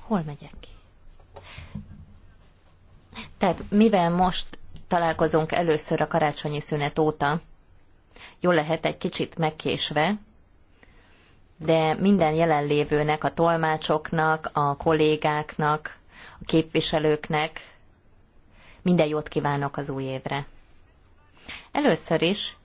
Hol megyek ki? Tehát mivel most találkozunk először a karácsonyi szünet óta, jól lehet egy kicsit megkésve, de minden jelenlévőnek, a tolmácsoknak, a kollégáknak, a képviselőknek minden jót kívánok az új évre. Először is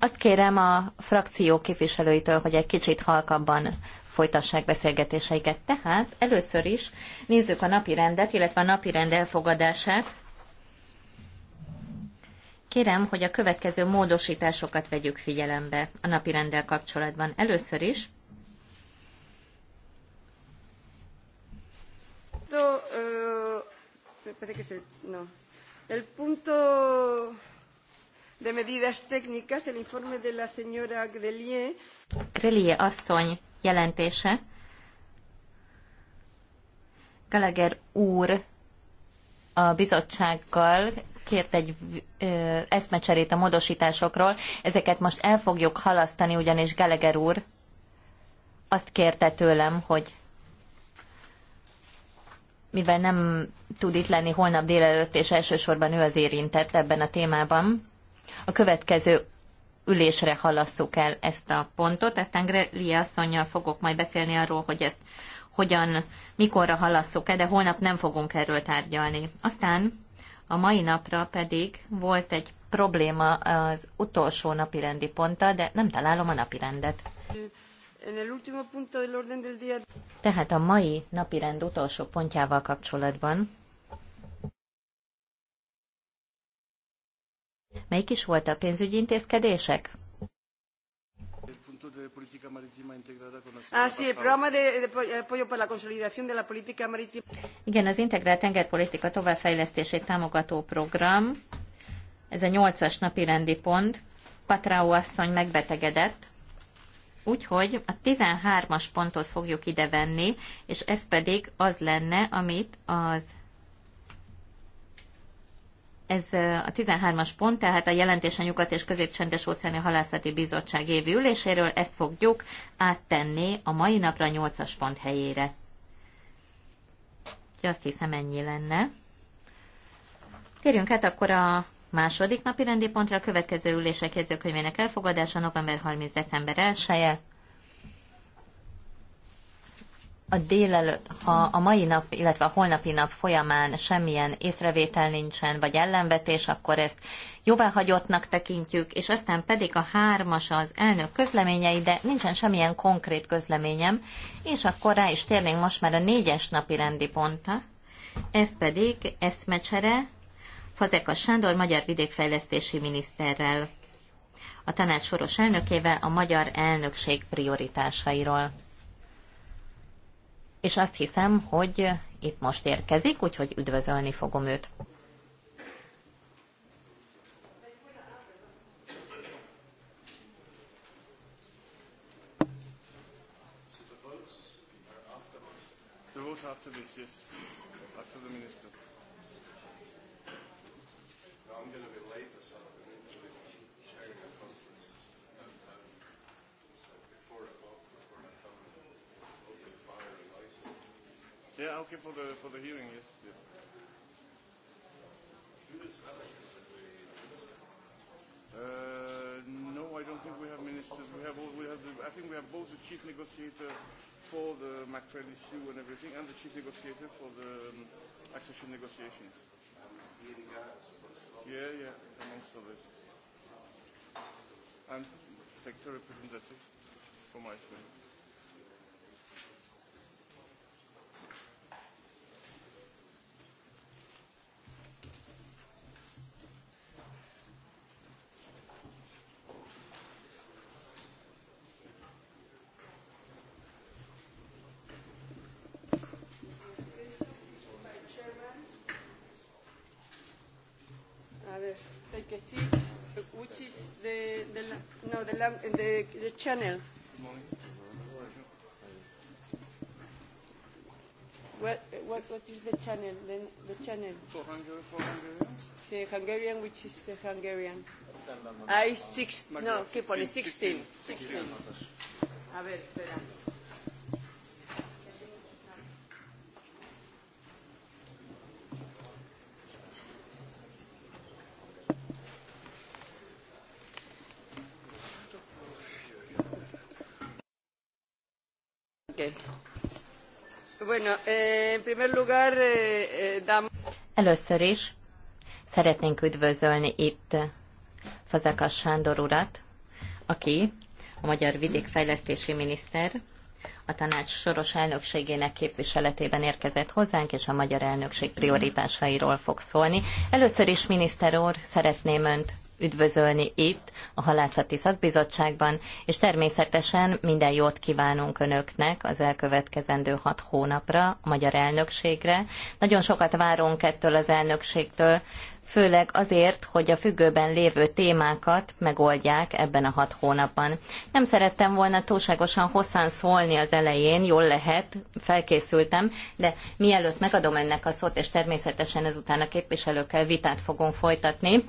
Azt kérem a frakció képviselőitől, hogy egy kicsit halkabban folytassák beszélgetéseiket. Tehát először is nézzük a napi rendet, illetve a napi rend elfogadását. Kérem, hogy a következő módosításokat vegyük figyelembe a napi rendel kapcsolatban. Először is punto, eh, no. El punto de medidas técnicas, el informe de la señora Grelier. Grelier asszony jelentése. Gallagher úr a bizottsággal kért egy ö, eszmecserét a módosításokról. Ezeket most el fogjuk halasztani, ugyanis Gallagher úr azt kérte tőlem, hogy mivel nem tud itt lenni holnap délelőtt, és elsősorban ő az érintett ebben a témában, a következő ülésre halasszuk el ezt a pontot, aztán Greli asszonynal fogok majd beszélni arról, hogy ezt hogyan, mikorra halasszuk-e, de holnap nem fogunk erről tárgyalni. Aztán a mai napra pedig volt egy probléma az utolsó napi rendi ponttal, de nem találom a napi rendet. Tehát a mai napirend utolsó pontjával kapcsolatban Melyik is volt a pénzügyi intézkedések? Ah, eh, Igen, az integrált tengerpolitika továbbfejlesztését támogató program, ez a nyolcas napi rendi pont, Patrao asszony megbetegedett, úgyhogy a 13-as pontot fogjuk venni, és ez pedig az lenne, amit az ez a 13-as pont, tehát a jelentés a Nyugat- és Középcsendes óceáni halászati bizottság évi üléséről, ezt fogjuk áttenni a mai napra 8-as pont helyére. Úgyhogy azt hiszem ennyi lenne. Térjünk át akkor a második napi rendi pontra, a következő ülések jegyzőkönyvének elfogadása november 30. december 1 a délelőtt, ha a mai nap, illetve a holnapi nap folyamán semmilyen észrevétel nincsen, vagy ellenvetés, akkor ezt jóváhagyottnak tekintjük, és aztán pedig a hármas az elnök közleményei, de nincsen semmilyen konkrét közleményem, és akkor rá is térnénk most már a négyes napi rendi pontra. Ez pedig eszmecsere Fazekas Sándor Magyar Vidékfejlesztési Miniszterrel, a tanács soros elnökével a magyar elnökség prioritásairól és azt hiszem, hogy épp most érkezik, úgyhogy üdvözölni fogom őt. after this, yes. Yeah, okay, for the, for the hearing, yes. yes. Uh, no, I don't think we have ministers. We have, all, we have the, I think we have both the chief negotiator for the MacTrade issue and everything, and the chief negotiator for the um, accession negotiations. Yeah, yeah, amongst others. And sector representative from Iceland. que see which is the, the no the, the the channel. What, what, what is the channel? The, the channel. For Hungary, for Hungarian. The Hungarian, which is the Hungarian. Ah, it's six. No, ¿qué pone? Sixteen. Sixteen. A ver, espera. Eh, eh, eh, Először is szeretnénk üdvözölni itt Fazekas Sándor urat, aki a Magyar Vidékfejlesztési Miniszter, a tanács soros elnökségének képviseletében érkezett hozzánk, és a magyar elnökség prioritásairól fog szólni. Először is, miniszter úr, szeretném Önt üdvözölni itt a Halászati Szakbizottságban, és természetesen minden jót kívánunk Önöknek az elkövetkezendő hat hónapra, a magyar elnökségre. Nagyon sokat várunk ettől az elnökségtől, főleg azért, hogy a függőben lévő témákat megoldják ebben a hat hónapban. Nem szerettem volna túlságosan hosszan szólni az elején, jól lehet, felkészültem, de mielőtt megadom önnek a szót, és természetesen ezután a képviselőkkel vitát fogunk folytatni,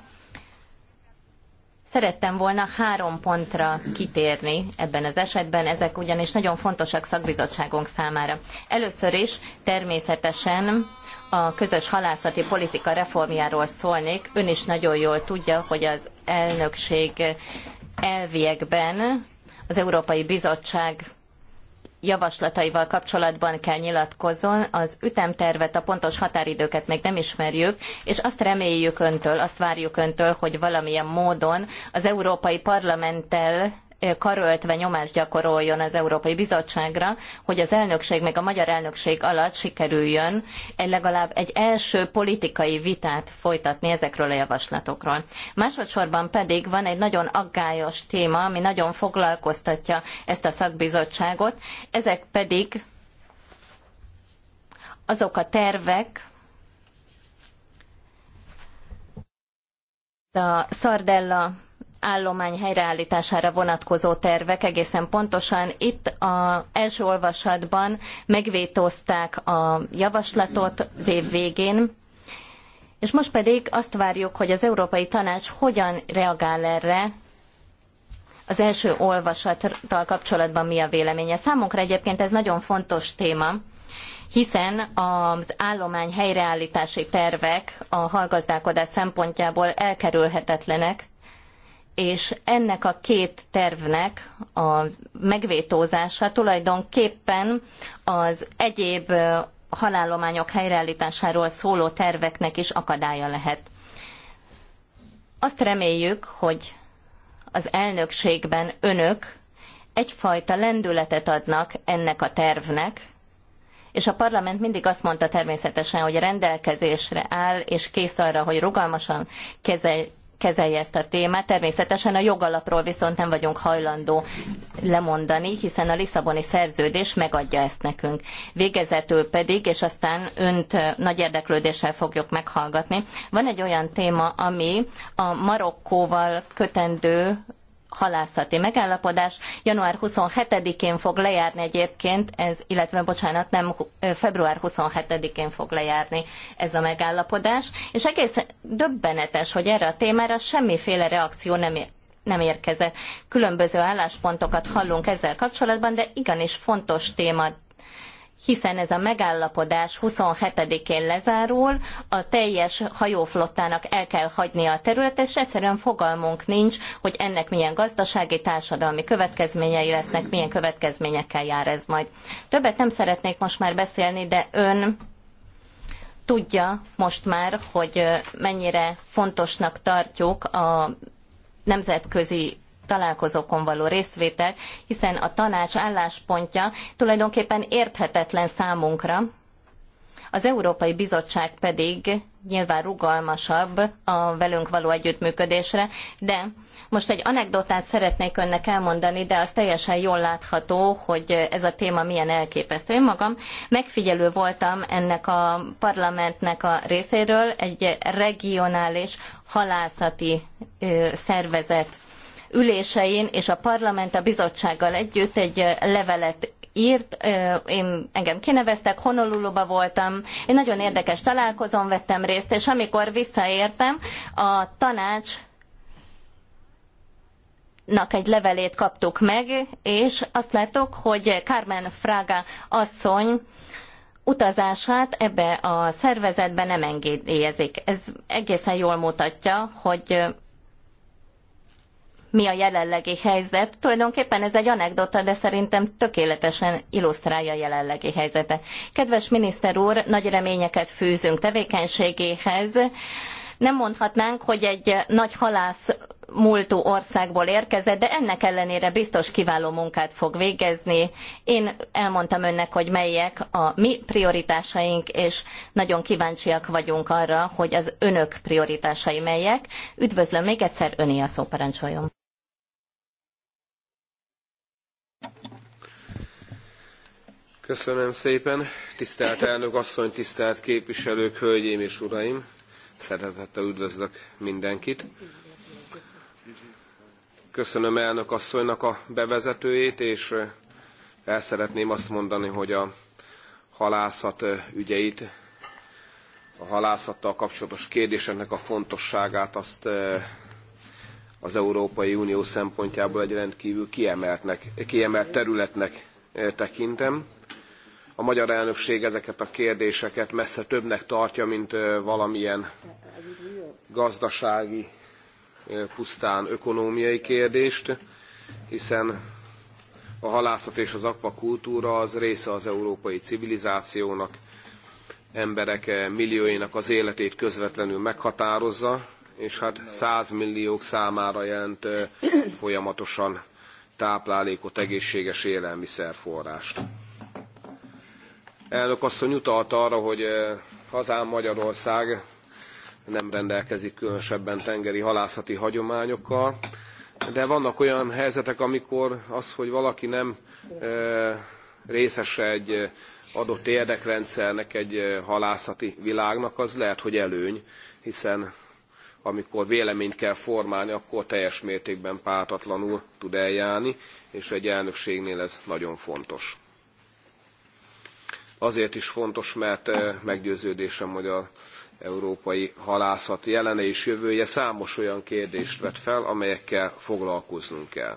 Szerettem volna három pontra kitérni ebben az esetben, ezek ugyanis nagyon fontosak szakbizottságunk számára. Először is természetesen a közös halászati politika reformjáról szólnék. Ön is nagyon jól tudja, hogy az elnökség elviekben az Európai Bizottság javaslataival kapcsolatban kell nyilatkozzon. Az ütemtervet, a pontos határidőket még nem ismerjük, és azt reméljük öntől, azt várjuk öntől, hogy valamilyen módon az Európai Parlamenttel karöltve nyomást gyakoroljon az Európai Bizottságra, hogy az elnökség, meg a magyar elnökség alatt sikerüljön legalább egy első politikai vitát folytatni ezekről a javaslatokról. Másodszorban pedig van egy nagyon aggályos téma, ami nagyon foglalkoztatja ezt a szakbizottságot, ezek pedig azok a tervek, a Sardella állomány helyreállítására vonatkozó tervek egészen pontosan. Itt a első olvasatban megvétózták a javaslatot az év végén, és most pedig azt várjuk, hogy az Európai Tanács hogyan reagál erre, az első olvasattal kapcsolatban mi a véleménye. Számunkra egyébként ez nagyon fontos téma, hiszen az állomány helyreállítási tervek a hallgazdálkodás szempontjából elkerülhetetlenek, és ennek a két tervnek a megvétózása tulajdonképpen az egyéb halállományok helyreállításáról szóló terveknek is akadálya lehet. Azt reméljük, hogy az elnökségben önök egyfajta lendületet adnak ennek a tervnek, és a parlament mindig azt mondta természetesen, hogy rendelkezésre áll, és kész arra, hogy rugalmasan kezel, kezelje ezt a témát. Természetesen a jogalapról viszont nem vagyunk hajlandó lemondani, hiszen a Lisszaboni szerződés megadja ezt nekünk. Végezetül pedig, és aztán önt nagy érdeklődéssel fogjuk meghallgatni, van egy olyan téma, ami a Marokkóval kötendő halászati megállapodás. Január 27-én fog lejárni egyébként, ez, illetve bocsánat, nem február 27-én fog lejárni ez a megállapodás, és egész döbbenetes, hogy erre a témára semmiféle reakció nem nem érkezett. Különböző álláspontokat hallunk ezzel kapcsolatban, de igenis fontos téma hiszen ez a megállapodás 27-én lezárul, a teljes hajóflottának el kell hagynia a területet, és egyszerűen fogalmunk nincs, hogy ennek milyen gazdasági, társadalmi következményei lesznek, milyen következményekkel jár ez majd. Többet nem szeretnék most már beszélni, de ön tudja most már, hogy mennyire fontosnak tartjuk a nemzetközi találkozókon való részvétel, hiszen a tanács álláspontja tulajdonképpen érthetetlen számunkra, az Európai Bizottság pedig nyilván rugalmasabb a velünk való együttműködésre, de most egy anekdotát szeretnék önnek elmondani, de az teljesen jól látható, hogy ez a téma milyen elképesztő. Én magam megfigyelő voltam ennek a parlamentnek a részéről, egy regionális halászati szervezet ülésein, és a parlament a bizottsággal együtt egy levelet írt, én engem kineveztek, honolulóba voltam, Egy nagyon érdekes találkozón vettem részt, és amikor visszaértem, a tanács egy levelét kaptuk meg, és azt láttuk, hogy Carmen Fraga asszony utazását ebbe a szervezetbe nem engedélyezik. Ez egészen jól mutatja, hogy mi a jelenlegi helyzet. Tulajdonképpen ez egy anekdota, de szerintem tökéletesen illusztrálja a jelenlegi helyzetet. Kedves miniszter úr, nagy reményeket fűzünk tevékenységéhez. Nem mondhatnánk, hogy egy nagy halász múltú országból érkezett, de ennek ellenére biztos kiváló munkát fog végezni. Én elmondtam önnek, hogy melyek a mi prioritásaink, és nagyon kíváncsiak vagyunk arra, hogy az önök prioritásai melyek. Üdvözlöm még egyszer, öné a szó parancsoljon. Köszönöm szépen. Tisztelt elnök asszony, tisztelt képviselők, hölgyeim és uraim! Szeretettel üdvözlök mindenkit. Köszönöm elnök asszonynak a bevezetőjét, és el szeretném azt mondani, hogy a halászat ügyeit, a halászattal kapcsolatos kérdéseknek a fontosságát azt eh, az Európai Unió szempontjából egy rendkívül kiemelt területnek eh, tekintem a magyar elnökség ezeket a kérdéseket messze többnek tartja, mint valamilyen gazdasági, pusztán ökonómiai kérdést, hiszen a halászat és az akvakultúra az része az európai civilizációnak, emberek millióinak az életét közvetlenül meghatározza, és hát százmilliók számára jelent folyamatosan táplálékot, egészséges élelmiszerforrást elnök asszony utalta arra, hogy eh, hazám Magyarország nem rendelkezik különösebben tengeri halászati hagyományokkal, de vannak olyan helyzetek, amikor az, hogy valaki nem eh, részese egy eh, adott érdekrendszernek, egy halászati világnak, az lehet, hogy előny, hiszen amikor véleményt kell formálni, akkor teljes mértékben pártatlanul tud eljárni, és egy elnökségnél ez nagyon fontos. Azért is fontos, mert eh, meggyőződésem, hogy a európai halászat jelene és jövője számos olyan kérdést vet fel, amelyekkel foglalkoznunk kell.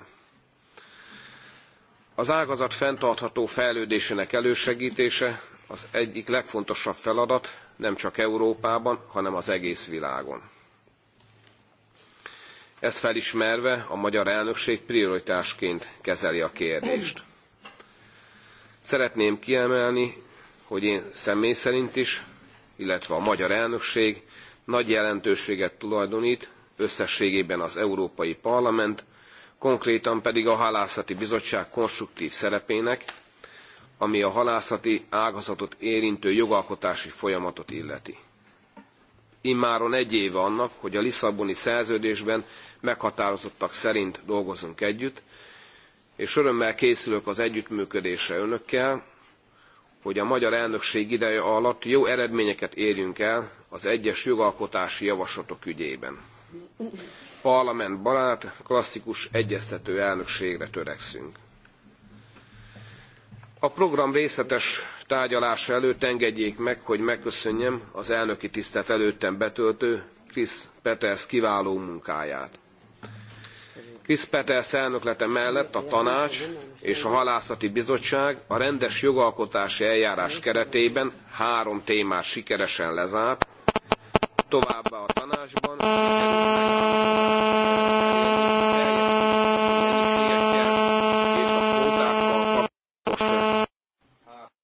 Az ágazat fenntartható fejlődésének elősegítése az egyik legfontosabb feladat nem csak Európában, hanem az egész világon. Ezt felismerve a magyar elnökség prioritásként kezeli a kérdést. Szeretném kiemelni, hogy én személy szerint is, illetve a magyar elnökség nagy jelentőséget tulajdonít összességében az Európai Parlament, konkrétan pedig a Halászati Bizottság konstruktív szerepének, ami a halászati ágazatot érintő jogalkotási folyamatot illeti. Immáron egy éve annak, hogy a Lisszaboni szerződésben meghatározottak szerint dolgozunk együtt, és örömmel készülök az együttműködésre önökkel, hogy a magyar elnökség ideje alatt jó eredményeket érjünk el az egyes jogalkotási javaslatok ügyében. Parlamentbarát, klasszikus egyeztető elnökségre törekszünk. A program részletes tárgyalása előtt engedjék meg, hogy megköszönjem az elnöki tisztet előttem betöltő Krisz Peters kiváló munkáját. Krisz Peters elnöklete mellett a tanács, és a Halászati Bizottság a rendes jogalkotási eljárás keretében három témát sikeresen lezárt, továbbá a tanácsban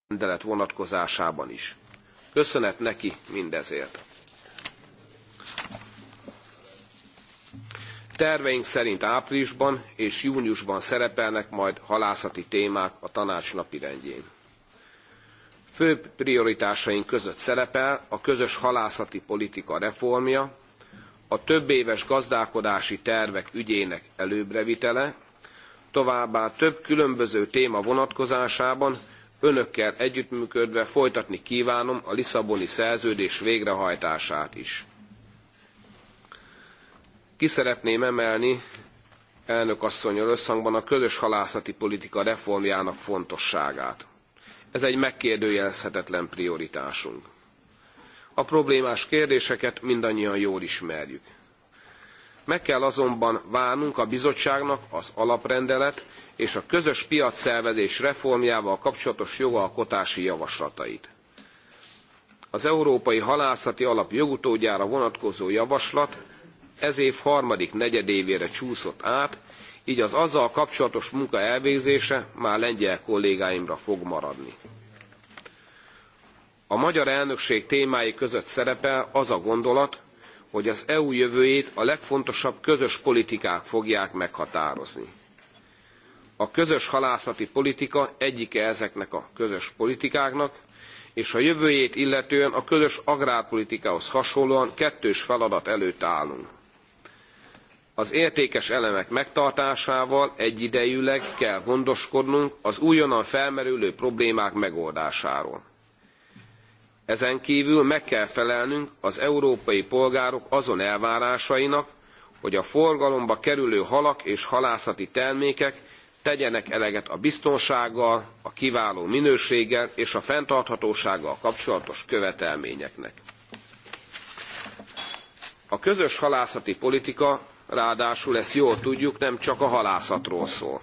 rendelet vonatkozásában is. Köszönet neki mindezért. Terveink szerint áprilisban és júniusban szerepelnek majd halászati témák a tanács napirendjén. Főbb prioritásaink között szerepel a közös halászati politika reformja, a többéves gazdálkodási tervek ügyének előbrevitele, továbbá több különböző téma vonatkozásában önökkel együttműködve folytatni kívánom a Lisszaboni szerződés végrehajtását is. Ki szeretném emelni elnök asszonyról összhangban a közös halászati politika reformjának fontosságát. Ez egy megkérdőjelezhetetlen prioritásunk. A problémás kérdéseket mindannyian jól ismerjük. Meg kell azonban válnunk a bizottságnak az alaprendelet és a közös piacszervezés reformjával kapcsolatos jogalkotási javaslatait. Az Európai Halászati Alap jogutódjára vonatkozó javaslat ez év harmadik negyedévére csúszott át, így az azzal kapcsolatos munka elvégzése már lengyel kollégáimra fog maradni. A magyar elnökség témái között szerepel az a gondolat, hogy az EU jövőjét a legfontosabb közös politikák fogják meghatározni. A közös halászati politika egyike ezeknek a közös politikáknak, és a jövőjét illetően a közös agrárpolitikához hasonlóan kettős feladat előtt állunk az értékes elemek megtartásával egyidejűleg kell gondoskodnunk az újonnan felmerülő problémák megoldásáról. Ezen kívül meg kell felelnünk az európai polgárok azon elvárásainak, hogy a forgalomba kerülő halak és halászati termékek tegyenek eleget a biztonsággal, a kiváló minőséggel és a fenntarthatósággal kapcsolatos követelményeknek. A közös halászati politika ráadásul ezt jól tudjuk, nem csak a halászatról szól.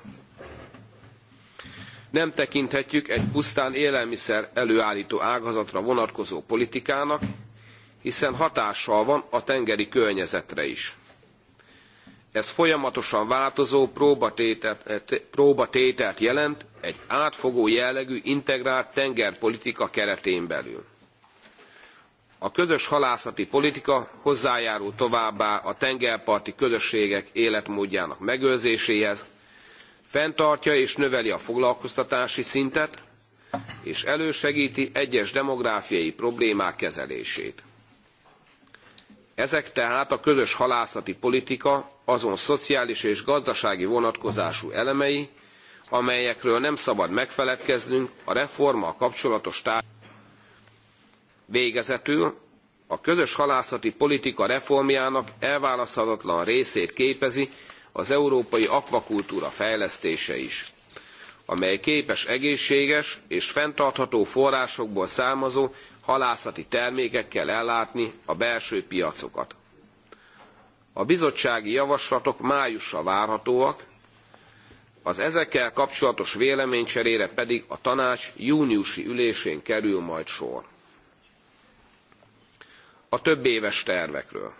Nem tekinthetjük egy pusztán élelmiszer előállító ágazatra vonatkozó politikának, hiszen hatással van a tengeri környezetre is. Ez folyamatosan változó próbatételt, eh, próbatételt jelent egy átfogó jellegű integrált tengerpolitika keretén belül a közös halászati politika hozzájárul továbbá a tengerparti közösségek életmódjának megőrzéséhez fenntartja és növeli a foglalkoztatási szintet és elősegti egyes demográfiai problémák kezelését. ezek tehát a közös halászati politika azon szociális és gazdasági vonatkozású elemei amelyekről nem szabad megfeledkeznünk a reformmal kapcsolatos tárgyalások végezetül a közös halászati politika reformjának elválaszthatatlan részét képezi az európai akvakultúra fejlesztése is, amely képes egészséges és fenntartható forrásokból származó halászati termékekkel ellátni a belső piacokat. A bizottsági javaslatok májusra várhatóak, az ezekkel kapcsolatos véleménycserére pedig a tanács júniusi ülésén kerül majd sor a többéves tervekről.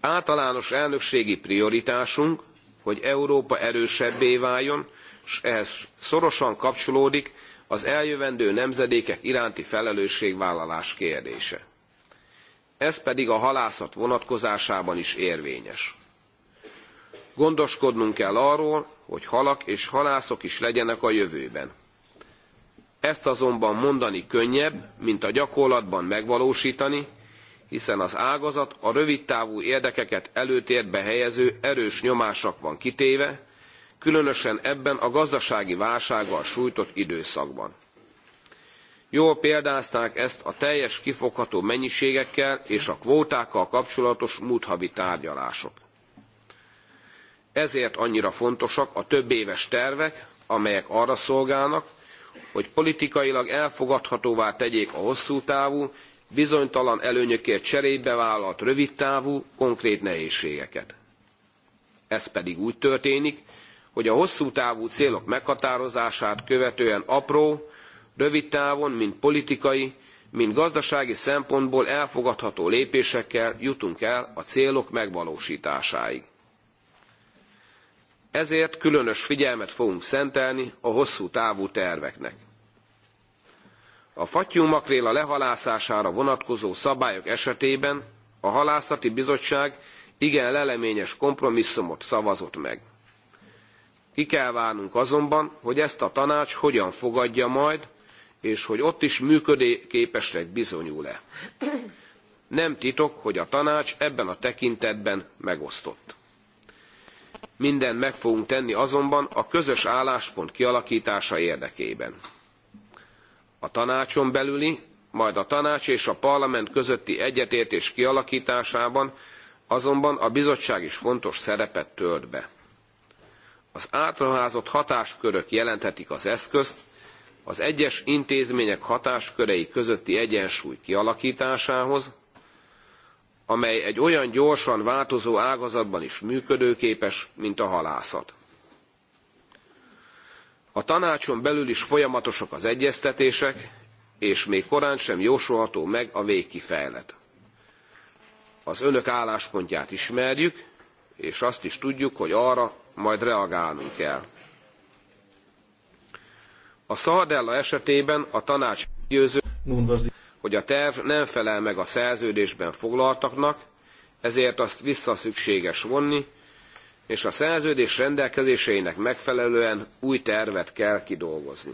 Általános elnökségi prioritásunk, hogy Európa erősebbé váljon, és ehhez szorosan kapcsolódik az eljövendő nemzedékek iránti felelősségvállalás kérdése. Ez pedig a halászat vonatkozásában is érvényes. Gondoskodnunk kell arról, hogy halak és halászok is legyenek a jövőben ezt azonban mondani könnyebb, mint a gyakorlatban megvalósítani, hiszen az ágazat a rövidtávú érdekeket előtérbe helyező erős nyomásnak van kitéve, különösen ebben a gazdasági válsággal sújtott időszakban. Jól példázták ezt a teljes kifogható mennyiségekkel és a kvótákkal kapcsolatos múlthavi tárgyalások. Ezért annyira fontosak a többéves tervek, amelyek arra szolgálnak, hogy politikailag elfogadhatóvá tegyék a hosszú távú, bizonytalan előnyökért cserébe vállalt rövidtávú, konkrét nehézségeket. Ez pedig úgy történik, hogy a hosszú távú célok meghatározását követően apró, rövid távon, mint politikai, mint gazdasági szempontból elfogadható lépésekkel jutunk el a célok megvalósításáig ezért különös figyelmet fogunk szentelni a hosszú távú terveknek. A fattyú makréla lehalászására vonatkozó szabályok esetében a halászati bizottság igen leleményes kompromisszumot szavazott meg. Ki kell várnunk azonban, hogy ezt a tanács hogyan fogadja majd, és hogy ott is működőképesnek bizonyul-e. Nem titok, hogy a tanács ebben a tekintetben megosztott. Mindent meg fogunk tenni azonban a közös álláspont kialakítása érdekében. A tanácson belüli, majd a tanács és a parlament közötti egyetértés kialakításában azonban a bizottság is fontos szerepet tölt be. Az átruházott hatáskörök jelenthetik az eszközt, az egyes intézmények hatáskörei közötti egyensúly kialakításához, amely egy olyan gyorsan változó ágazatban is működőképes, mint a halászat. A tanácson belül is folyamatosak az egyeztetések, és még korán sem jósolható meg a végkifejlet. Az önök álláspontját ismerjük, és azt is tudjuk, hogy arra majd reagálnunk kell. A Szardella esetében a tanács győző hogy a terv nem felel meg a szerződésben foglaltaknak, ezért azt vissza szükséges vonni, és a szerződés rendelkezéseinek megfelelően új tervet kell kidolgozni.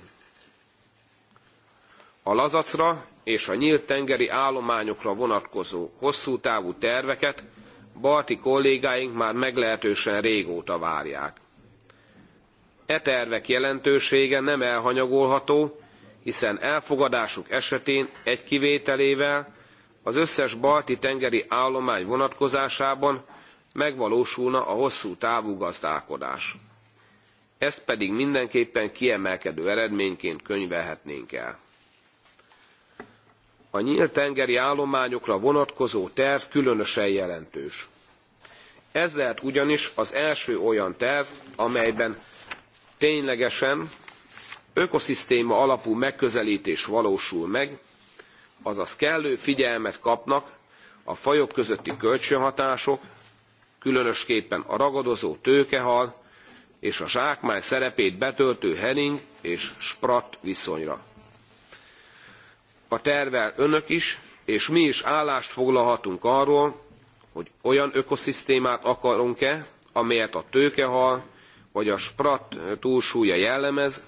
A lazacra és a nyílt tengeri állományokra vonatkozó hosszú távú terveket balti kollégáink már meglehetősen régóta várják. E tervek jelentősége nem elhanyagolható, hiszen elfogadásuk esetén egy kivételével az összes balti tengeri állomány vonatkozásában megvalósulna a hosszú távú gazdálkodás. Ezt pedig mindenképpen kiemelkedő eredményként könyvelhetnénk el. A nyílt tengeri állományokra vonatkozó terv különösen jelentős. Ez lehet ugyanis az első olyan terv, amelyben ténylegesen ökoszisztéma alapú megközelítés valósul meg, azaz kellő figyelmet kapnak a fajok közötti kölcsönhatások, különösképpen a ragadozó tőkehal és a zsákmány szerepét betöltő hering és sprat viszonyra. A tervel önök is, és mi is állást foglalhatunk arról, hogy olyan ökoszisztémát akarunk-e, amelyet a tőkehal vagy a sprat túlsúlya jellemez,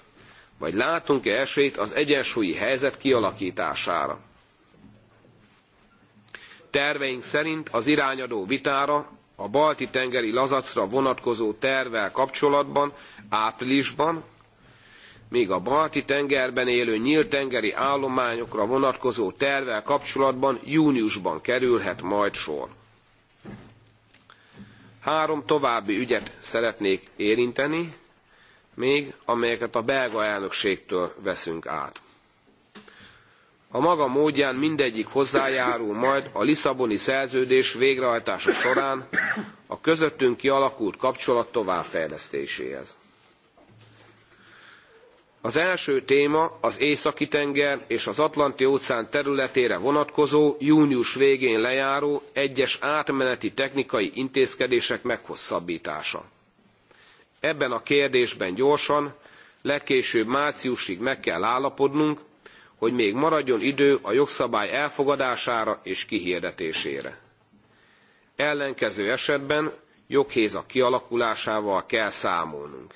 vagy látunk-e esélyt az egyensúlyi helyzet kialakítására. Terveink szerint az irányadó vitára a balti tengeri lazacra vonatkozó tervvel kapcsolatban áprilisban, míg a balti tengerben élő nyílt tengeri állományokra vonatkozó tervvel kapcsolatban júniusban kerülhet majd sor. Három további ügyet szeretnék érinteni, még, amelyeket a belga elnökségtől veszünk át. A maga módján mindegyik hozzájárul majd a Lisszaboni szerződés végrehajtása során a közöttünk kialakult kapcsolat továbbfejlesztéséhez. Az első téma az Északi-tenger és az Atlanti-óceán területére vonatkozó június végén lejáró egyes átmeneti technikai intézkedések meghosszabbítása. Ebben a kérdésben gyorsan, legkésőbb márciusig meg kell állapodnunk, hogy még maradjon idő a jogszabály elfogadására és kihirdetésére. Ellenkező esetben joghézak kialakulásával kell számolnunk.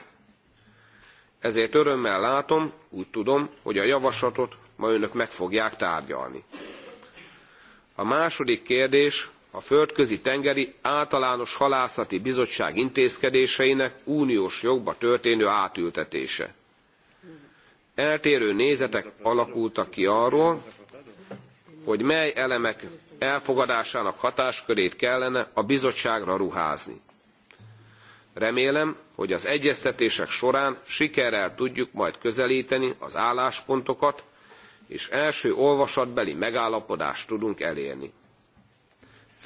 Ezért örömmel látom, úgy tudom, hogy a javaslatot ma önök meg fogják tárgyalni. A második kérdés a Földközi Tengeri Általános Halászati Bizottság intézkedéseinek uniós jogba történő átültetése. Eltérő nézetek alakultak ki arról, hogy mely elemek elfogadásának hatáskörét kellene a bizottságra ruházni. Remélem, hogy az egyeztetések során sikerrel tudjuk majd közelíteni az álláspontokat, és első olvasatbeli megállapodást tudunk elérni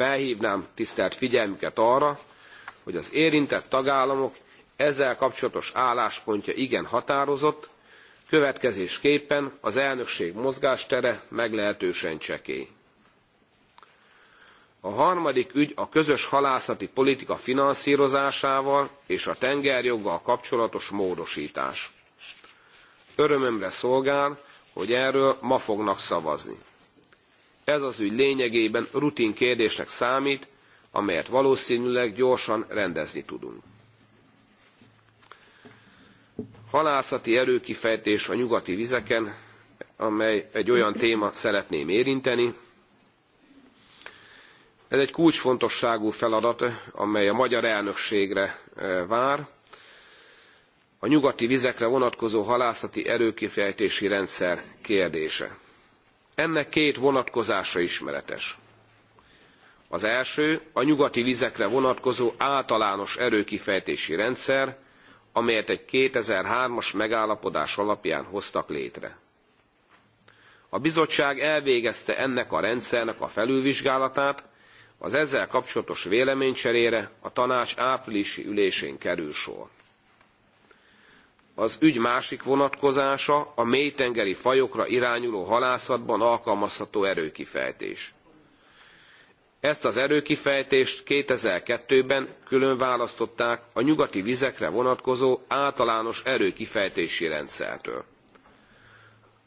felhívnám tisztelt figyelmüket arra, hogy az érintett tagállamok ezzel kapcsolatos álláspontja igen határozott, következésképpen az elnökség mozgástere meglehetősen csekély. A harmadik ügy a közös halászati politika finanszírozásával és a tengerjoggal kapcsolatos módosítás. Örömömre szolgál, hogy erről ma fognak szavazni. Ez az ügy lényegében rutin kérdésnek számít, amelyet valószínűleg gyorsan rendezni tudunk. Halászati erőkifejtés a nyugati vizeken, amely egy olyan téma szeretném érinteni. Ez egy kulcsfontosságú feladat, amely a magyar elnökségre eh, vár. A nyugati vizekre vonatkozó halászati erőkifejtési rendszer kérdése. Ennek két vonatkozása ismeretes. Az első a nyugati vizekre vonatkozó általános erőkifejtési rendszer, amelyet egy 2003-as megállapodás alapján hoztak létre. A bizottság elvégezte ennek a rendszernek a felülvizsgálatát, az ezzel kapcsolatos véleménycserére a tanács áprilisi ülésén kerül sor. Az ügy másik vonatkozása a mélytengeri fajokra irányuló halászatban alkalmazható erőkifejtés. Ezt az erőkifejtést 2002-ben külön választották a nyugati vizekre vonatkozó általános erőkifejtési rendszertől.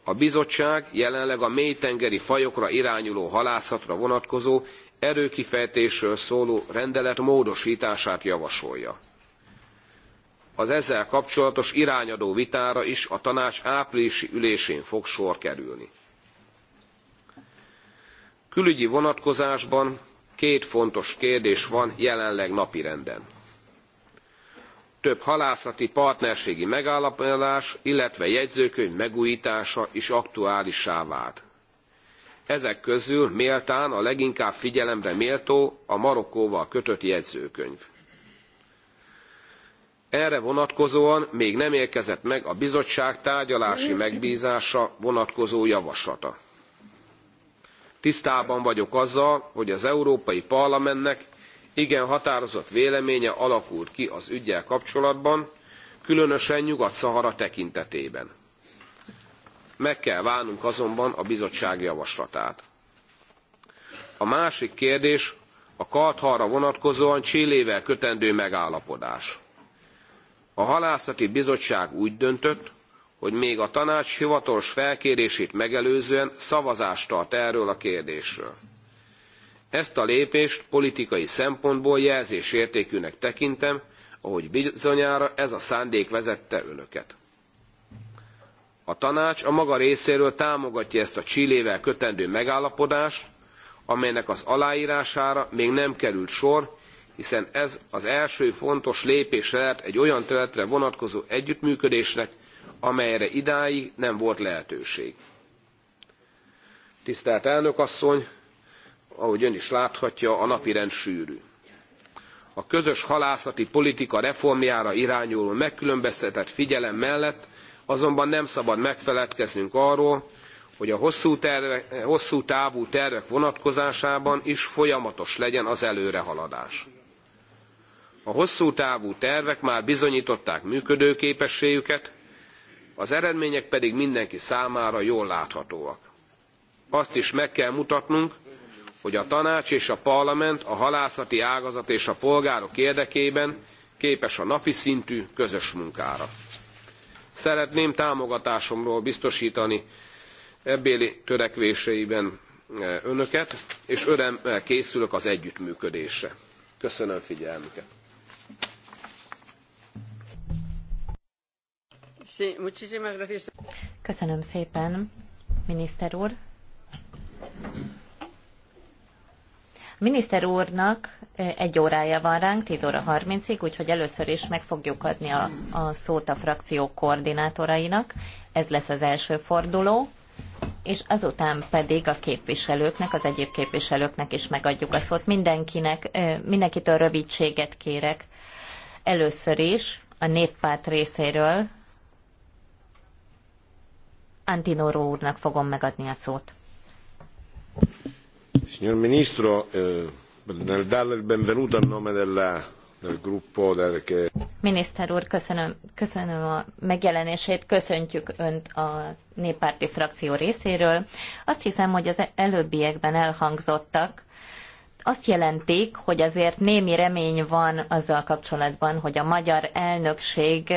A bizottság jelenleg a mélytengeri fajokra irányuló halászatra vonatkozó erőkifejtésről szóló rendelet módosítását javasolja az ezzel kapcsolatos irányadó vitára is a tanács áprilisi ülésén fog sor kerülni. Külügyi vonatkozásban két fontos kérdés van jelenleg napirenden. Több halászati partnerségi megállapodás, illetve jegyzőkönyv megújítása is aktuálissá vált. Ezek közül méltán a leginkább figyelemre méltó a Marokkóval kötött jegyzőkönyv erre vonatkozóan még nem érkezett meg a bizottság tárgyalási megbízása vonatkozó javaslata. Tisztában vagyok azzal, hogy az Európai Parlamentnek igen határozott véleménye alakult ki az ügyel kapcsolatban, különösen Nyugat-Szahara tekintetében. Meg kell várnunk azonban a bizottság javaslatát. A másik kérdés a karthalra vonatkozóan Csillével kötendő megállapodás a halászati bizottság úgy döntött, hogy még a tanács hivatalos felkérését megelőzően szavazást tart erről a kérdésről. Ezt a lépést politikai szempontból jelzésértékűnek tekintem, ahogy bizonyára ez a szándék vezette önöket. A tanács a maga részéről támogatja ezt a Csillével kötendő megállapodást, amelynek az aláírására még nem került sor, hiszen ez az első fontos lépés lehet egy olyan területre vonatkozó együttműködésnek, amelyre idáig nem volt lehetőség. Tisztelt elnök asszony, ahogy ön is láthatja, a napirend sűrű. A közös halászati politika reformjára irányuló megkülönböztetett figyelem mellett azonban nem szabad megfeledkeznünk arról, hogy a hosszú, terve, hosszú távú tervek vonatkozásában is folyamatos legyen az előrehaladás a hosszú távú tervek már bizonyították működőképességüket, az eredmények pedig mindenki számára jól láthatóak. Azt is meg kell mutatnunk, hogy a tanács és a parlament a halászati ágazat és a polgárok érdekében képes a napi szintű közös munkára. Szeretném támogatásomról biztosítani ebbéli törekvéseiben e, önöket, és örömmel készülök az együttműködésre. Köszönöm figyelmüket! Köszönöm szépen, miniszter úr. A miniszter úrnak egy órája van ránk, 10 óra 30-ig, úgyhogy először is meg fogjuk adni a, a szót a frakció koordinátorainak. Ez lesz az első forduló, és azután pedig a képviselőknek, az egyéb képviselőknek is megadjuk a szót. Mindenkinek, mindenkitől rövidséget kérek. Először is a néppárt részéről Antinoro úrnak fogom megadni a szót. Signor Ministro, eh, nel darle il benvenuto a nome della Miniszter úr, köszönöm, köszönöm a megjelenését, köszöntjük Önt a néppárti frakció részéről. Azt hiszem, hogy az előbbiekben elhangzottak, azt jelentik, hogy azért némi remény van azzal kapcsolatban, hogy a magyar elnökség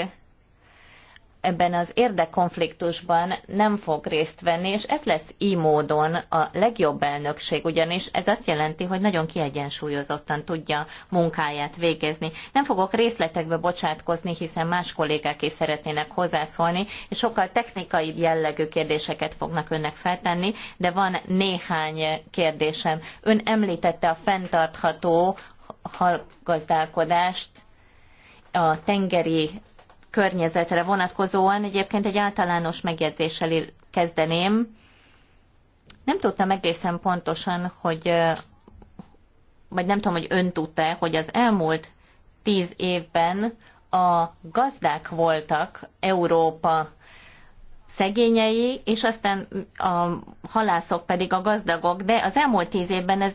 ebben az érdekkonfliktusban nem fog részt venni, és ez lesz így módon a legjobb elnökség, ugyanis ez azt jelenti, hogy nagyon kiegyensúlyozottan tudja munkáját végezni. Nem fogok részletekbe bocsátkozni, hiszen más kollégák is szeretnének hozzászólni, és sokkal technikai jellegű kérdéseket fognak önnek feltenni, de van néhány kérdésem. Ön említette a fenntartható halgazdálkodást, a tengeri környezetre vonatkozóan egyébként egy általános megjegyzéssel kezdeném. Nem tudtam egészen pontosan, hogy, vagy nem tudom, hogy ön tudta hogy az elmúlt tíz évben a gazdák voltak Európa szegényei, és aztán a halászok pedig a gazdagok, de az elmúlt tíz évben ez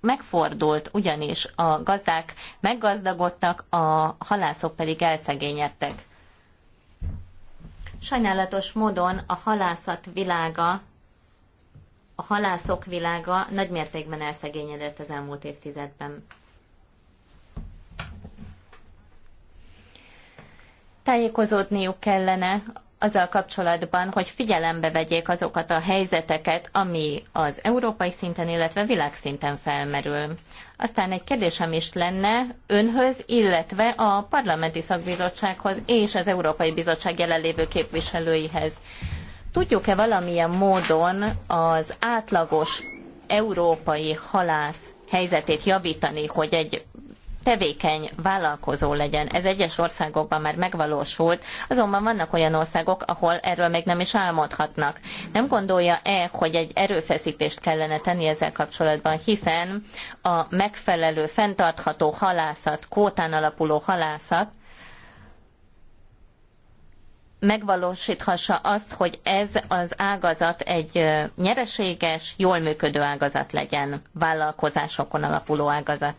megfordult, ugyanis a gazdák meggazdagodtak, a halászok pedig elszegényedtek. Sajnálatos módon a halászat világa, a halászok világa nagymértékben elszegényedett az elmúlt évtizedben. Tájékozódniuk kellene azzal kapcsolatban, hogy figyelembe vegyék azokat a helyzeteket, ami az európai szinten, illetve világszinten felmerül. Aztán egy kérdésem is lenne önhöz, illetve a parlamenti szakbizottsághoz és az Európai Bizottság jelenlévő képviselőihez. Tudjuk-e valamilyen módon az átlagos európai halász helyzetét javítani, hogy egy tevékeny vállalkozó legyen. Ez egyes országokban már megvalósult, azonban vannak olyan országok, ahol erről még nem is álmodhatnak. Nem gondolja-e, hogy egy erőfeszítést kellene tenni ezzel kapcsolatban, hiszen a megfelelő, fenntartható halászat, kótán alapuló halászat, megvalósíthassa azt, hogy ez az ágazat egy nyereséges, jól működő ágazat legyen, vállalkozásokon alapuló ágazat.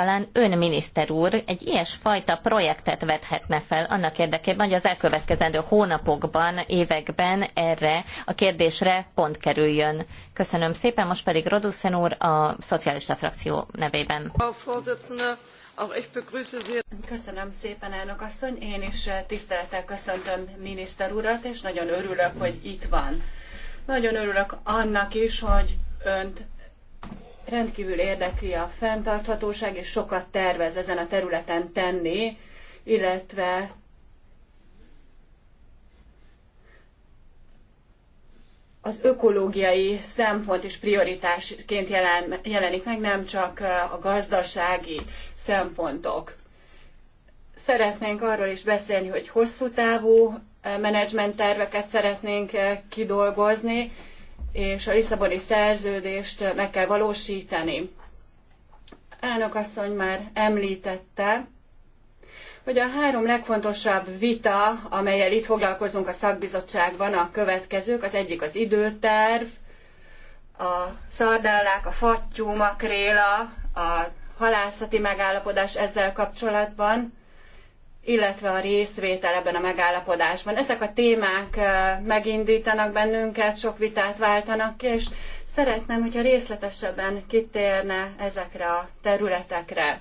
talán ön miniszter úr egy ilyesfajta projektet vethetne fel annak érdekében, hogy az elkövetkezendő hónapokban, években erre a kérdésre pont kerüljön. Köszönöm szépen, most pedig Rodussen úr a szocialista frakció nevében. Köszönöm szépen, elnök asszony. Én is eh, tisztelettel köszöntöm miniszter urat, és nagyon örülök, hogy itt van. Nagyon örülök annak is, hogy önt rendkívül érdekli a fenntarthatóság, és sokat tervez ezen a területen tenni, illetve az ökológiai szempont is prioritásként jelen, jelenik meg, nem csak a gazdasági szempontok. Szeretnénk arról is beszélni, hogy hosszú távú menedzsment terveket szeretnénk kidolgozni, és a Lisszaboni szerződést meg kell valósítani. Elnök asszony már említette, hogy a három legfontosabb vita, amelyel itt foglalkozunk a szakbizottságban, a következők. Az egyik az időterv, a szardellák, a fattyú, makréla, a halászati megállapodás ezzel kapcsolatban illetve a részvétel ebben a megállapodásban. Ezek a témák megindítanak bennünket, sok vitát váltanak ki, és szeretném, hogyha részletesebben kitérne ezekre a területekre.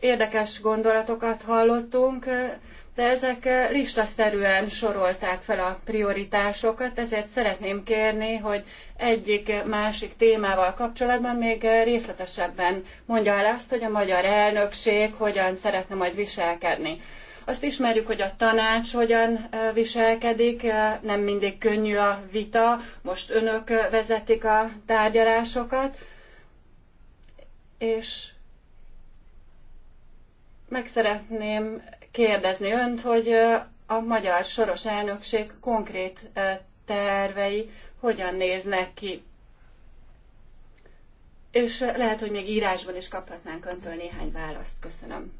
Érdekes gondolatokat hallottunk, de ezek eh, listaszerűen sorolták fel a prioritásokat, ezért szeretném kérni, hogy egyik eh, másik témával kapcsolatban még eh, részletesebben mondja el azt, hogy a magyar elnökség hogyan szeretne majd viselkedni. Azt ismerjük, hogy a tanács hogyan viselkedik, nem mindig könnyű a vita, most önök vezetik a tárgyalásokat, és meg szeretném kérdezni önt, hogy a magyar soros elnökség konkrét tervei hogyan néznek ki. És lehet, hogy még írásban is kaphatnánk öntől néhány választ. Köszönöm.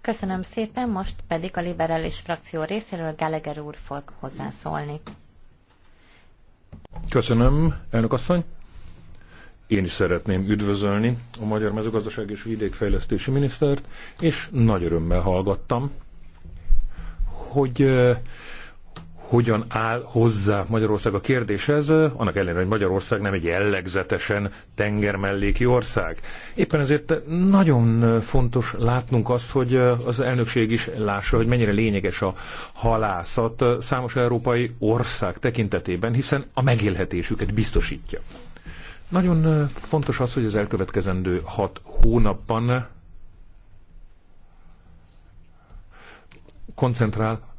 Köszönöm szépen, most pedig a liberális frakció részéről Gallagher úr fog hozzászólni. Köszönöm, elnök asszony. Én is szeretném üdvözölni a Magyar Mezőgazdaság és Vidékfejlesztési Minisztert, és nagy örömmel hallgattam, hogy uh, hogyan áll hozzá Magyarország a kérdéshez, annak ellenére, hogy Magyarország nem egy jellegzetesen tengermelléki ország. Éppen ezért nagyon fontos látnunk azt, hogy az elnökség is lássa, hogy mennyire lényeges a halászat számos európai ország tekintetében, hiszen a megélhetésüket biztosítja. Nagyon fontos az, hogy az elkövetkezendő hat hónapban koncentrál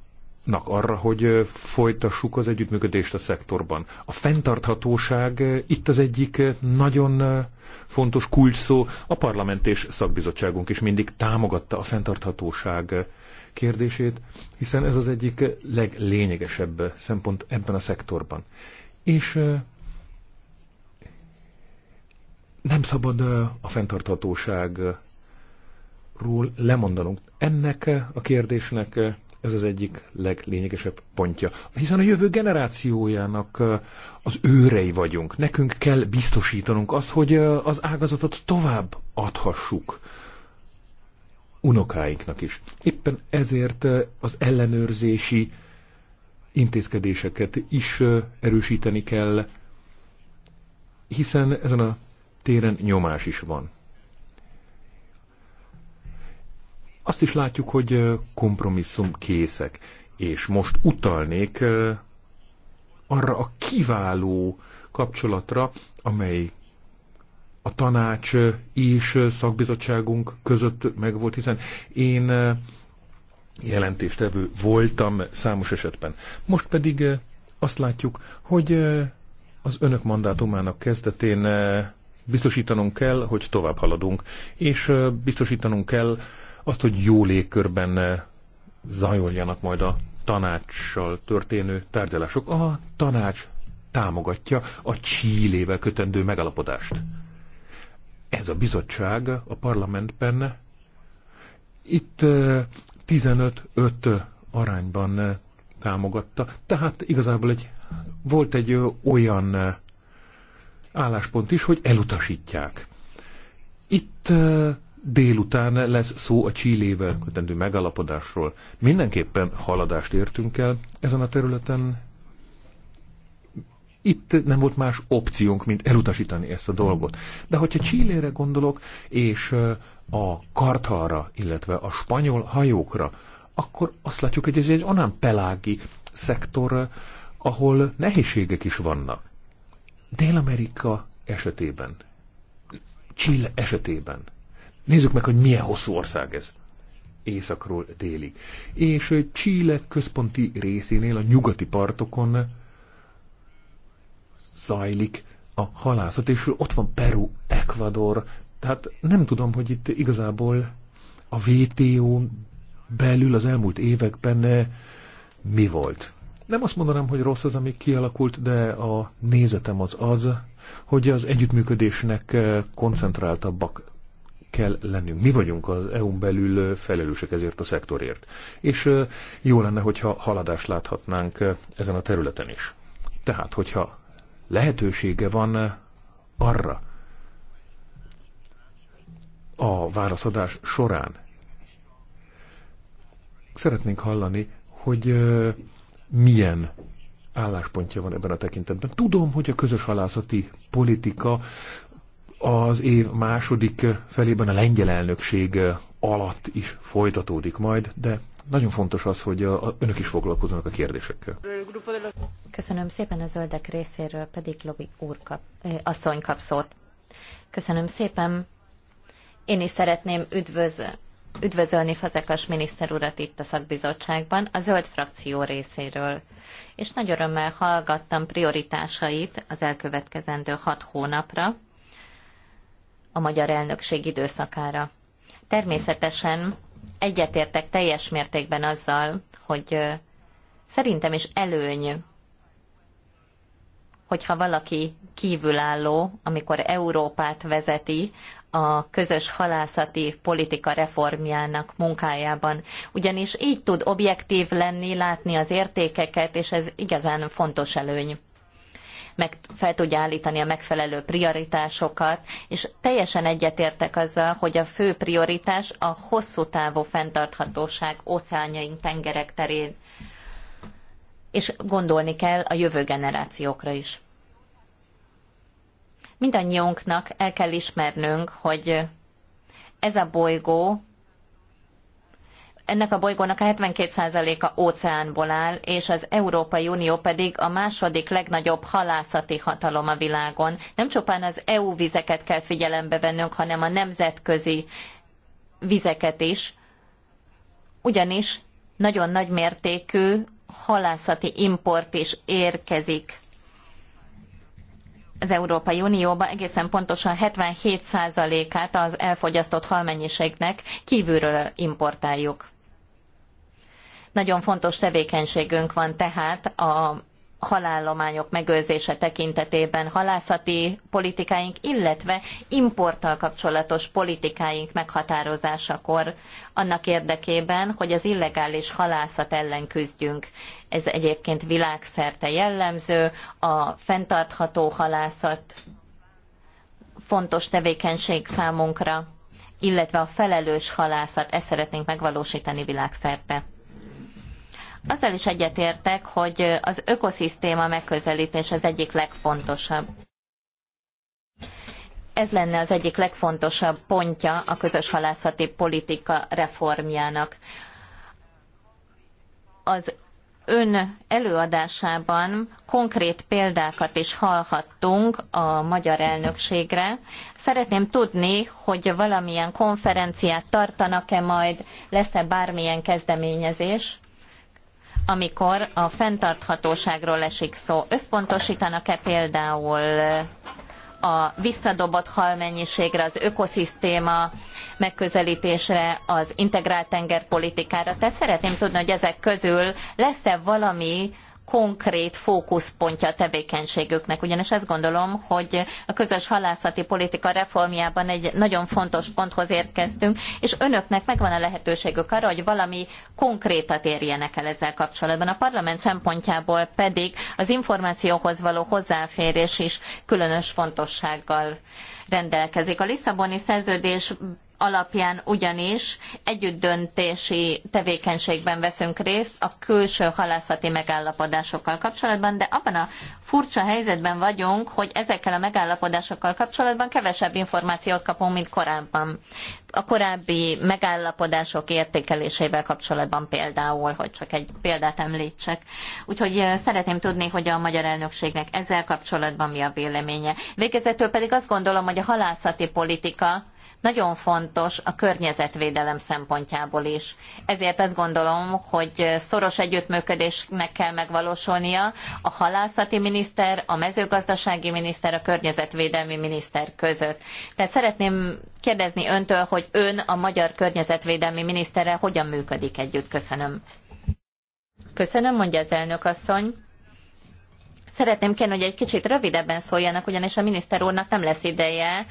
arra, hogy folytassuk az együttműködést a szektorban. A fenntarthatóság itt az egyik nagyon fontos kulcsszó. A parlament és szakbizottságunk is mindig támogatta a fenntarthatóság kérdését, hiszen ez az egyik leglényegesebb szempont ebben a szektorban. És nem szabad a fenntarthatóságról lemondanunk. Ennek a kérdésnek ez az egyik leglényegesebb pontja. Hiszen a jövő generációjának az őrei vagyunk. Nekünk kell biztosítanunk azt, hogy az ágazatot tovább adhassuk unokáinknak is. Éppen ezért az ellenőrzési intézkedéseket is erősíteni kell, hiszen ezen a téren nyomás is van. Azt is látjuk, hogy kompromisszum készek, és most utalnék arra a kiváló kapcsolatra, amely a tanács és szakbizottságunk között megvolt, hiszen én jelentéstevő voltam számos esetben. Most pedig azt látjuk, hogy az önök mandátumának kezdetén biztosítanunk kell, hogy tovább haladunk, és biztosítanunk kell azt, hogy jó légkörben zajoljanak majd a tanácssal történő tárgyalások. A tanács támogatja a csílével kötendő megalapodást. Ez a bizottság a parlamentben itt 15-5 arányban támogatta. Tehát igazából egy, volt egy olyan álláspont is, hogy elutasítják. Itt délután lesz szó a Csillével kötendő megalapodásról. Mindenképpen haladást értünk el ezen a területen. Itt nem volt más opciónk, mint elutasítani ezt a dolgot. De hogyha Csillére gondolok, és a karthalra, illetve a spanyol hajókra, akkor azt látjuk, hogy ez egy onnan pelági szektor, ahol nehézségek is vannak. Dél-Amerika esetében, Chile esetében, nézzük meg, hogy milyen hosszú ország ez északról délig. És Chile központi részénél a nyugati partokon zajlik a halászat, és ott van Peru, Ecuador, tehát nem tudom, hogy itt igazából a VTO belül az elmúlt években mi volt. Nem azt mondanám, hogy rossz az, ami kialakult, de a nézetem az az, hogy az együttműködésnek eh, koncentráltabbak kell lennünk. Mi vagyunk az EU-n belül eh, felelősek ezért a szektorért. És eh, jó lenne, hogyha haladást láthatnánk ezen a területen is. Tehát, hogyha lehetősége van arra a válaszadás során, szeretnénk hallani, hogy milyen álláspontja van ebben a tekintetben. Tudom, hogy a közös halászati politika az év második felében a lengyel elnökség alatt is folytatódik majd, de nagyon fontos az, hogy a, a, önök is foglalkoznak a kérdésekkel. Köszönöm szépen a zöldek részéről, pedig Lobi úr kap, eh, asszony kap szót. Köszönöm szépen. Én is szeretném üdvözölni üdvözölni Fazekas miniszter urat itt a szakbizottságban a zöld frakció részéről. És nagy örömmel hallgattam prioritásait az elkövetkezendő hat hónapra, a magyar elnökség időszakára. Természetesen egyetértek teljes mértékben azzal, hogy szerintem is előny, hogyha valaki kívülálló, amikor Európát vezeti, a közös halászati politika reformjának munkájában. Ugyanis így tud objektív lenni, látni az értékeket, és ez igazán fontos előny meg fel tudja állítani a megfelelő prioritásokat, és teljesen egyetértek azzal, hogy a fő prioritás a hosszú távú fenntarthatóság óceánjaink, tengerek terén, és gondolni kell a jövő generációkra is mindannyiunknak el kell ismernünk, hogy ez a bolygó, ennek a bolygónak a 72%-a óceánból áll, és az Európai Unió pedig a második legnagyobb halászati hatalom a világon. Nem csupán az EU vizeket kell figyelembe vennünk, hanem a nemzetközi vizeket is, ugyanis nagyon nagy mértékű halászati import is érkezik az Európai Unióban egészen pontosan 77%-át az elfogyasztott halmennyiségnek kívülről importáljuk. Nagyon fontos tevékenységünk van tehát a halállományok megőrzése tekintetében halászati politikáink, illetve importtal kapcsolatos politikáink meghatározásakor annak érdekében, hogy az illegális halászat ellen küzdjünk. Ez egyébként világszerte jellemző, a fenntartható halászat fontos tevékenység számunkra, illetve a felelős halászat, ezt szeretnénk megvalósítani világszerte. Azzal is egyetértek, hogy az ökoszisztéma megközelítés az egyik legfontosabb. Ez lenne az egyik legfontosabb pontja a közös halászati politika reformjának. Az ön előadásában konkrét példákat is hallhattunk a magyar elnökségre. Szeretném tudni, hogy valamilyen konferenciát tartanak-e majd, lesz-e bármilyen kezdeményezés? amikor a fenntarthatóságról esik szó, összpontosítanak-e például a visszadobott halmennyiségre, az ökoszisztéma megközelítésre, az integrált tengerpolitikára. Tehát szeretném tudni, hogy ezek közül lesz-e valami, konkrét fókuszpontja a tevékenységüknek. Ugyanis azt gondolom, hogy a közös halászati politika reformjában egy nagyon fontos ponthoz érkeztünk, és önöknek megvan a lehetőségük arra, hogy valami konkrétat érjenek el ezzel kapcsolatban. A parlament szempontjából pedig az információhoz való hozzáférés is különös fontossággal rendelkezik. A Lisszaboni szerződés alapján ugyanis együttdöntési tevékenységben veszünk részt a külső halászati megállapodásokkal kapcsolatban, de abban a furcsa helyzetben vagyunk, hogy ezekkel a megállapodásokkal kapcsolatban kevesebb információt kapunk, mint korábban. A korábbi megállapodások értékelésével kapcsolatban például, hogy csak egy példát említsek. Úgyhogy szeretném tudni, hogy a magyar elnökségnek ezzel kapcsolatban mi a véleménye. Végezetül pedig azt gondolom, hogy a halászati politika nagyon fontos a környezetvédelem szempontjából is. Ezért azt gondolom, hogy szoros együttműködésnek kell megvalósulnia a halászati miniszter, a mezőgazdasági miniszter, a környezetvédelmi miniszter között. Tehát szeretném kérdezni öntől, hogy ön a magyar környezetvédelmi miniszterrel hogyan működik együtt. Köszönöm. Köszönöm, mondja az elnök asszony. Szeretném kérni, hogy egy kicsit rövidebben szóljanak, ugyanis a miniszter úrnak nem lesz ideje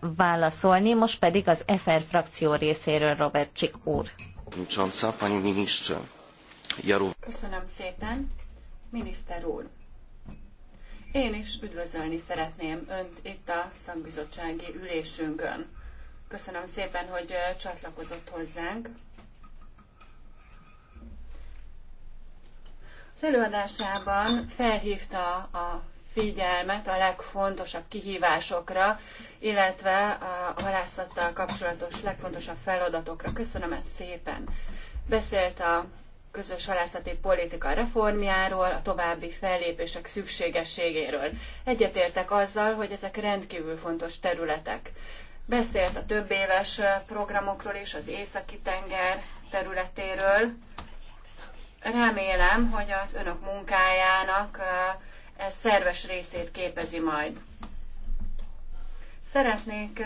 válaszolni, most pedig az FR frakció részéről Robert Csik úr. Köszönöm szépen, miniszter úr. Én is üdvözölni szeretném Önt itt a szakbizottsági ülésünkön. Köszönöm szépen, hogy csatlakozott hozzánk. Az előadásában felhívta a figyelmet a legfontosabb kihívásokra, illetve a halászattal kapcsolatos legfontosabb feladatokra. Köszönöm ezt szépen. Beszélt a közös halászati politika reformjáról, a további fellépések szükségességéről. Egyetértek azzal, hogy ezek rendkívül fontos területek. Beszélt a több éves programokról is, az Északi-tenger területéről. Remélem, hogy az önök munkájának uh, ez szerves részét képezi majd. Szeretnék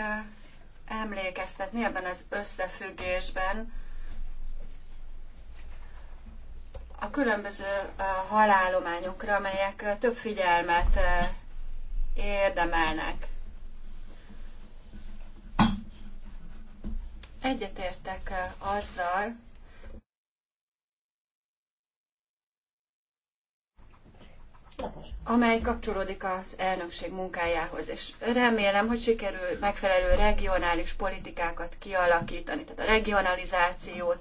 emlékeztetni ebben az összefüggésben a különböző halálományokra, amelyek több figyelmet érdemelnek. Egyetértek azzal, amely kapcsolódik az elnökség munkájához, és remélem, hogy sikerül megfelelő regionális politikákat kialakítani, tehát a regionalizációt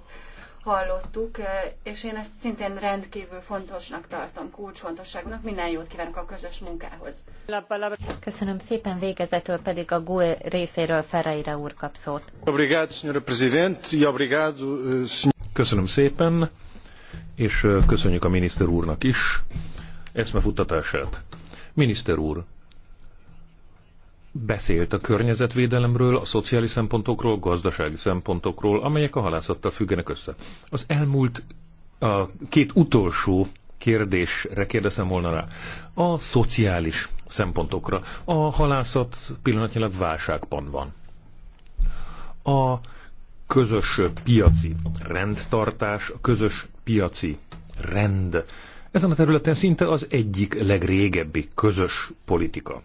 hallottuk, és én ezt szintén rendkívül fontosnak tartom, kulcsfontosságúnak. Minden jót kívánok a közös munkához. Köszönöm szépen, végezetül pedig a GUE részéről Ferreira úr kap szót. E eh, Köszönöm szépen, és köszönjük a miniszter úrnak is eszmefuttatását. Miniszter úr, beszélt a környezetvédelemről, a szociális szempontokról, gazdasági szempontokról, amelyek a halászattal függenek össze. Az elmúlt a két utolsó kérdésre kérdezem volna rá. A szociális szempontokra. A halászat pillanatnyilag válságban van. A közös piaci rendtartás, a közös piaci rend ezen a területen szinte az egyik legrégebbi közös politika.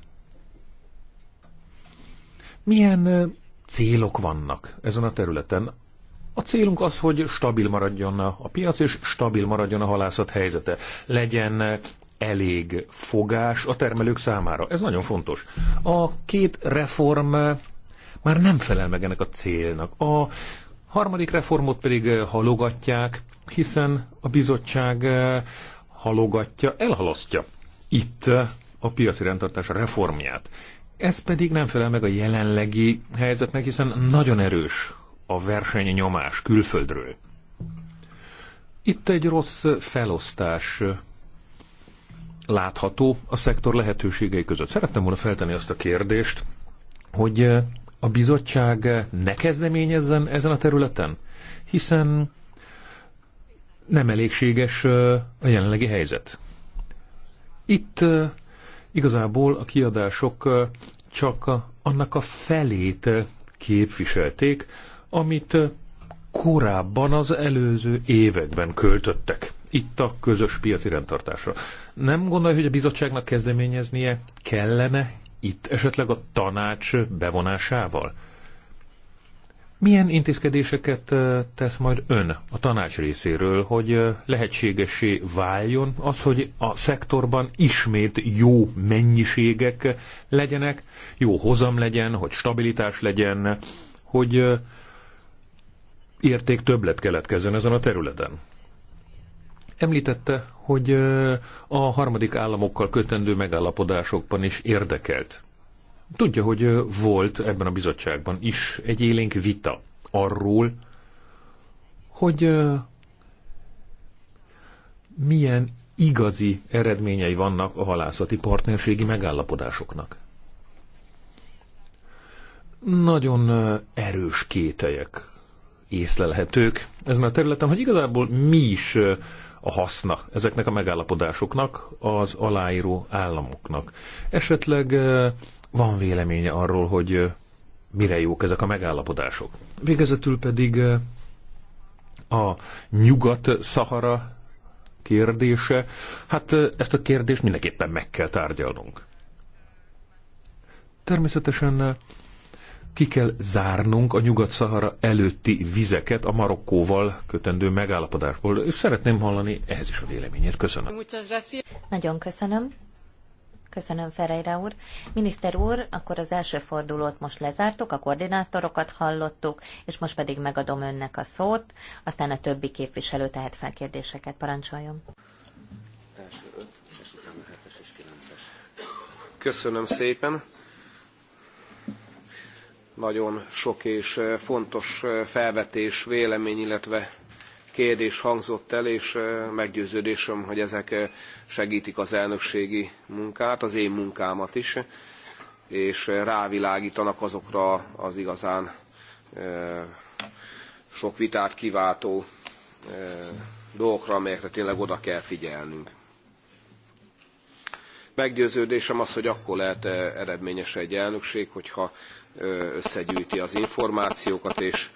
Milyen célok vannak ezen a területen? A célunk az, hogy stabil maradjon a piac, és stabil maradjon a halászat helyzete. Legyen elég fogás a termelők számára. Ez nagyon fontos. A két reform már nem felel meg ennek a célnak. A harmadik reformot pedig halogatják, hiszen a bizottság halogatja, elhalasztja itt a piaci rendtartás reformját. Ez pedig nem felel meg a jelenlegi helyzetnek, hiszen nagyon erős a verseny nyomás külföldről. Itt egy rossz felosztás látható a szektor lehetőségei között. Szerettem volna feltenni azt a kérdést, hogy a bizottság ne kezdeményezzen ezen a területen, hiszen nem elégséges a jelenlegi helyzet. Itt igazából a kiadások csak annak a felét képviselték, amit korábban az előző években költöttek itt a közös piaci rendtartásra. Nem gondolja, hogy a bizottságnak kezdeményeznie kellene itt esetleg a tanács bevonásával? Milyen intézkedéseket tesz majd ön a tanács részéről, hogy lehetségesé váljon az, hogy a szektorban ismét jó mennyiségek legyenek, jó hozam legyen, hogy stabilitás legyen, hogy érték többlet keletkezzen ezen a területen? Említette, hogy a harmadik államokkal kötendő megállapodásokban is érdekelt. Tudja, hogy volt ebben a bizottságban is egy élénk vita arról, hogy milyen igazi eredményei vannak a halászati partnerségi megállapodásoknak. Nagyon erős kételyek észlelhetők ezen a területen, hogy igazából mi is a haszna ezeknek a megállapodásoknak, az aláíró államoknak. Esetleg van véleménye arról, hogy mire jók ezek a megállapodások. Végezetül pedig a Nyugat-Szahara kérdése. Hát ezt a kérdést mindenképpen meg kell tárgyalnunk. Természetesen ki kell zárnunk a Nyugat-Szahara előtti vizeket a Marokkóval kötendő megállapodásból. Szeretném hallani ehhez is a véleményét. Köszönöm. Nagyon köszönöm. Köszönöm, Ferejre úr. Miniszter úr, akkor az első fordulót most lezártuk, a koordinátorokat hallottuk, és most pedig megadom önnek a szót, aztán a többi képviselő tehet fel kérdéseket. Parancsoljon. Első öt, és utána hetes és kilences. Köszönöm szépen. Nagyon sok és eh, fontos eh, felvetés, vélemény, illetve kérdés hangzott el, és meggyőződésem, hogy ezek segítik az elnökségi munkát, az én munkámat is, és rávilágítanak azokra az igazán sok vitát kiváltó dolgokra, amelyekre tényleg oda kell figyelnünk. Meggyőződésem az, hogy akkor lehet eredményes egy elnökség, hogyha összegyűjti az információkat, és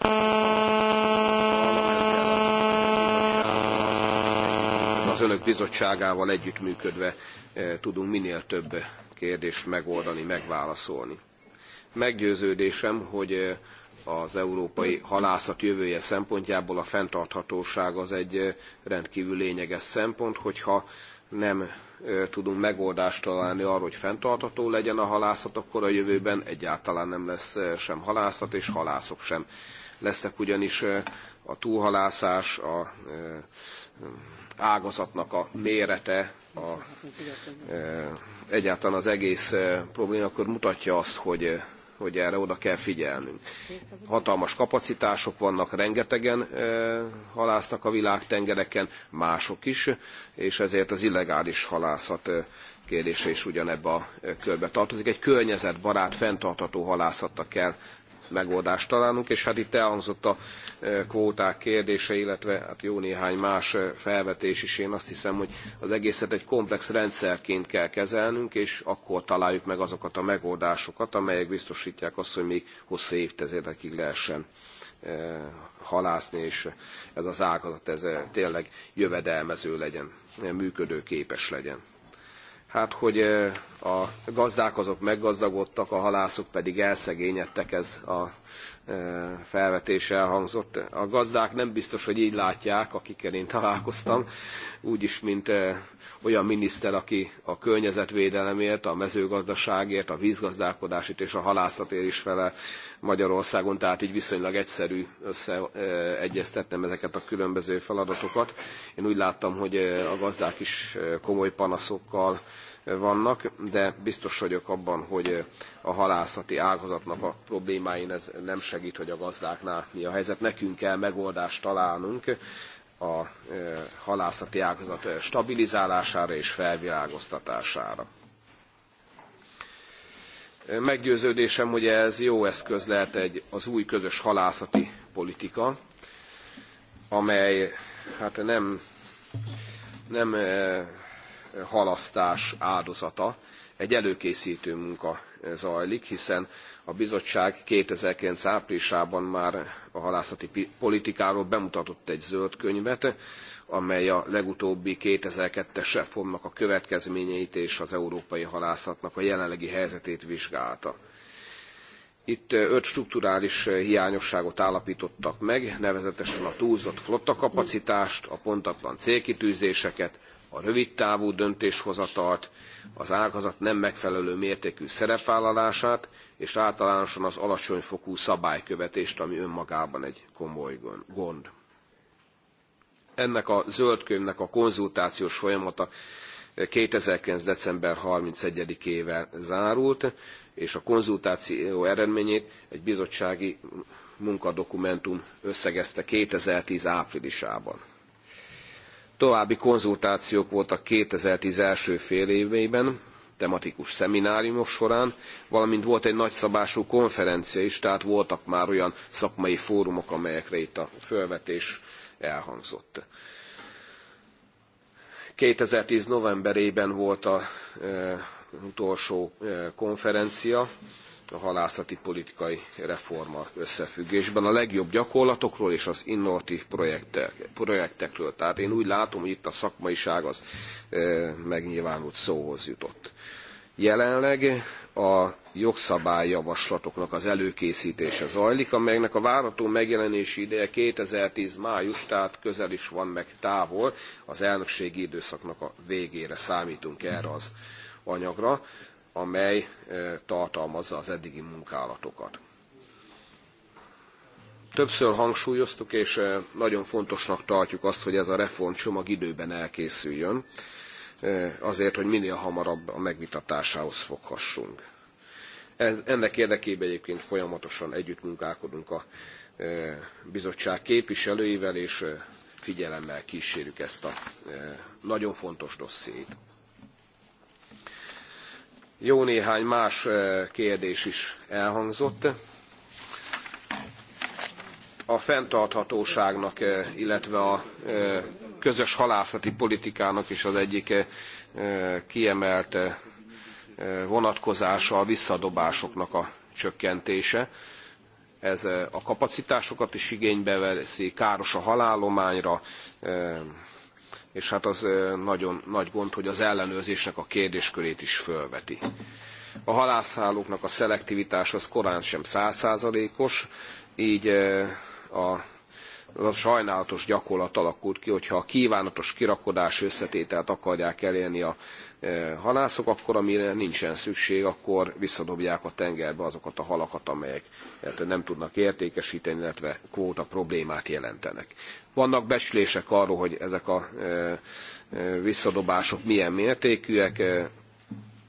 önök bizottságával együttműködve eh, tudunk minél több kérdést megoldani, megválaszolni. Meggyőződésem, hogy eh, az európai halászat jövője szempontjából a fenntarthatóság az egy eh, rendkívül lényeges szempont, hogyha nem tudunk megoldást találni arra, hogy fenntartható legyen a halászat, akkor a jövőben egyáltalán nem lesz sem halászat, és halászok sem. Lesznek ugyanis a túlhalászás, a ágazatnak a mérete, a, e, egyáltalán az egész e, probléma, akkor mutatja azt, hogy, e, hogy erre oda kell figyelnünk. Hatalmas kapacitások vannak, rengetegen halásznak a világtengereken, mások is, és ezért az illegális halászat kérdése is ugyanebbe a körbe tartozik. Egy környezetbarát, fenntartható halászattal kell megoldást találnunk, és hát itt elhangzott a e, kvóták kérdése, illetve hát jó néhány más e, felvetés is. Én azt hiszem, hogy az egészet egy komplex rendszerként kell kezelnünk, és akkor találjuk meg azokat a megoldásokat, amelyek biztosítják azt, hogy még hosszú évtizedekig lehessen e, halászni, és ez az ágazat ez tényleg jövedelmező legyen, működőképes legyen hát hogy a gazdák azok meggazdagodtak, a halászok pedig elszegényedtek, ez a felvetés elhangzott. A gazdák nem biztos, hogy így látják, akikkel én találkoztam, úgyis, mint olyan miniszter, aki a környezetvédelemért, a mezőgazdaságért, a vízgazdálkodásért és a halászatért is fele Magyarországon, tehát így viszonylag egyszerű összeegyeztetnem ezeket a különböző feladatokat. Én úgy láttam, hogy eh, a gazdák is eh, komoly panaszokkal eh, vannak, de biztos vagyok abban, hogy a halászati ágazatnak a problémáin ez nem segít, hogy a gazdáknál mi a helyzet. Nekünk kell megoldást találnunk, a e, halászati ágazat e, stabilizálására és felvilágoztatására. E, meggyőződésem, hogy ez jó eszköz lehet egy, az új közös halászati politika, amely hát nem, nem halasztás áldozata, egy előkészítő munka zajlik, hiszen a bizottság 2009 áprilisában már a halászati politikáról bemutatott egy zöld könyvet, amely a legutóbbi 2002-es reformnak a következményeit és az európai halászatnak a jelenlegi helyzetét vizsgálta. Itt öt strukturális hiányosságot állapítottak meg, nevezetesen a túlzott flottakapacitást, a pontatlan célkitűzéseket, a távú döntéshozatalt, az ágazat nem megfelelő mértékű szerepvállalását, és általánosan az alacsony fokú szabálykövetést, ami önmagában egy komoly gond. Ennek a zöldkönyvnek a konzultációs folyamata 2009. december 31-ével zárult, és a konzultáció eredményét egy bizottsági munkadokumentum összegezte 2010 áprilisában. További konzultációk voltak 2010 első fél évében, tematikus szemináriumok során, valamint volt egy nagyszabású konferencia is, tehát voltak már olyan szakmai fórumok, amelyekre itt a fölvetés elhangzott. 2010 novemberében volt a e, utolsó e, konferencia, a halászati politikai reforma összefüggésben, a legjobb gyakorlatokról és az innovatív projektek, projektekről. Tehát én úgy látom, hogy itt a szakmaiság az e, megnyilvánult szóhoz jutott. Jelenleg a jogszabályjavaslatoknak az előkészítése zajlik, amelynek a várható megjelenési ideje 2010 május, tehát közel is van meg távol, az elnökségi időszaknak a végére számítunk erre az anyagra amely tartalmazza az eddigi munkálatokat. Többször hangsúlyoztuk, és nagyon fontosnak tartjuk azt, hogy ez a reformcsomag időben elkészüljön, azért, hogy minél hamarabb a megvitatásához foghassunk. Ennek érdekében egyébként folyamatosan együttmunkálkodunk a bizottság képviselőivel, és figyelemmel kísérjük ezt a nagyon fontos dossziét. Jó néhány más eh, kérdés is elhangzott. A fenntarthatóságnak, eh, illetve a eh, közös halászati politikának is az egyik kiemelt vonatkozása a visszadobásoknak a csökkentése. Ez a kapacitásokat is igénybe veszi, káros a halálományra, és hát az nagyon nagy gond, hogy az ellenőrzésnek a kérdéskörét is fölveti. A halászhálóknak a szelektivitás az korán sem százszázalékos, így a a sajnálatos gyakorlat alakult ki, hogyha a kívánatos kirakodási összetételt akarják elérni a halászok, akkor amire nincsen szükség, akkor visszadobják a tengerbe azokat a halakat, amelyek hát nem tudnak értékesíteni, illetve kvóta problémát jelentenek. Vannak becslések arról, hogy ezek a visszadobások milyen mértékűek,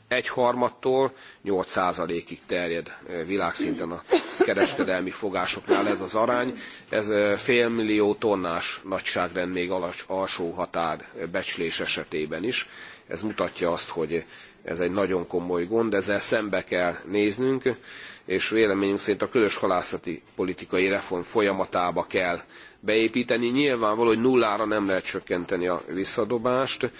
egyharmadtól 8%-ig terjed világszinten a kereskedelmi fogásoknál ez az arány. Ez félmillió tonnás nagyságrend még alsó határ becslés esetében is ez mutatja azt, hogy ez egy nagyon komoly gond, ezzel szembe kell néznünk, és véleményünk szerint a közös halászati politikai reform folyamatába kell beépíteni. Nyilvánvaló, hogy nullára nem lehet csökkenteni a visszadobást,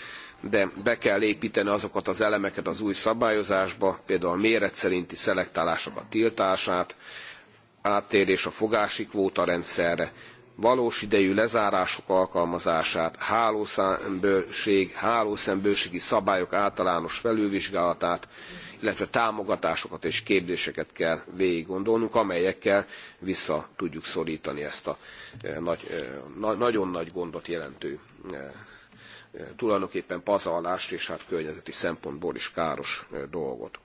de be kell építeni azokat az elemeket az új szabályozásba, például a méret szerinti szelektálások a tiltását, áttérés a fogási kvótarendszerre, valós idejű lezárások alkalmazását, hálószembőség, hálószembőségi szabályok általános felülvizsgálatát, illetve támogatásokat és képzéseket kell végiggondolnunk, amelyekkel vissza tudjuk szorítani ezt a e, nagy, e, nagyon nagy gondot jelentő e, tulajdonképpen pazarlást és hát környezeti szempontból is káros dolgot.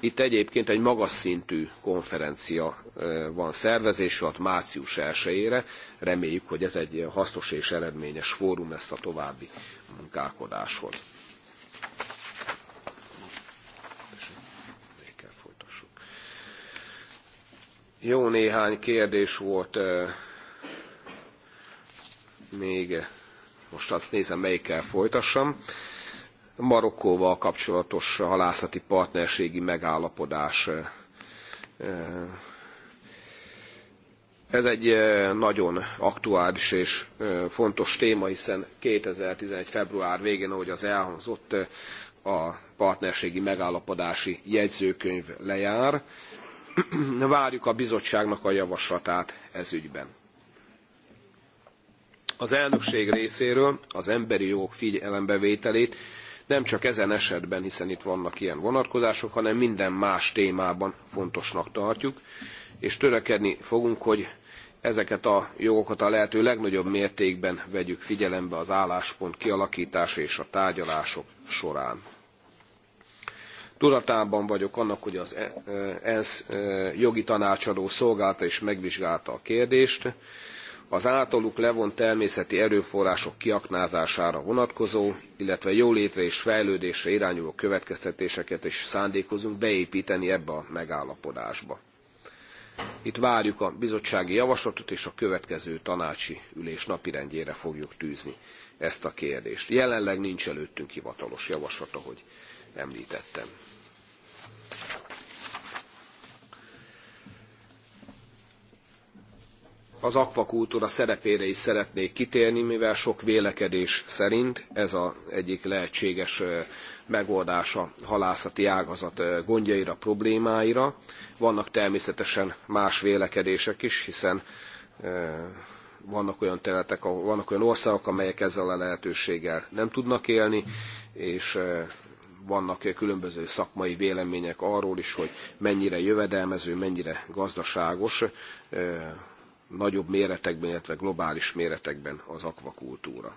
Itt egyébként egy magas szintű konferencia van szervezés alatt március 1-ére. Reméljük, hogy ez egy hasznos és eredményes fórum lesz a további munkálkodáshoz. Jó néhány kérdés volt még, most azt nézem, melyikkel folytassam. Marokkóval kapcsolatos halászati partnerségi megállapodás. Ez egy nagyon aktuális és fontos téma, hiszen 2011. február végén, ahogy az elhangzott, a partnerségi megállapodási jegyzőkönyv lejár. Várjuk a bizottságnak a javaslatát ez ügyben. Az elnökség részéről az emberi jogok figyelembevételét nem csak ezen esetben, hiszen itt vannak ilyen vonatkozások, hanem minden más témában fontosnak tartjuk, és törekedni fogunk, hogy ezeket a jogokat a lehető legnagyobb mértékben vegyük figyelembe az álláspont kialakítása és a tárgyalások során. Tudatában vagyok annak, hogy az e- ENSZ jogi tanácsadó szolgálta és megvizsgálta a kérdést, az általuk levont természeti erőforrások kiaknázására vonatkozó, illetve jólétre és fejlődésre irányuló következtetéseket is szándékozunk beépíteni ebbe a megállapodásba. Itt várjuk a bizottsági javaslatot, és a következő tanácsi ülés napirendjére fogjuk tűzni ezt a kérdést. Jelenleg nincs előttünk hivatalos javaslata, hogy említettem. az akvakultúra szerepére is szeretnék kitérni, mivel sok vélekedés szerint ez az egyik lehetséges megoldása halászati ágazat gondjaira, problémáira. Vannak természetesen más vélekedések is, hiszen vannak olyan területek, vannak olyan országok, amelyek ezzel a lehetőséggel nem tudnak élni, és vannak különböző szakmai vélemények arról is, hogy mennyire jövedelmező, mennyire gazdaságos nagyobb méretekben, illetve globális méretekben az akvakultúra.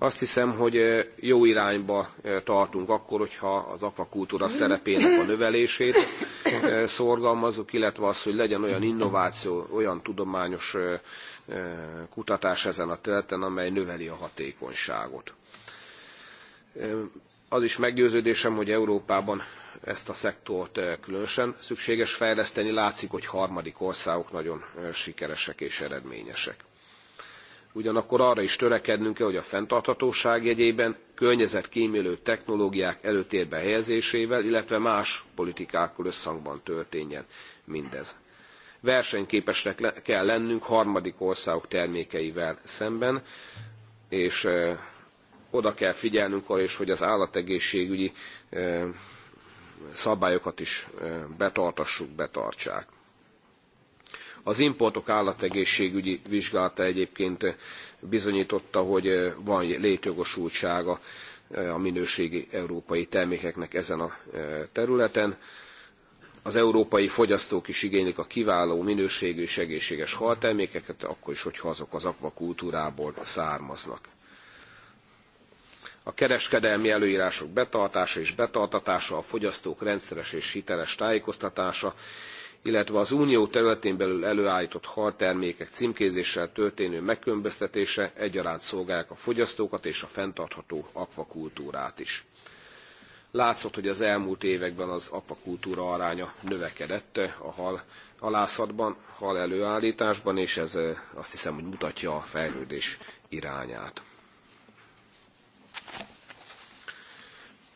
Azt hiszem, hogy jó irányba tartunk akkor, hogyha az akvakultúra szerepének a növelését szorgalmazzuk, illetve az, hogy legyen olyan innováció, olyan tudományos kutatás ezen a területen, amely növeli a hatékonyságot. Az is meggyőződésem, hogy Európában ezt a szektort különösen szükséges fejleszteni. Látszik, hogy harmadik országok nagyon sikeresek és eredményesek. Ugyanakkor arra is törekednünk kell, hogy a fenntarthatóság jegyében környezetkímélő technológiák előtérbe helyezésével, illetve más politikákkal összhangban történjen mindez. Versenyképesnek kell lennünk harmadik országok termékeivel szemben, és oda kell figyelnünk arra is, hogy az állategészségügyi szabályokat is betartassuk, betartsák. Az importok állategészségügyi vizsgálata egyébként bizonyította, hogy van létjogosultsága a minőségi európai termékeknek ezen a területen. Az európai fogyasztók is igénylik a kiváló minőségű és egészséges haltermékeket, akkor is, hogyha azok az akvakultúrából származnak a kereskedelmi előrások betartása és betartatása a fogyasztók rendszeres és hiteles tájékoztatása illetve az unió területén belül előálltott haltermékek cmkézéssel történő megkülönböztetése egyaránt szolgálják a fogyasztókat és a fenntartható akvakultúrát is. Látszott, hogy az elmúlt években az akvakultúra aránya növekedett a hal halászatban, hal előállításban, és ez eh, azt hiszem, hogy mutatja a fejlődés irányát.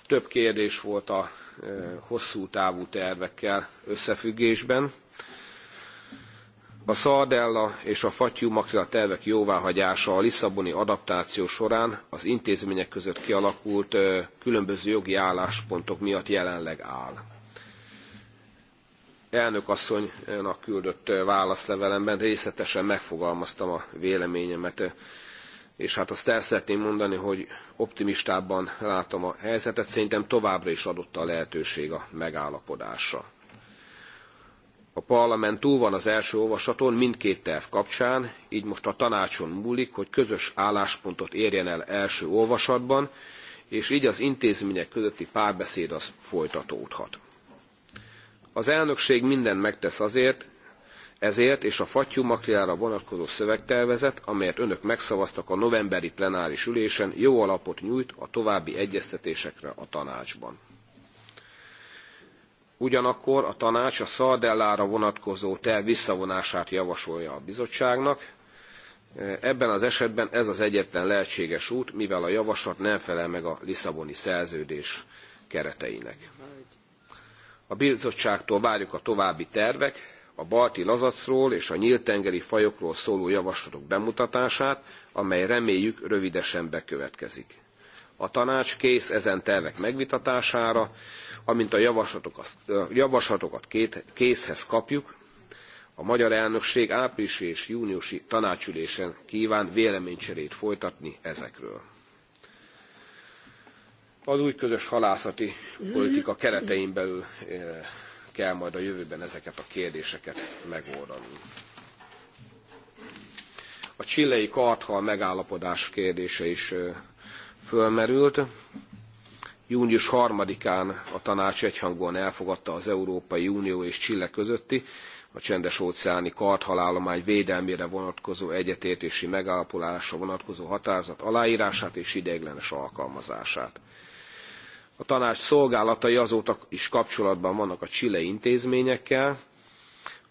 Több kérdés volt a hosszú távú tervekkel összefüggésben. A Sardella és a fattyú makrela tervek jóváhagyása a Lisszaboni adaptáció során az intézmények között kialakult különböző jogi álláspontok miatt jelenleg áll. Elnök asszonynak küldött válaszlevelemben részletesen megfogalmaztam a véleményemet és hát azt el szeretném mondani, hogy optimistábban látom a helyzetet, szerintem továbbra is adott a lehetőség a megállapodásra. A parlament túl van az első olvasaton mindkét terv kapcsán, így most a tanácson múlik, hogy közös álláspontot érjen el első olvasatban, és így az intézmények közötti párbeszéd az folytatódhat. Az elnökség mindent megtesz azért, ezért és a fattyú makliára vonatkozó szövegtervezet, amelyet önök megszavaztak a novemberi plenáris ülésen, jó alapot nyújt a további egyeztetésekre a tanácsban. Ugyanakkor a tanács a szardellára vonatkozó terv visszavonását javasolja a bizottságnak. Ebben az esetben ez az egyetlen lehetséges út, mivel a javaslat nem felel meg a Lisszaboni szerződés kereteinek. A bizottságtól várjuk a további tervek, a balti lazacról és a nyíltengeri fajokról szóló javaslatok bemutatását, amely reméljük rövidesen bekövetkezik. A tanács kész ezen tervek megvitatására, amint a javaslatokat készhez kapjuk, a magyar elnökség áprilisi és júniusi tanácsülésen kíván véleménycserét folytatni ezekről. Az új közös halászati politika keretein belül kell majd a jövőben ezeket a kérdéseket megoldani. A csillei karthal megállapodás kérdése is fölmerült. Június 3-án a tanács egyhangúan elfogadta az Európai Unió és Chile közötti a csendes óceáni karthalállomány védelmére vonatkozó egyetértési megállapodásra vonatkozó határozat aláírását és ideiglenes alkalmazását. A tanács szolgálatai azóta is kapcsolatban vannak a csilei intézményekkel,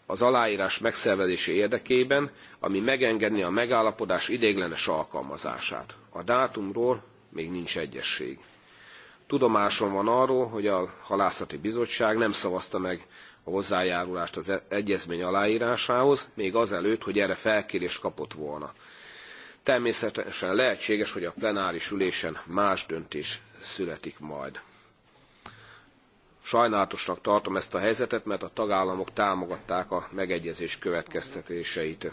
az aláírás megszervezése érdekében, ami megengedni a megállapodás ideiglenes alkalmazását. A dátumról még nincs egyesség. Tudomásom van arról, hogy a halászati bizottság nem szavazta meg a hozzájárulást az egyezmény aláírásához, még azelőtt, hogy erre felkérés kapott volna. Természetesen lehetséges, hogy a plenáris ülésen más döntés születik majd. Sajnálatosnak tartom ezt a helyzetet, mert a tagállamok támogatták a megegyezés következtetéseit.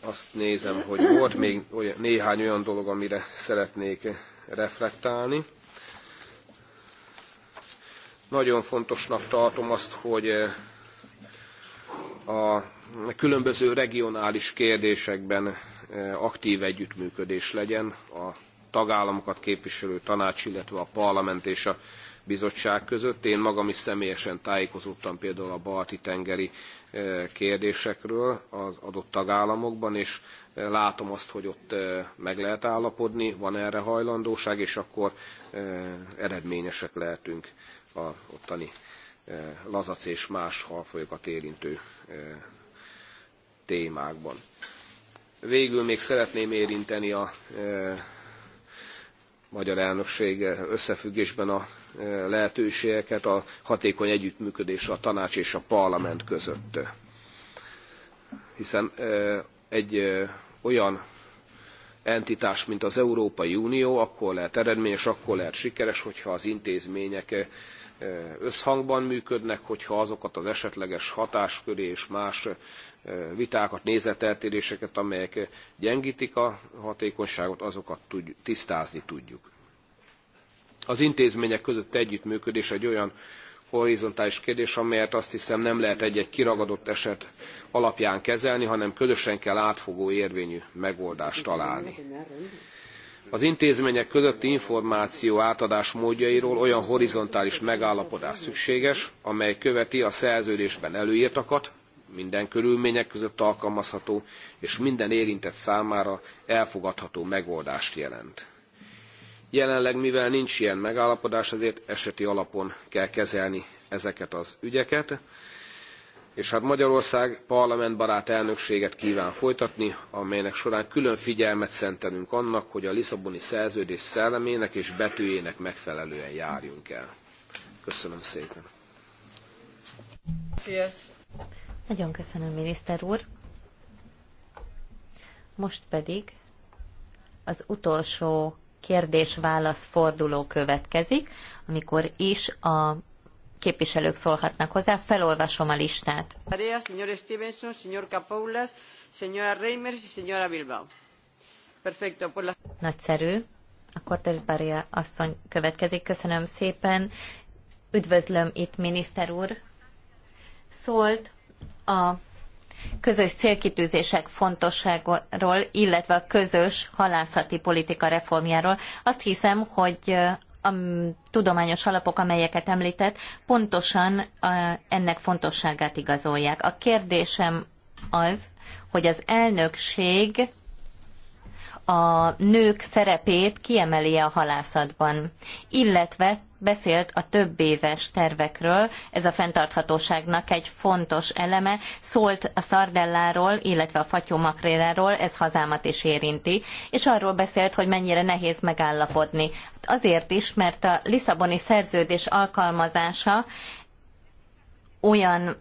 Azt nézem, hogy volt még olyan, néhány olyan dolog, amire szeretnék reflektálni. Nagyon fontosnak tartom azt, hogy eh, a különböző regionális kérdésekben eh, aktív együttműködés legyen a tagállamokat képviselő tanács, illetve a parlament és a bizottság között. Én magam is személyesen tájékozódtam például a balti tengeri eh, kérdésekről az adott tagállamokban, és eh, látom azt, hogy ott meg lehet állapodni, van erre hajlandóság, és akkor eredményesek lehetünk a ottani lazac és más halfolyokat érintő témákban. Végül még szeretném érinteni a e, magyar elnökség összefüggésben a e, lehetőségeket, a hatékony együttműködés a tanács és a parlament között. Hiszen e, egy olyan entitás, mint az Európai Unió, akkor lehet eredményes, akkor lehet sikeres, hogyha az intézmények összhangban működnek, hogyha azokat az esetleges hatásköré és más vitákat, nézeteltéréseket, amelyek gyengítik a hatékonyságot, azokat tisztázni tudjuk. Az intézmények között együttműködés egy olyan horizontális kérdés, amelyet azt hiszem nem lehet egy-egy kiragadott eset alapján kezelni, hanem közösen kell átfogó érvényű megoldást találni az intézmények közötti információ átadás módjairól olyan horizontális megállapodás szükséges, amely követi a szerződésben előírtakat, minden körülmények között alkalmazható és minden érintett számára elfogadható megoldást jelent. Jelenleg, mivel nincs ilyen megállapodás, ezért eseti alapon kell kezelni ezeket az ügyeket, és hát Magyarország parlamentbarát elnökséget kíván folytatni, amelynek során külön figyelmet szentelünk annak, hogy a Lisszaboni szerződés szellemének és betűjének megfelelően járjunk el. Köszönöm szépen. Yes. Nagyon köszönöm, miniszter úr. Most pedig az utolsó kérdés-válasz forduló következik, amikor is a képviselők szólhatnak hozzá, felolvasom a listát. Stevenson, Capoulas, Reimers Bilbao. Nagyszerű. A Cortés Baria asszony következik. Köszönöm szépen. Üdvözlöm itt, miniszter úr. Szólt a közös célkitűzések fontosságáról, illetve a közös halászati politika reformjáról. Azt hiszem, hogy a tudományos alapok, amelyeket említett, pontosan ennek fontosságát igazolják. A kérdésem az, hogy az elnökség a nők szerepét kiemeli -e a halászatban, illetve beszélt a több éves tervekről, ez a fenntarthatóságnak egy fontos eleme, szólt a szardelláról, illetve a fatyó ez hazámat is érinti, és arról beszélt, hogy mennyire nehéz megállapodni. Azért is, mert a Lisszaboni szerződés alkalmazása olyan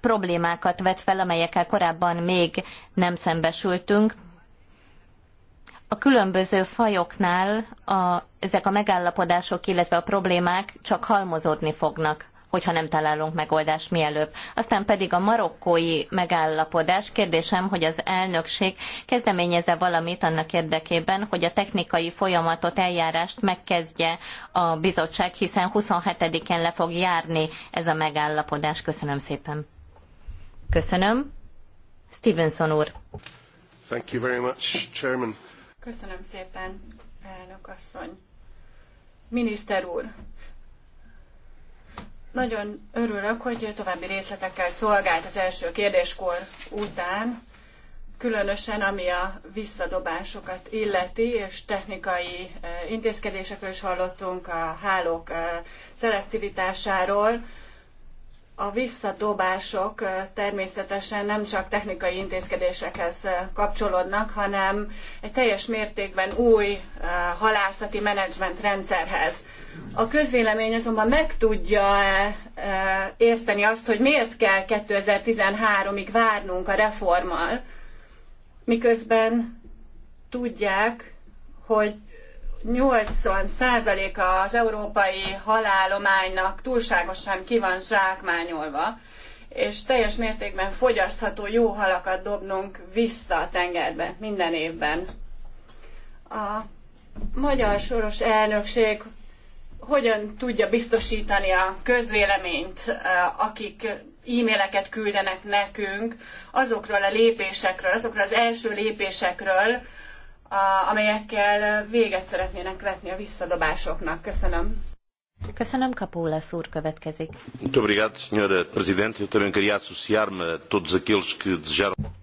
problémákat vet fel, amelyekkel korábban még nem szembesültünk, a különböző fajoknál a, ezek a megállapodások, illetve a problémák csak halmozódni fognak hogyha nem találunk megoldást mielőbb. Aztán pedig a marokkói megállapodás. Kérdésem, hogy az elnökség kezdeményeze valamit annak érdekében, hogy a technikai folyamatot, eljárást megkezdje a bizottság, hiszen 27-en le fog járni ez a megállapodás. Köszönöm szépen. Köszönöm. Stevenson úr. Thank you very much, Chairman. Köszönöm szépen, elnök asszony. Miniszter úr, nagyon örülök, hogy további részletekkel szolgált az első kérdéskor után, különösen ami a visszadobásokat illeti, és technikai eh, intézkedésekről is hallottunk, a hálók eh, szelektivitásáról, a visszadobások természetesen nem csak technikai intézkedésekhez kapcsolódnak, hanem egy teljes mértékben új halászati menedzsment rendszerhez. A közvélemény azonban meg tudja érteni azt, hogy miért kell 2013-ig várnunk a reformmal, miközben tudják, hogy 80%-a az európai halálománynak túlságosan ki van zsákmányolva, és teljes mértékben fogyasztható jó halakat dobnunk vissza a tengerbe minden évben. A magyar soros elnökség hogyan tudja biztosítani a közvéleményt, eh, akik e-maileket küldenek nekünk azokról a lépésekről, azokról az első lépésekről, amelyekkel véget szeretnének vetni a visszadobásoknak. Köszönöm. Köszönöm, Kapóla úr következik.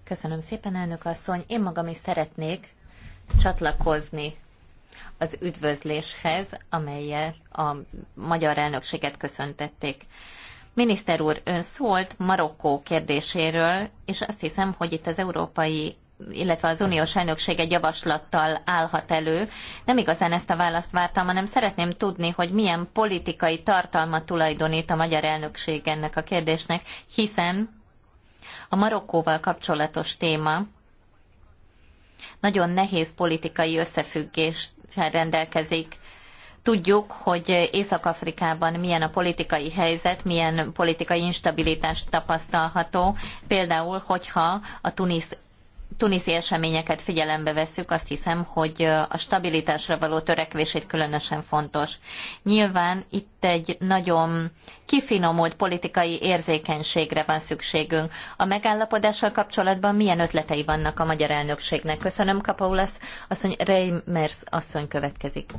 Köszönöm szépen, elnök asszony. Én magam is szeretnék csatlakozni az üdvözléshez, amelyet a magyar elnökséget köszöntették. Miniszter úr, ön szólt Marokkó kérdéséről, és azt hiszem, hogy itt az Európai illetve az uniós elnökség egy javaslattal állhat elő. Nem igazán ezt a választ vártam, hanem szeretném tudni, hogy milyen politikai tartalma tulajdonít a magyar elnökség ennek a kérdésnek, hiszen a Marokkóval kapcsolatos téma nagyon nehéz politikai összefüggés rendelkezik. Tudjuk, hogy Észak-Afrikában milyen a politikai helyzet, milyen politikai instabilitás tapasztalható. Például, hogyha a tunis tuniszi eseményeket figyelembe vesszük, azt hiszem, hogy a stabilitásra való törekvését különösen fontos. Nyilván itt egy nagyon kifinomult politikai érzékenységre van szükségünk. A megállapodással kapcsolatban milyen ötletei vannak a magyar elnökségnek? Köszönöm, Kapaulasz. Asszony Reimers asszony következik.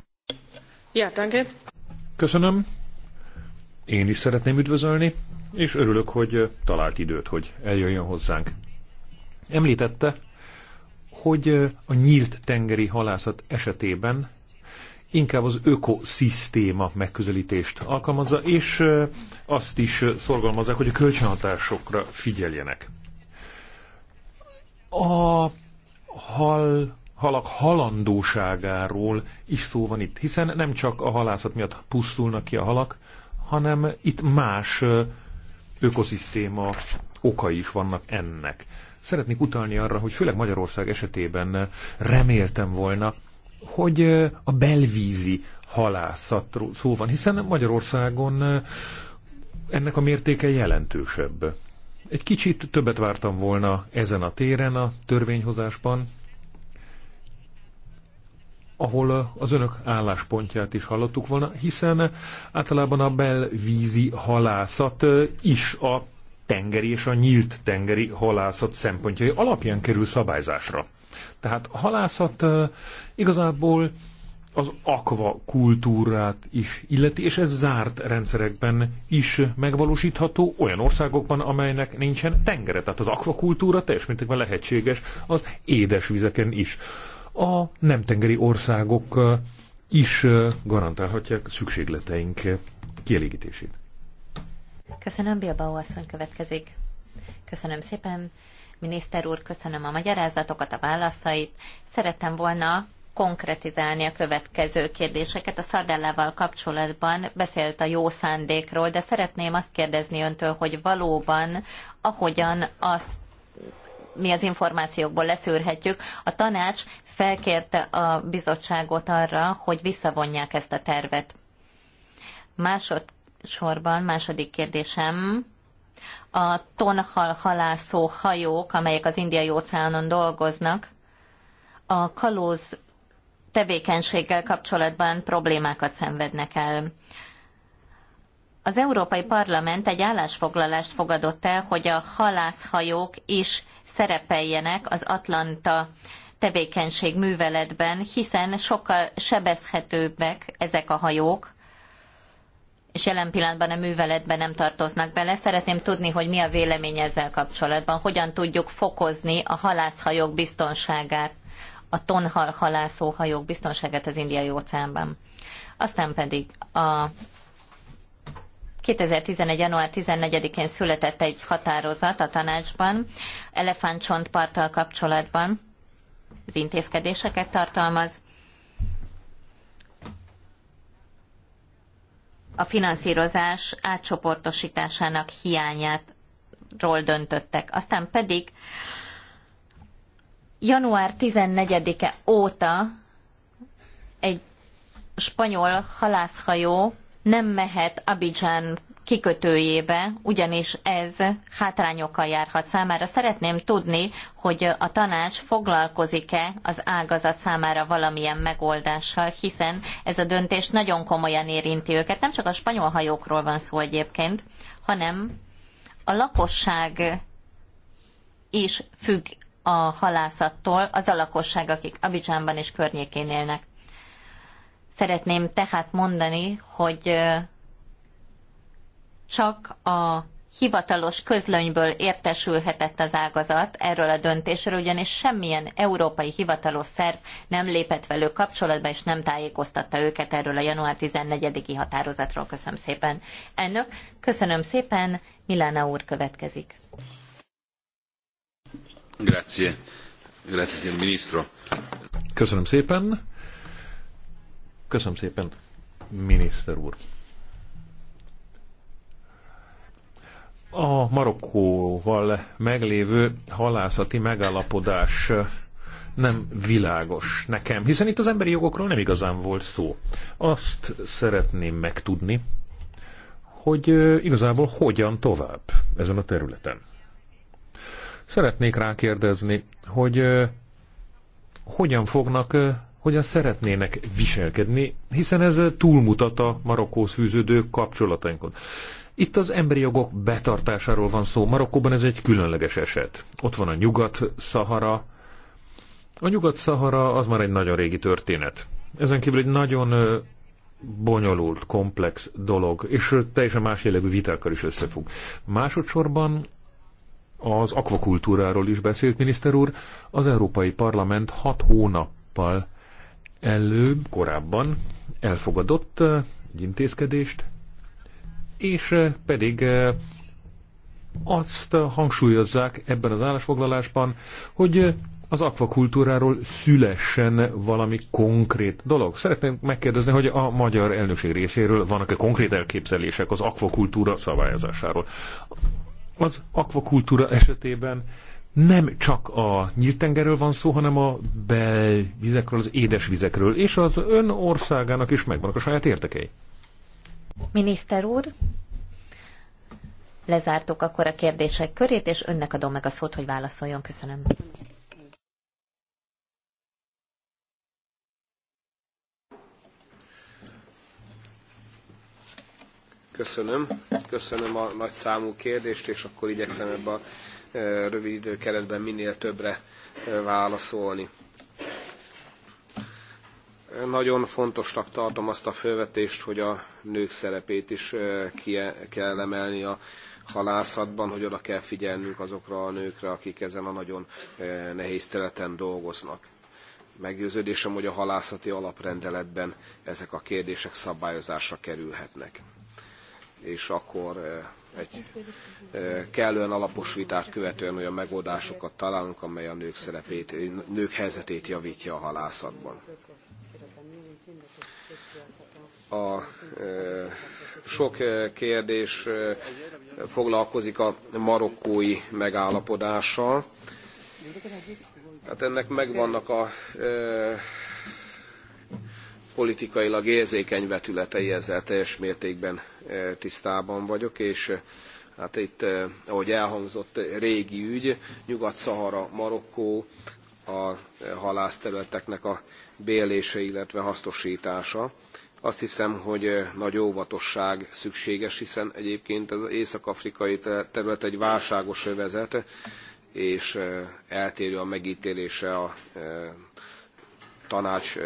Ja, danke. Köszönöm. Én is szeretném üdvözölni, és örülök, hogy talált időt, hogy eljöjjön hozzánk. Említette, hogy a nyílt tengeri halászat esetében inkább az ökoszisztéma megközelítést alkalmazza, és azt is szorgalmazzák, hogy a kölcsönhatásokra figyeljenek. A hal, halak halandóságáról is szó van itt, hiszen nem csak a halászat miatt pusztulnak ki a halak, hanem itt más ökoszisztéma okai is vannak ennek. Szeretnék utalni arra, hogy főleg Magyarország esetében reméltem volna, hogy a belvízi halászatról szó van, hiszen Magyarországon ennek a mértéke jelentősebb. Egy kicsit többet vártam volna ezen a téren a törvényhozásban, ahol az önök álláspontját is hallottuk volna, hiszen általában a belvízi halászat is a tengeri és a nyílt tengeri halászat szempontjai alapján kerül szabályzásra. Tehát a halászat igazából az akvakultúrát is illeti, és ez zárt rendszerekben is megvalósítható olyan országokban, amelynek nincsen tengere. Tehát az akvakultúra teljes mértékben lehetséges az édesvizeken is. A nem tengeri országok is garantálhatják szükségleteink kielégítését. Köszönöm, Bilbao asszony következik. Köszönöm szépen. Miniszter úr, köszönöm a magyarázatokat, a válaszait. Szerettem volna konkretizálni a következő kérdéseket. A szardellával kapcsolatban beszélt a jó szándékról, de szeretném azt kérdezni öntől, hogy valóban ahogyan azt mi az információkból leszűrhetjük. A tanács felkérte a bizottságot arra, hogy visszavonják ezt a tervet. Másod sorban második kérdésem, a tonhal halászó hajók, amelyek az indiai óceánon dolgoznak, a kalóz tevékenységgel kapcsolatban problémákat szenvednek el. Az Európai Parlament egy állásfoglalást fogadott el, hogy a halászhajók is szerepeljenek az Atlanta tevékenység műveletben, hiszen sokkal sebezhetőbbek ezek a hajók, és jelen pillanatban a műveletben nem tartoznak bele. Szeretném tudni, hogy mi a vélemény ezzel kapcsolatban. Hogyan tudjuk fokozni a halászhajók biztonságát, a tonhal halászó hajók biztonságát az indiai óceánban. Aztán pedig a 2011. január 14-én született egy határozat a tanácsban, elefántcsontparttal kapcsolatban. Az intézkedéseket tartalmaz, a finanszírozás átcsoportosításának hiányát ról döntöttek. Aztán pedig január 14-e óta egy spanyol halászhajó nem mehet Abidjan kikötőjébe, ugyanis ez hátrányokkal járhat számára. Szeretném tudni, hogy a tanács foglalkozik-e az ágazat számára valamilyen megoldással, hiszen ez a döntés nagyon komolyan érinti őket. Nem csak a spanyol hajókról van szó egyébként, hanem a lakosság is függ a halászattól, az a lakosság, akik Abidzsánban és környékén élnek. Szeretném tehát mondani, hogy csak a hivatalos közlönyből értesülhetett az ágazat erről a döntésről, ugyanis semmilyen európai hivatalos szerv nem lépett velük kapcsolatba, és nem tájékoztatta őket erről a január 14-i határozatról. Köszönöm szépen. Elnök, köszönöm szépen. Milána úr következik. Grazie. Grazie, ministro. Köszönöm szépen. Köszönöm szépen, miniszter úr. a Marokkóval meglévő halászati megállapodás nem világos nekem, hiszen itt az emberi jogokról nem igazán volt szó. Azt szeretném megtudni, hogy igazából hogyan tovább ezen a területen. Szeretnék rákérdezni, hogy hogyan fognak, hogyan szeretnének viselkedni, hiszen ez túlmutat a Marokkóhoz fűződő kapcsolatainkon. Itt az emberi jogok betartásáról van szó. Marokkóban ez egy különleges eset. Ott van a Nyugat-Szahara. A Nyugat-Szahara az már egy nagyon régi történet. Ezen kívül egy nagyon bonyolult, komplex dolog, és teljesen más jellegű vitákkal is összefügg. Másodszorban az akvakultúráról is beszélt miniszter úr, az Európai Parlament hat hónappal előbb, korábban elfogadott egy intézkedést, és pedig azt hangsúlyozzák ebben az állásfoglalásban, hogy az akvakultúráról szülessen valami konkrét dolog. Szeretném megkérdezni, hogy a magyar elnökség részéről vannak-e konkrét elképzelések az akvakultúra szabályozásáról. Az akvakultúra esetében nem csak a nyílt tengerről van szó, hanem a belvizekről, az édesvizekről, és az ön országának is megvannak a saját értekei. Miniszter úr, lezártuk akkor a kérdések körét, és önnek adom meg a szót, hogy válaszoljon. Köszönöm. Köszönöm. Köszönöm a nagy számú kérdést, és akkor igyekszem ebbe a e, rövid időkeretben minél többre e, válaszolni nagyon fontosnak tartom azt a felvetést, hogy a nők szerepét is ki kell emelni a halászatban, hogy oda kell figyelnünk azokra a nőkre, akik ezen a nagyon nehéz területen dolgoznak. Meggyőződésem, hogy a halászati alaprendeletben ezek a kérdések szabályozásra kerülhetnek. És akkor egy kellően alapos vitát követően olyan megoldásokat találunk, amely a nők szerepét, nők helyzetét javítja a halászatban a e, sok e, kérdés e, foglalkozik a marokkói megállapodással. Hát ennek megvannak a politikailag érzékeny vetületei, ezzel teljes mértékben tisztában vagyok, és hát itt, ahogy elhangzott, régi ügy, Nyugat-Szahara, Marokkó, a halászterületeknek a bélése, illetve hasznosítása. Azt hiszem, hogy nagy óvatosság szükséges, hiszen egyébként az észak-afrikai terület egy válságos övezet, és eltérő a megítélése a tanács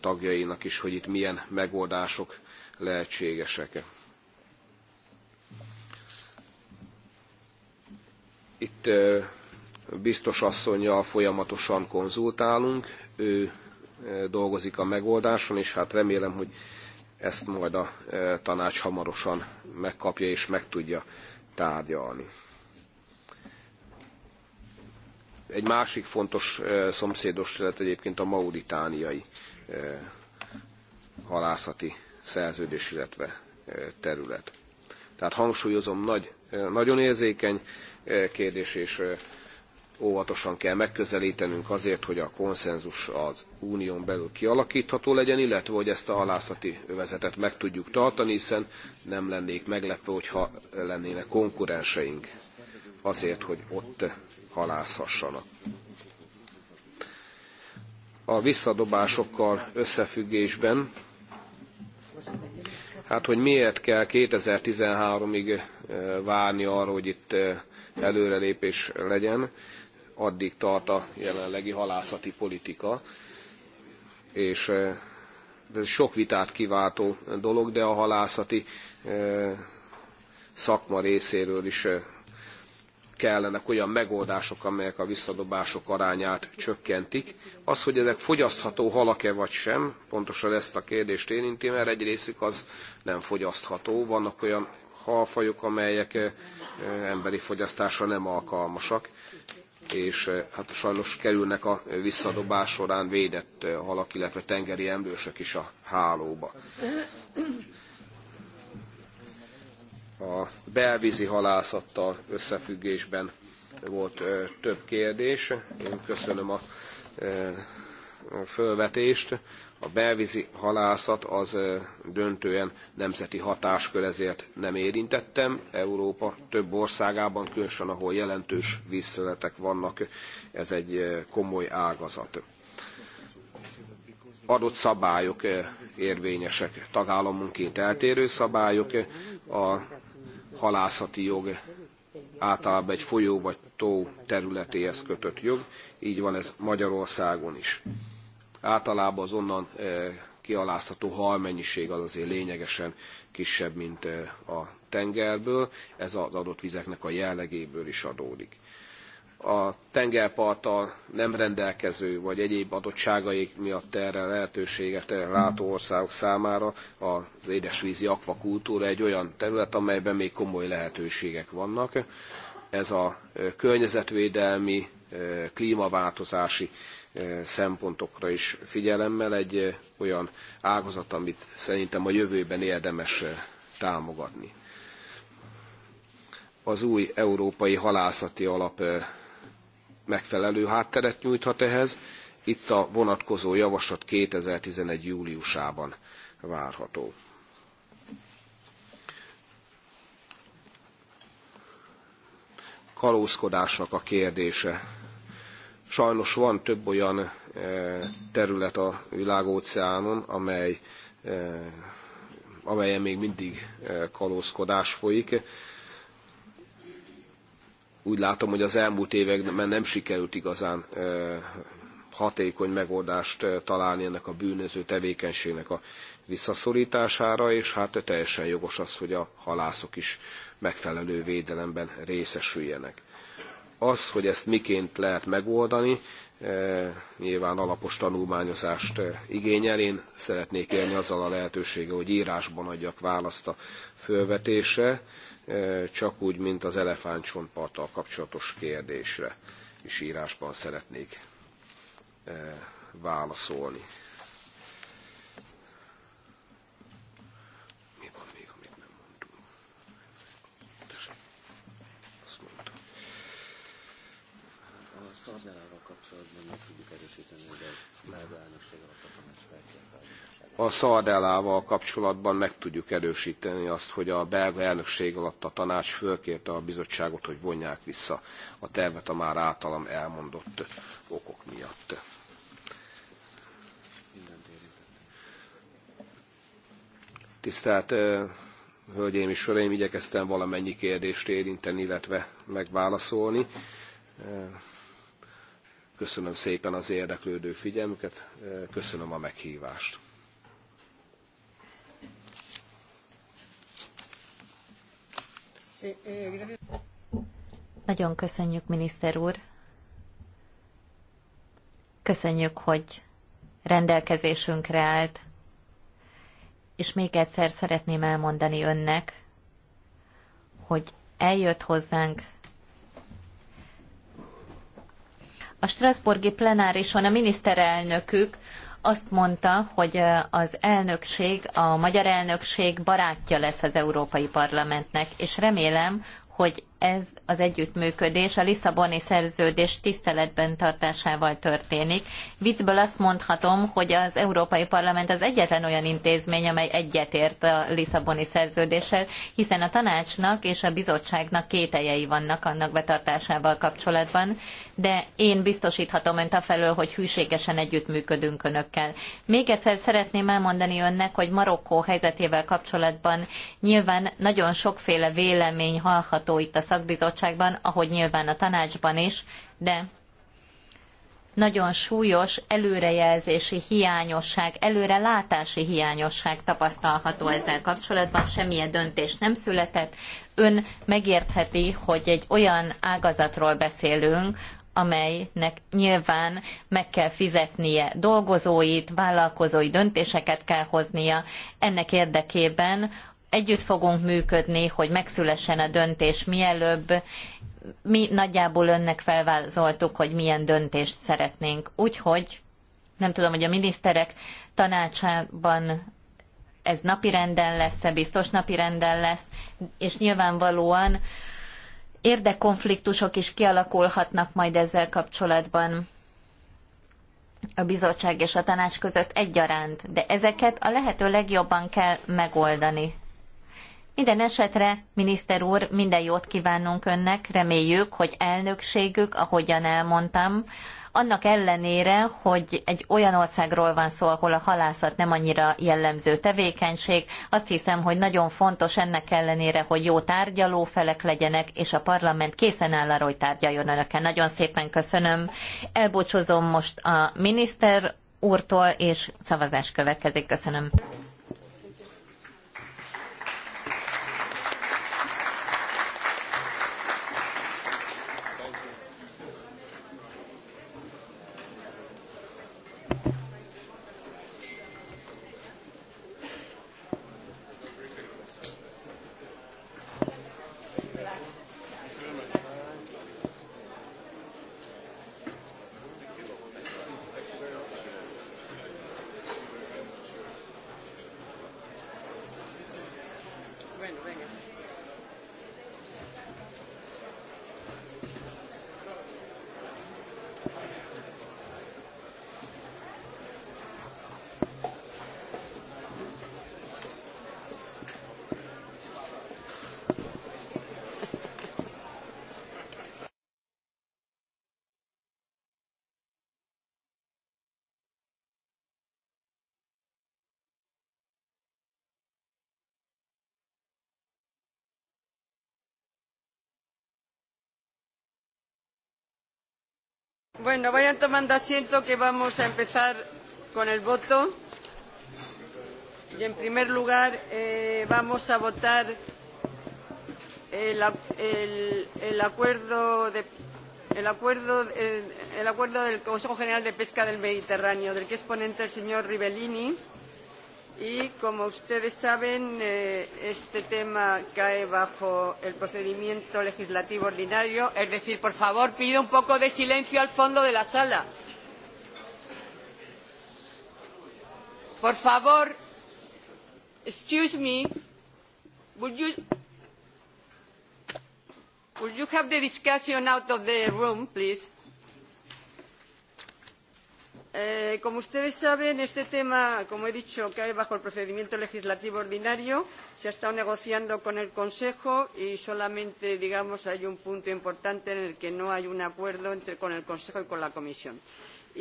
tagjainak is, hogy itt milyen megoldások lehetségesek. Itt biztos asszonyjal folyamatosan konzultálunk, ő dolgozik a megoldáson, és hát remélem, hogy ezt majd a e, tanács hamarosan megkapja és meg tudja tárgyalni. Egy másik fontos e, szomszédos terület egyébként a mauritániai e, halászati szerződés, illetve terület. Tehát hangsúlyozom, nagy, nagyon érzékeny kérdés, és óvatosan kell megközelítenünk azért, hogy a konszenzus az unión belül kialakítható legyen, illetve hogy ezt a halászati övezetet meg tudjuk tartani, hiszen nem lennék meglepve, hogyha lennének konkurenseink azért, hogy ott halászhassanak. A visszadobásokkal összefüggésben, hát hogy miért kell 2013-ig eh, várni arra, hogy itt eh, előrelépés legyen addig tart a jelenlegi halászati politika, és eh, ez sok vitát kiváltó dolog, de a halászati eh, szakma részéről is eh, kellenek olyan megoldások, amelyek a visszadobások arányát csökkentik. Az, hogy ezek fogyasztható halak-e vagy sem, pontosan ezt a kérdést érinti, mert egy részük az nem fogyasztható. Vannak olyan halfajok, amelyek emberi fogyasztásra nem alkalmasak és eh, hát sajnos kerülnek a visszadobás során védett eh, halak, illetve tengeri emlősök is a hálóba. A belvízi halászattal összefüggésben volt eh, több kérdés. Én köszönöm a fölvetést. A belvízi halászat az döntően nemzeti hatáskör, ezért nem érintettem. Európa több országában, különösen ahol jelentős vízszöletek vannak, ez egy komoly ágazat. Adott szabályok érvényesek, tagállamonként eltérő szabályok, a halászati jog általában egy folyó vagy tó területéhez kötött jog, így van ez Magyarországon is általában az onnan eh, kialázható halmennyiség az azért lényegesen kisebb, mint eh, a tengerből, ez az adott vizeknek a jellegéből is adódik. A tengerparttal nem rendelkező vagy egyéb adottságaik miatt erre lehetőséget eh, látó országok számára az édesvízi akvakultúra egy olyan terület, amelyben még komoly lehetőségek vannak. Ez a környezetvédelmi, klímaváltozási szempontokra is figyelemmel, egy olyan ágazat, amit szerintem a jövőben érdemes támogatni. Az új európai halászati alap megfelelő hátteret nyújthat ehhez, itt a vonatkozó javaslat 2011. júliusában várható. Kalózkodásnak a kérdése Sajnos van több olyan eh, terület a világóceánon, amely, eh, amelyen még mindig eh, kalózkodás folyik. Úgy látom, hogy az elmúlt években nem sikerült igazán hatékony megoldást találni ennek a bűnöző tevékenységnek a visszaszorítására, és hát teljesen jogos az, hogy a halászok is megfelelő védelemben részesüljenek. Az, hogy ezt miként lehet megoldani, e, nyilván alapos tanulmányozást e, igényel. Én szeretnék élni azzal a lehetősége, hogy írásban adjak választ a fölvetése, e, csak úgy, mint az elefántcsontparttal kapcsolatos kérdésre is írásban szeretnék válaszolni. a Szardellával kapcsolatban meg tudjuk erősíteni azt, hogy a belga elnökség alatt a tanács fölkérte a bizottságot, hogy vonják vissza a tervet a már általam elmondott okok miatt. Tisztelt Hölgyeim és Uraim, igyekeztem valamennyi kérdést érinteni, illetve megválaszolni. Köszönöm szépen az érdeklődő figyelmüket, köszönöm a meghívást. Eh, Nagyon köszönjük, miniszter úr. Köszönjük, hogy rendelkezésünkre állt. És még egyszer szeretném elmondani önnek, hogy eljött hozzánk. A Strasburgi plenárison a miniszterelnökük azt mondta, hogy az elnökség, a magyar elnökség barátja lesz az Európai Parlamentnek, és remélem, hogy ez az együttműködés a Lisszaboni szerződés tiszteletben tartásával történik. Viccből azt mondhatom, hogy az Európai Parlament az egyetlen olyan intézmény, amely egyetért a Lisszaboni szerződéssel, hiszen a tanácsnak és a bizottságnak kételjei vannak annak betartásával kapcsolatban, de én biztosíthatom önt afelől, hogy hűségesen együttműködünk önökkel. Még egyszer szeretném elmondani önnek, hogy Marokkó helyzetével kapcsolatban nyilván nagyon sokféle vélemény hallható itt a szakbizottságban, ahogy nyilván a tanácsban is, de nagyon súlyos előrejelzési hiányosság, előrelátási hiányosság tapasztalható ezzel kapcsolatban, semmilyen döntés nem született. Ön megértheti, hogy egy olyan ágazatról beszélünk, amelynek nyilván meg kell fizetnie dolgozóit, vállalkozói döntéseket kell hoznia. Ennek érdekében együtt fogunk működni, hogy megszülessen a döntés mielőbb. Mi nagyjából önnek felvázoltuk, hogy milyen döntést szeretnénk. Úgyhogy nem tudom, hogy a miniszterek tanácsában ez napirenden lesz-e, biztos napirenden lesz, és nyilvánvalóan érdekkonfliktusok is kialakulhatnak majd ezzel kapcsolatban a bizottság és a tanács között egyaránt, de ezeket a lehető legjobban kell megoldani. Minden esetre, miniszter úr, minden jót kívánunk önnek, reméljük, hogy elnökségük, ahogyan elmondtam, annak ellenére, hogy egy olyan országról van szó, ahol a halászat nem annyira jellemző tevékenység, azt hiszem, hogy nagyon fontos ennek ellenére, hogy jó tárgyaló felek legyenek, és a parlament készen áll arra, hogy tárgyaljon önökkel. Nagyon szépen köszönöm. Elbocsozom most a miniszter úrtól, és szavazás következik. Köszönöm. Bueno, vayan tomando asiento que vamos a empezar con el voto. Y en primer lugar eh, vamos a votar el, el, el acuerdo de el acuerdo, el, eh, el acuerdo del Consejo General de Pesca del Mediterráneo, del que es ponente el señor Rivellini. Y como ustedes saben, eh, este tema cae bajo el procedimiento legislativo ordinario. Es decir, por favor, pido un poco de silencio al fondo de la sala. Por favor, excuse me, would you, would you have the discussion out of the room, please? Eh, como ustedes saben, este tema, como he dicho, cae bajo el procedimiento legislativo ordinario. Se ha estado negociando con el Consejo y solamente, digamos, hay un punto importante en el que no hay un acuerdo entre, con el Consejo y con la Comisión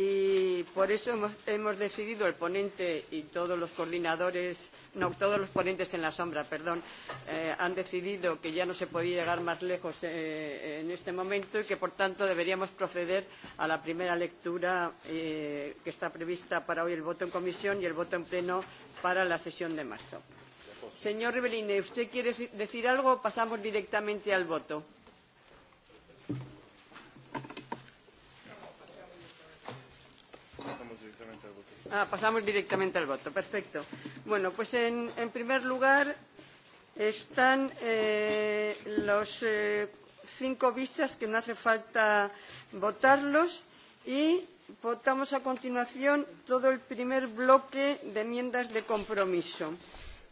y por eso hemos, hemos decidido el ponente y todos los coordinadores, no, todos los ponentes en la sombra, perdón, eh, han decidido que ya no se podía llegar más lejos eh, en este momento y que por tanto deberíamos proceder a la primera lectura eh, que está prevista para hoy el voto en comisión y el voto en pleno para la sesión de marzo. Señor Rivelline, ¿usted quiere decir algo o pasamos directamente al voto? Ah, pasamos directamente al voto. Perfecto. Bueno, pues en, en primer lugar están eh, los eh, cinco visas que no hace falta votarlos y votamos a continuación todo el primer bloque de enmiendas de compromiso.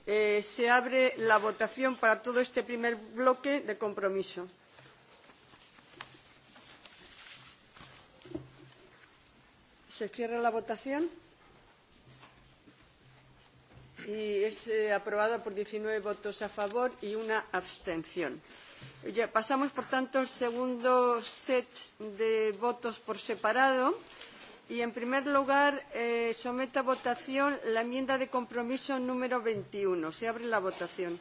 Eh, se abre la votación para todo este primer bloque de compromiso. ¿Se cierra la votación? y es eh, aprobada por 19 votos a favor y una abstención. Ya pasamos, por tanto, al segundo set de votos por separado. Y, en primer lugar, eh, someto a votación la enmienda de compromiso número 21. Se abre la votación.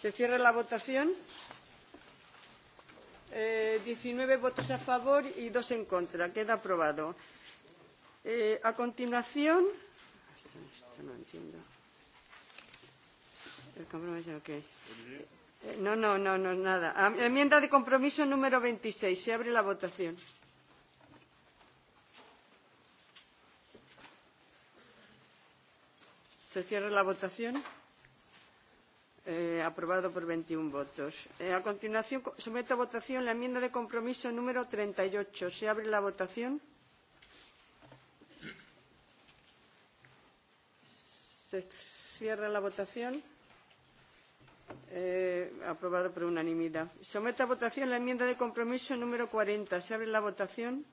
¿Se cierra la votación? eh, 19 votos a favor y dos en contra. Queda aprobado. Eh, a continuación. Esto, esto no entiendo. El compromiso, ok. Eh, no, no, no, no, nada. A, ah, enmienda de compromiso número 26. Se abre la votación. Se cierra la votación. Eh, aprobado por 21 votos. Eh, a continuación, someto a votación la enmienda de compromiso número 38. Se abre la votación. Se cierra la votación. Eh, aprobado por unanimidad. Someto a votación la enmienda de compromiso número 40. Se abre la votación.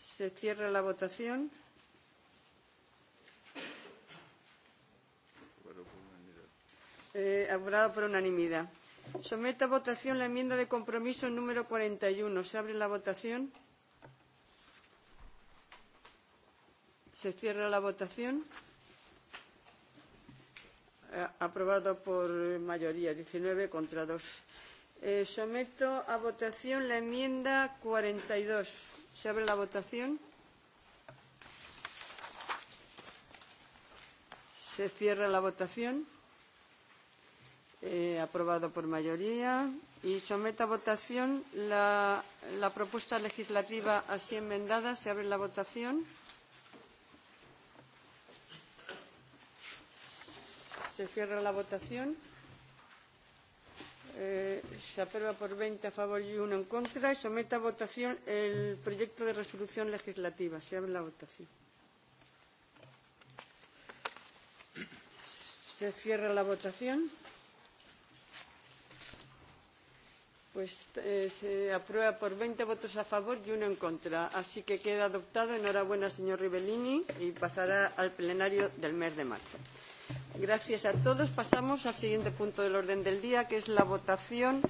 Se cierra la votación. eh, aprobado por unanimidad. Someto a votación la enmienda de compromiso número 41. ¿Se abre la votación? Se cierra la votación. Eh, aprobado por mayoría, 19 contra 2. Eh, someto a votación la enmienda 42. ¿Se abre la votación? Se cierra la votación eh, aprobado por mayoría. Y someto a votación la, la propuesta legislativa así enmendada. Se abre la votación. Se cierra la votación. Eh, se aprueba por 20 a favor y uno en contra. Y someto a votación el proyecto de resolución legislativa. Se abre la votación. Se cierra la votación. Pues eh, se aprueba por 20 votos a favor y uno en contra. Así que queda adoptado. Enhorabuena, señor Rivellini, y pasará al plenario del mes de marzo. Gracias a todos. Pasamos al siguiente punto del orden del día, que es la votación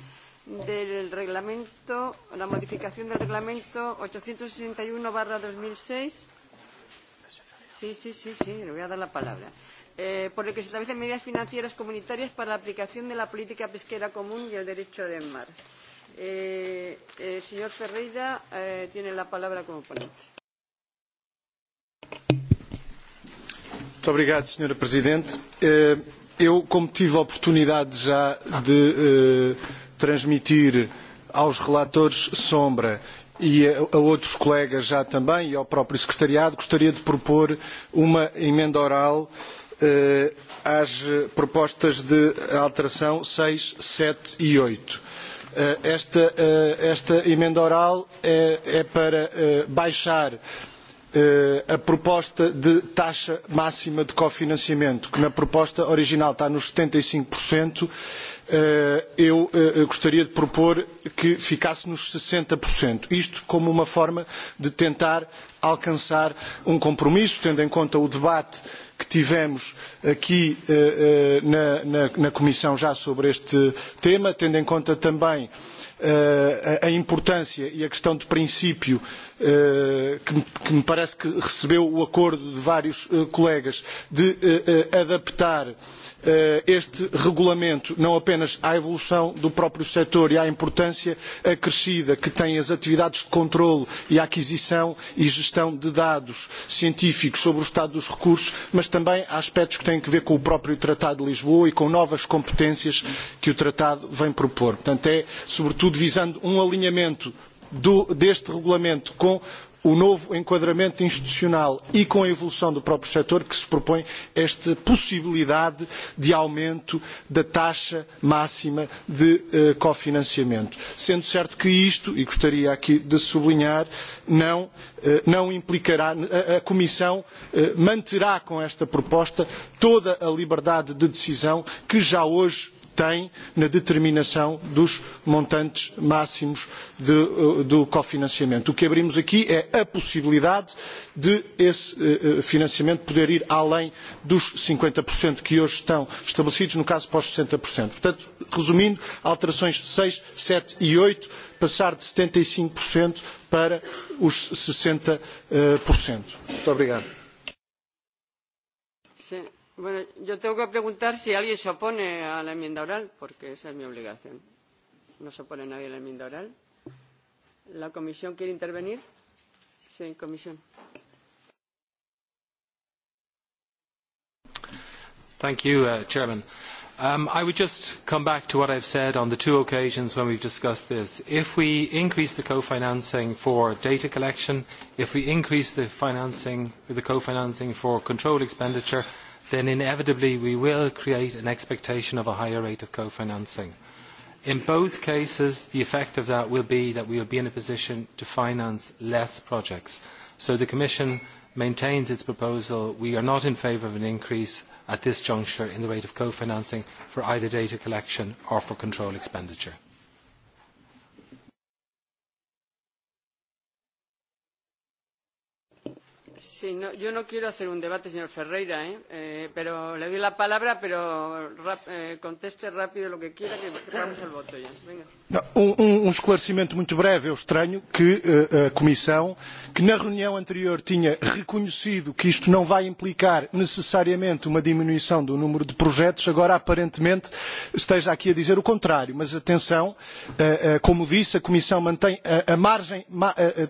del reglamento, la modificación del reglamento 861-2006. Sí, sí, sí, sí, le voy a dar la palabra. Eh, por el que se establecen medidas financieras comunitarias para la aplicación de la política pesquera común y el derecho de mar. Eh, eh, señor Ferreira eh, tiene la palabra como ponente. Muito obrigado, Sra. Presidente. Eh, eu, como tive a oportunidade já de eh, transmitir aos relatores sombra e a outros colegas já também e ao próprio secretariado, gostaria de propor uma emenda oral eh, às propostas de alteração 6, 7 e 8 Esta, eh, esta eh, emenda oral é, é para eh, baixar a proposta de taxa máxima de cofinanciamento, que na proposta original está nos 75%, e eu gostaria de propor que ficasse nos 60%. Isto como uma forma de tentar alcançar um compromisso, tendo em conta o debate que tivemos aqui eh, eh, na, na, na Comissão já sobre este tema, tendo em conta também eh, a, a importância e a questão de princípio eh, que, que me parece que recebeu o acordo de vários eh, colegas de eh, adaptar Eh, este regulamento não apenas à evolução do próprio setor e à importância acrescida que têm as atividades de controlo e aquisição e gestão de dados científicos sobre o estado dos recursos, mas também a aspectos que têm a ver com o próprio Tratado de Lisboa e com novas competências que o Tratado vem propor. Portanto, é sobretudo visando um alinhamento do, deste regulamento com o novo enquadramento institucional e com a evolução do próprio setor que se propõe esta possibilidade de aumento da taxa máxima de eh, cofinanciamento. Sendo certo que isto, e gostaria aqui de sublinhar, não, eh, não implicará, a, a Comissão eh, manterá com esta proposta toda a liberdade de decisão que já hoje tem na determinação dos montantes máximos de, eh, do cofinanciamento. O que abrimos aqui é a possibilidade de esse eh, eh, financiamento poder ir além dos 50% que hoje estão estabelecidos, no caso para os 60%. Portanto, resumindo, alterações 6, 7 e 8, passar de 75% e para os 60%. Muito obrigado. Bueno, yo tengo que preguntar si alguien se opone a la enmienda oral, porque esa es mi obligación. No se opone nadie a la enmienda oral. ¿La comisión quiere intervenir? Sí, comisión. Thank you, uh, Chairman. Um, I would just come back to what I've said on the two occasions when we've discussed this. If we increase the co-financing for data collection, if we increase the the co-financing for control expenditure, then inevitably we will create an expectation of a higher rate of co-financing. In both cases, the effect of that will be that we will be in a position to finance less projects. So the Commission maintains its proposal. We are not in favour of an increase at this juncture in the rate of co-financing for either data collection or for control expenditure. Sí, no, yo no quiero hacer un debate, señor Ferreira, ¿eh? Eh, pero le doy la palabra, pero rap, eh, conteste rápido lo que quiera, que vamos al voto ya. Venga. Um, um, um, esclarecimento muito breve. Eu estranho que eh, a Comissão, que na reunião anterior tinha reconhecido que isto não vai implicar necessariamente uma diminuição do número de projetos, agora aparentemente esteja aqui a dizer o contrário. Mas atenção, eh, eh, como disse, a Comissão mantém a, margem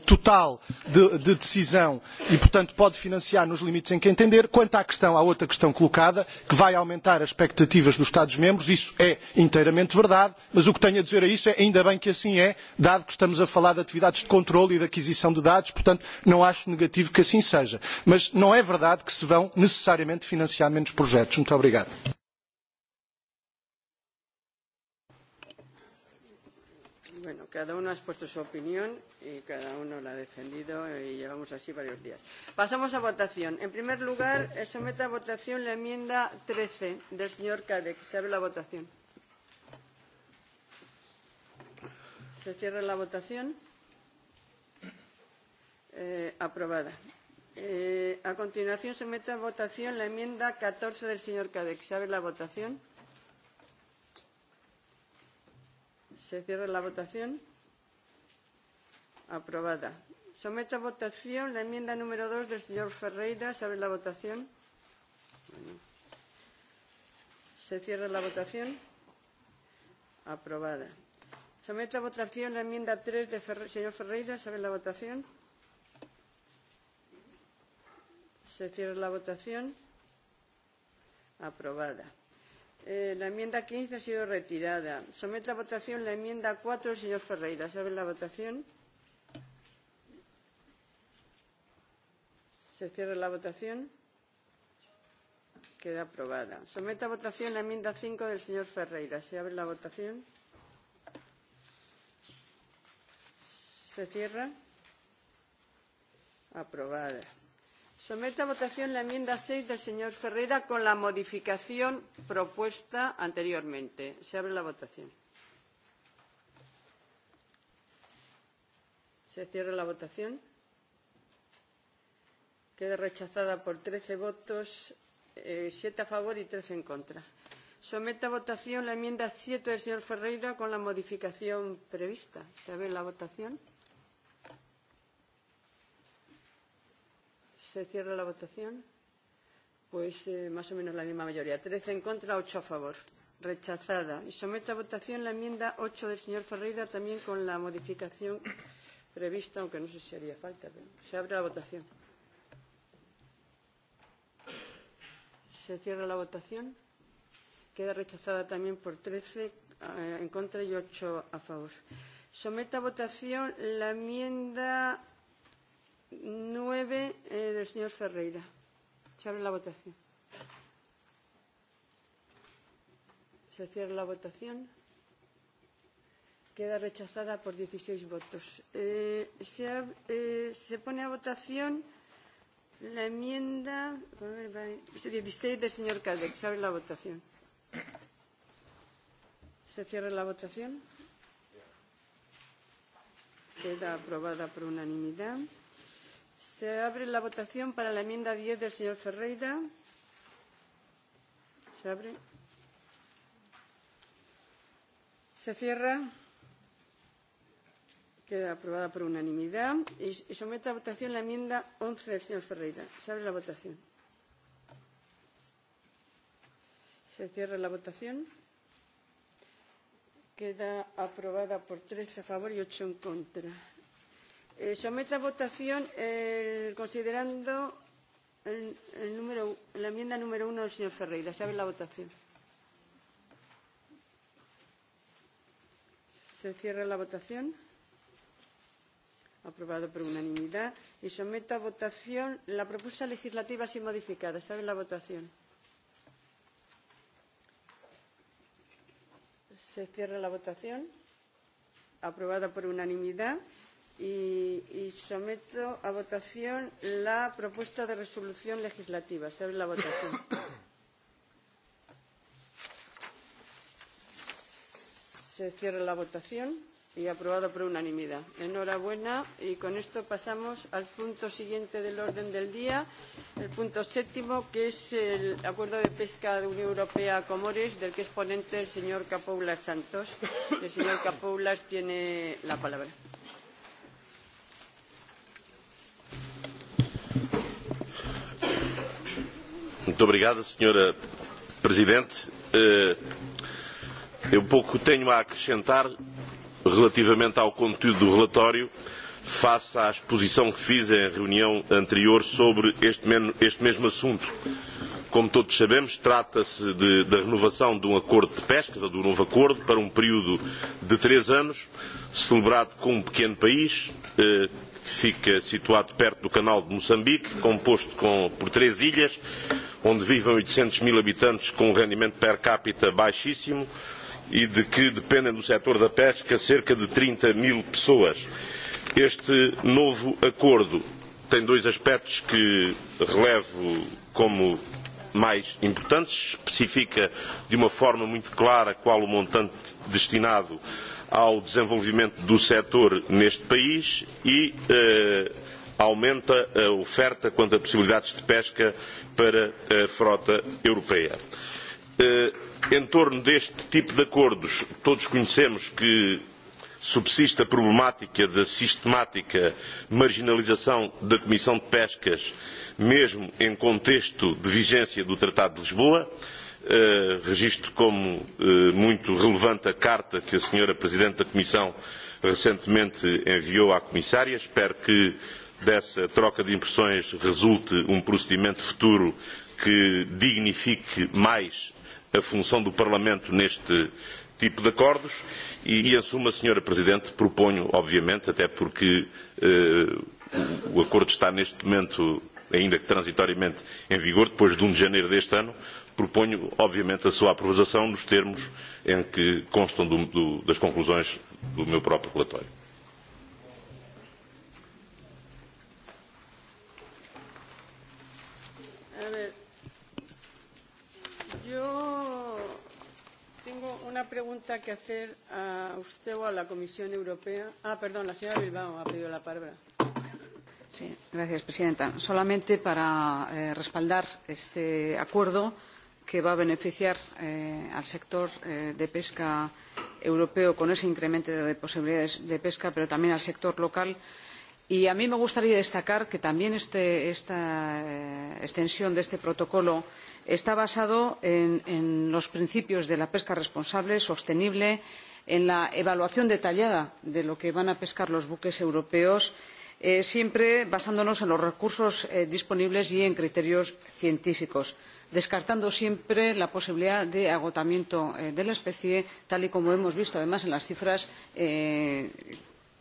total de, decisão e, portanto, pode financiar nos limites em que entender. Quanto à questão, à outra questão colocada, que vai aumentar as expectativas dos Estados-membros, isso é inteiramente verdade, mas o que tenho a dizer a isso é é ainda bem que assim é, dado que estamos a falar de atividades de controle e de aquisição de dados, portanto, não acho negativo que assim seja. Mas não é verdade que se vão necessariamente financiar menos projetos. Muito obrigado. Bueno, cada uno ha expuesto su opinión y cada uno la ha defendido y llevamos así varios días. Pasamos a votación. En primer lugar, eh, someto a votación la enmienda 13 del señor Cadec. Se abre la votación. Se cierra la votación. Eh, aprobada. Eh, a continuación se mete a votación la enmienda 14 del señor Cadec. ¿Se abre la votación? Se cierra la votación. Aprobada. Someto a votación la enmienda número 2 del señor Ferreira. ¿Se abre la votación? Bueno. Se cierra la votación. Aprobada. Somete a votación la enmienda 3 del Ferre señor Ferreira. ¿Sabe la votación? Se cierra la votación. Aprobada. Eh, la enmienda 15 ha sido retirada. Somete a votación la enmienda 4 del señor Ferreira. ¿Sabe la votación? Se cierra la votación. Queda aprobada. Someto a votación la enmienda 5 del señor Ferreira. ¿Se abre la votación? Se cierra. Aprobada. Someto a votación la enmienda 6 del señor Ferreira con la modificación propuesta anteriormente. Se abre la votación. Se cierra la votación. Queda rechazada por 13 votos, eh, 7 a favor y 13 en contra. Someto a votación la enmienda 7 del señor Ferreira con la modificación prevista. Se abre la votación. Se cierra la votación. Pues eh, más o menos la misma mayoría. 13 en contra, 8 a favor. Rechazada. Y someto a votación la enmienda 8 del señor Ferreira, también con la modificación prevista, aunque no sé si haría falta. Pero se abre la votación. Se cierra la votación. Queda rechazada también por 13 eh, en contra y 8 a favor. Someto a votación la enmienda 9 eh, del señor Ferreira. Se abre la votación. Se cierra la votación. Queda rechazada por 16 votos. Eh, se, eh, se pone a votación la enmienda 16 del señor Cadec. Se abre la votación. Se cierra la votación. Queda aprobada por unanimidad. Se abre la votación para la enmienda 10 del señor Ferreira. Se abre. Se cierra. Queda aprobada por unanimidad. Y, y someto a votación la enmienda 11 del señor Ferreira. Se abre la votación. Se cierra la votación. Queda aprobada por 13 a favor y 8 en contra. Eh, someto a votación el considerando el, el número, la enmienda número uno del señor Ferreira. Se abre la votación. Se cierra la votación. Aprobado por unanimidad. Y someto a votación la propuesta legislativa sin modificada. Se abre la votación. Se cierra la votación. Aprobada por unanimidad. Y, y someto a votación la propuesta de resolución legislativa. Se abre la votación. Se cierra la votación y aprobado por unanimidad. Enhorabuena. Y con esto pasamos al punto siguiente del orden del día, el punto séptimo, que es el acuerdo de pesca de Unión Europea-Comores, del que es ponente el señor Capoulas Santos. El señor Capoulas tiene la palabra. Muito obrigado, Sra. Presidente. Eh, eu pouco tenho a acrescentar relativamente ao conteúdo do relatório, face à exposição que fiz em reunião anterior sobre este, mesmo assunto. Como todos sabemos, trata-se da renovação de um acordo de pesca, do um novo acordo, para um período de três anos, celebrado com um pequeno país, eh, que fica situado perto do canal de Moçambique, composto com, por três ilhas, onde vivem 800 mil habitantes com um rendimento per capita baixíssimo e de que dependem do setor da pesca cerca de 30 mil pessoas. Este novo acordo tem dois aspectos que relevo como mais importantes. Especifica de uma forma muito clara qual o montante destinado ao desenvolvimento do setor neste país e. Eh, aumenta a oferta quanto a possibilidades de pesca para a frota europeia. Eh, em torno deste tipo de acordos, todos conhecemos que subsiste a problemática da sistemática marginalização da Comissão de Pescas, mesmo em contexto de vigência do Tratado de Lisboa. Uh, registro como uh, muito relevante a carta que a senhora Presidente da Comissão recentemente enviou à Comissária. Espero que dessa troca de impressões resulte um procedimento futuro que dignifique mais a função do Parlamento neste tipo de acordos e, e suma, Senhora Presidente, proponho, obviamente, até porque eh, o, o acordo está neste momento, ainda que transitoriamente, em vigor, depois de 1 um de janeiro deste ano, proponho, obviamente, a sua aprovação nos termos em que constam do, do, das conclusões do meu próprio relatório. pregunta que hacer a usted o a la Comisión Europea. Ah, perdón, la señora Bilbao ha pedido la palabra. Sí, gracias, presidenta. Solamente para eh, respaldar este acuerdo que va a beneficiar eh, al sector eh, de pesca europeo con ese incremento de posibilidades de pesca, pero también al sector local. Y a mí me gustaría destacar que también este, esta eh, extensión de este protocolo está basado en, los principios de la pesca responsable sostenible en la evaluación detallada de lo que van a pescar los buques europeos eh, siempre basándonos en los recursos eh, disponibles y en criterios científicos descartando siempre la posibilidad de agotamiento eh, de la especie tal y como hemos visto además en las cifras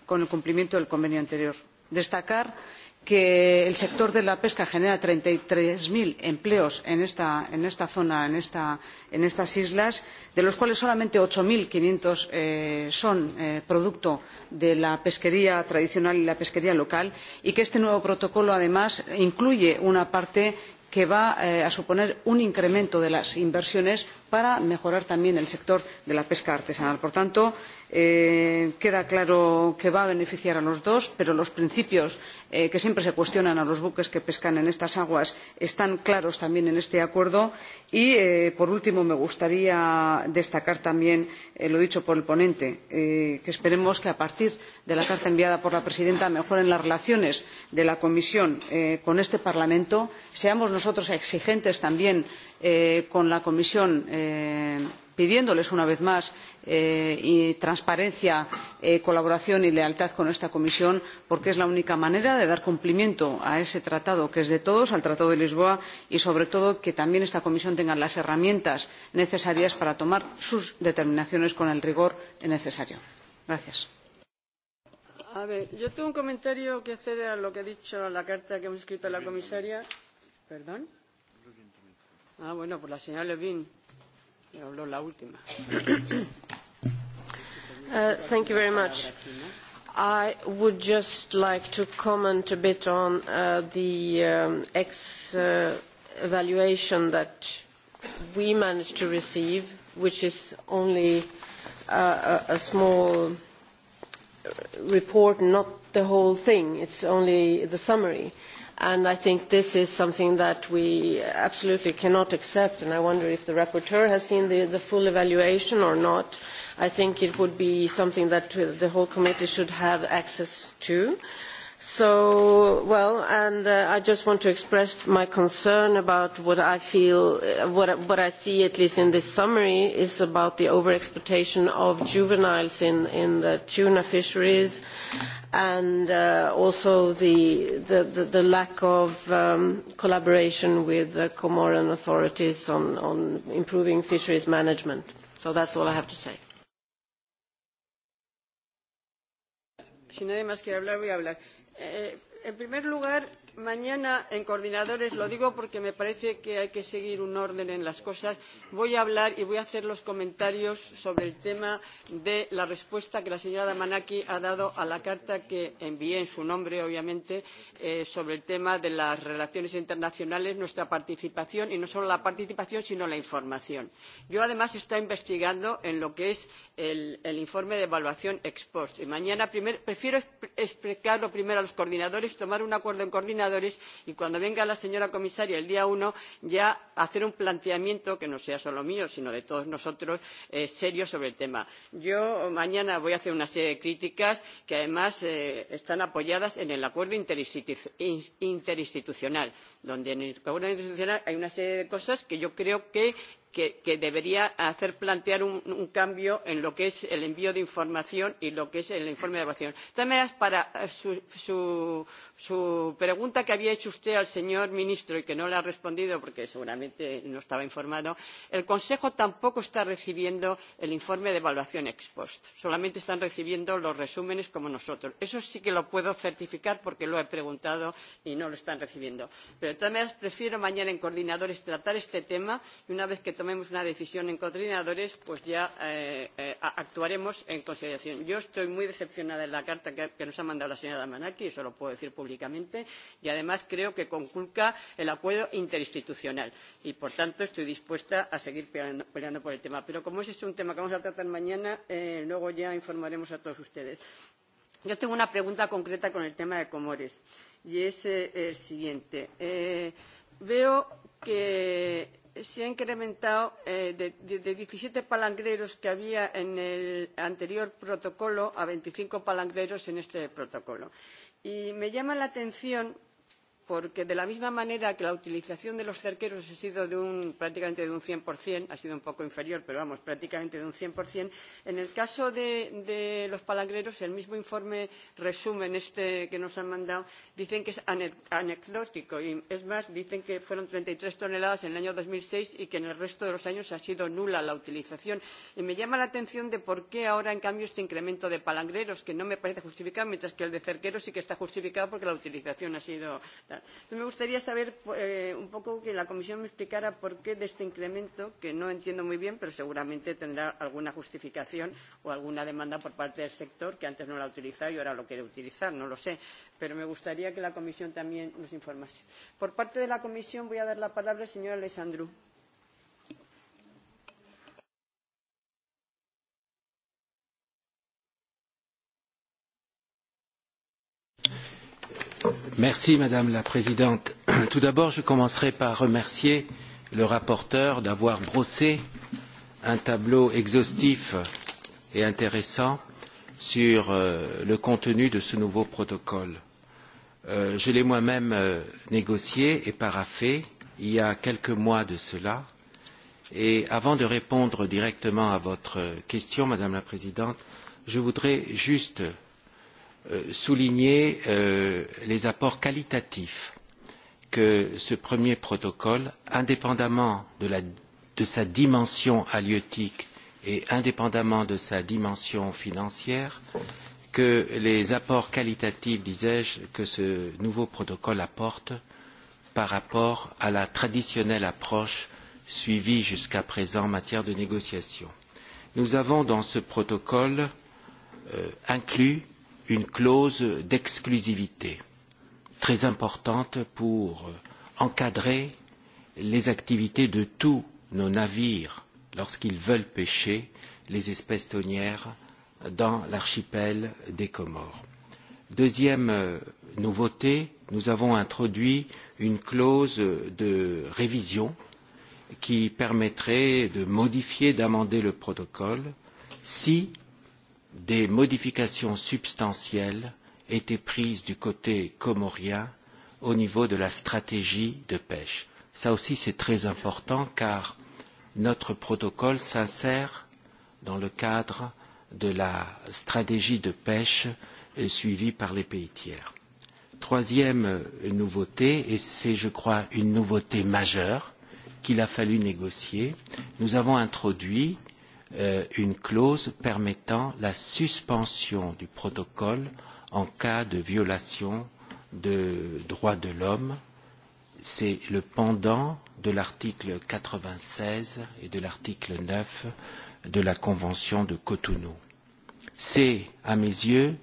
con el cumplimiento del convenio anterior. destacar que que el sector de la pesca genera treinta y tres cero empleos en esta, zona en, estas islas de los cuales solamente ocho quinientos eh, son eh, producto de la pesquería tradicional y la pesquería local y que este nuevo protocolo además incluye una parte que va eh, a suponer un incremento de las inversiones para mejorar también el sector de la pesca artesanal. por tanto eh, queda claro que va a beneficiar a los dos pero los principios eh, que siempre se cuestionan a los buques que pescan en estas aguas están claros también en este acuerdo. y por último me gustaría destacar también lo dicho por el ponente que esperemos que a partir de la carta enviada por la presidenta mejoren las relaciones de la comisión con este parlamento y seamos nosotros exigentes también eh, con la comisión eh, pidiéndoles una vez más eh, transparencia eh, colaboración y lealtad con esta comisión porque es la única manera de dar cumplimiento a ese tratado que es de todos al tratado de lisboa y sobre todo que también esta comisión tenga las herramientas necesarias para tomar sus determinaciones con el rigor necesario. Gracias. A ver, yo tengo un comentario que hacer a lo que ha dicho la carta que hemos escrito a la comisaria. Bien ¿Perdón? Ah, bueno, pues la señora Levin habló la última. Uh, thank you very much. I would just like to comment a bit on uh, the um, ex uh, evaluation that we managed to receive, which is only uh, a, a small report, not the whole thing. It's only the summary. Uh, and I think this is something that we absolutely cannot accept, and I wonder if the rapporteur has seen the, the full evaluation or not. I think it would be something that the whole committee should have access to. Uh, So, well, and uh, I just want to express my concern about what I feel, uh, what, what I see, at least in this summary, is about the over exploitation of juveniles in, in the tuna fisheries and uh, also the, the, the, the, lack of um, collaboration with the Comoran authorities on, on improving fisheries management. So that's all I have to say. si nadie más quiere hablar voy a hablar. Eh, en primer lugar, mañana en coordinadores, lo digo porque me parece que hay que seguir un orden en las cosas, voy a hablar y voy a hacer los comentarios sobre el tema de la respuesta que la señora Damanaki ha dado a la carta que envié en su nombre, obviamente, eh, sobre el tema de las relaciones internacionales, nuestra participación y no solo la participación, sino la información. Yo, además, estoy investigando en lo que es el, el informe de evaluación ex post. Y mañana primer, prefiero explicarlo primero a los coordinadores, tomar un acuerdo en coordinadores operadores y cuando venga la señora comisaria el día uno ya hacer un planteamiento que no sea solo mío sino de todos nosotros eh, serio sobre el tema. yo mañana voy a hacer una serie de críticas que además eh, están apoyadas en el acuerdo interinstitucional donde en el acuerdo interinstitucional hay una serie de cosas que yo creo que que, que debería hacer plantear un, un cambio en lo que es el envío de información y lo que es el informe de evaluación. De todas maneras, para su, su su pregunta que había hecho usted al señor ministro y que no le ha respondido porque seguramente no estaba informado el consejo tampoco está recibiendo el informe de evaluación ex post solamente están recibiendo los resúmenes como nosotros. eso sí que lo puedo certificar porque lo he preguntado y no lo están recibiendo. pero de todas maneras prefiero mañana en coordinadores tratar este tema y una vez que tomemos una decisión en coordinadores pues ya eh, eh, actuaremos en consideración. yo estoy muy decepcionada de la carta que, que nos ha mandado la señora damanaki eso lo puedo decir públicamente públicamente y además creo que conculca el acuerdo interinstitucional y por tanto estoy dispuesta a seguir peleando, por el tema. Pero como ese es un tema que vamos a tratar mañana, eh, luego ya informaremos a todos ustedes. Yo tengo una pregunta concreta con el tema de Comores y es eh, el siguiente. Eh, veo que se ha incrementado eh, de, de, de 17 palangreros que había en el anterior protocolo a 25 palangreros en este protocolo. Y me llama la atención que porque de la misma manera que la utilización de los cerqueros ha sido de un, prácticamente de un 100%, ha sido un poco inferior, pero vamos, prácticamente de un 100%, en el caso de, de los palangreros, el mismo informe resumen este que nos han mandado, dicen que es anecdótico y es más, dicen que fueron 33 toneladas en el año 2006 y que en el resto de los años ha sido nula la utilización. Y me llama la atención de por qué ahora, en cambio, este incremento de palangreros, que no me parece justificado, mientras que el de cerqueros sí que está justificado porque la utilización ha sido tal. Entonces, me gustaría saber eh, un poco que la Comisión me explicara por qué de este incremento, que no entiendo muy bien, pero seguramente tendrá alguna justificación o alguna demanda por parte del sector que antes no la ha utilizado y ahora lo quiere utilizar, no lo sé. Pero me gustaría que la Comisión también nos informase. Por parte de la Comisión voy a dar la palabra al señor Alessandro. Merci, Madame la Présidente. Tout d'abord, je commencerai par remercier le rapporteur d'avoir brossé un tableau exhaustif et intéressant sur euh, le contenu de ce nouveau protocole. Euh, je l'ai moi-même euh, négocié et paraffé il y a quelques mois de cela. Et avant de répondre directement à votre question, Madame la Présidente, je voudrais juste Euh, souligner euh, les apports qualitatifs que ce premier protocole, indépendamment de, la, de sa dimension halieutique et indépendamment de sa dimension financière, que les apports qualitatifs, disais-je, que ce nouveau protocole apporte par rapport à la traditionnelle approche suivie jusqu'à présent en matière de négociation. Nous avons dans ce protocole euh, inclus une clause d'exclusivité très importante pour encadrer les activités de tous nos navires lorsqu'ils veulent pêcher les espèces tonnières dans l'archipel des Comores. Deuxième euh, nouveauté, nous avons introduit une clause de révision qui permettrait de modifier, d'amender le protocole si des modifications substantielles étaient prises du côté comorien au niveau de la stratégie de pêche. Ça aussi, c'est très important car notre protocole s'insère dans le cadre de la stratégie de pêche suivie par les pays tiers. Troisième nouveauté, et c'est, je crois, une nouveauté majeure qu'il a fallu négocier, nous avons introduit euh, une clause permettant la suspension du protocole en cas de violation de droits de l'homme. C'est le pendant de l'article 96 et de l'article 9 de la Convention de Cotonou. C'est, à mes yeux,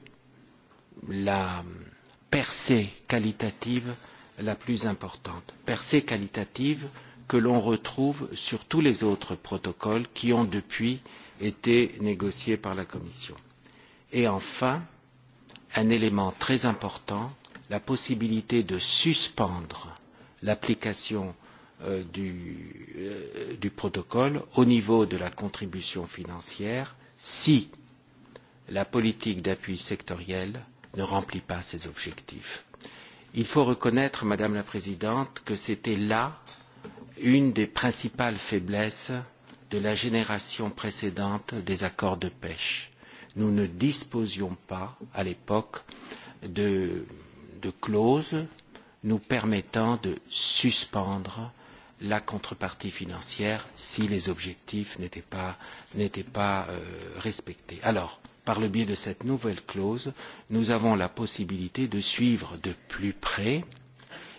la percée qualitative la plus importante. Percée qualitative euh, que l'on retrouve sur tous les autres protocoles qui ont depuis été négociés par la Commission. Et enfin, un élément très important, la possibilité de suspendre l'application euh, du, euh, du protocole au niveau de la contribution financière si la politique d'appui sectoriel ne remplit pas ses objectifs. Il faut reconnaître, Madame la Présidente, que c'était là une des principales faiblesses de la génération précédente des accords de pêche. Nous ne disposions pas, à l'époque, de, de clauses nous permettant de suspendre la contrepartie financière si les objectifs n'étaient pas, pas euh, respectés. Alors, par le biais de cette nouvelle clause, nous avons la possibilité de suivre de plus près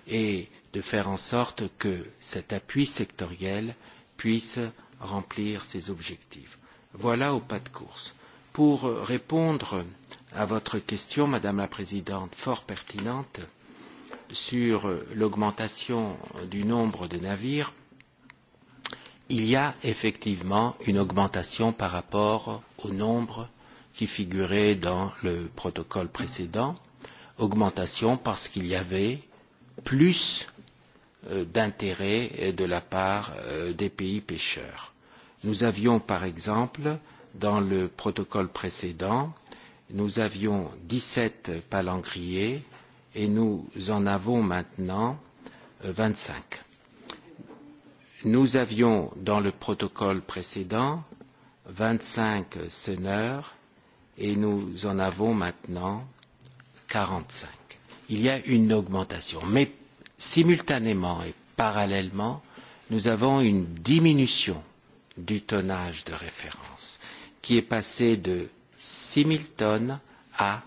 et de faire en sorte que cet appui sectoriel puisse remplir ses objectifs. Voilà au pas de course. Pour répondre à votre question, Madame la Présidente, fort pertinente, sur l'augmentation du nombre de navires, il y a effectivement une augmentation par rapport au nombre qui figurait dans le protocole précédent, augmentation parce qu'il y avait plus Euh, d'intérêt de la part euh, des pays pêcheurs. Nous avions, par exemple, dans le protocole précédent, nous avions 17 palangriers et nous en avons maintenant 25. Euh, nous avions dans le protocole précédent 25 senneurs et nous en avons maintenant 45. Il y a une augmentation, mais simultanément et parallèlement, nous avons une diminution du tonnage de référence qui est passé de 6 000 tonnes à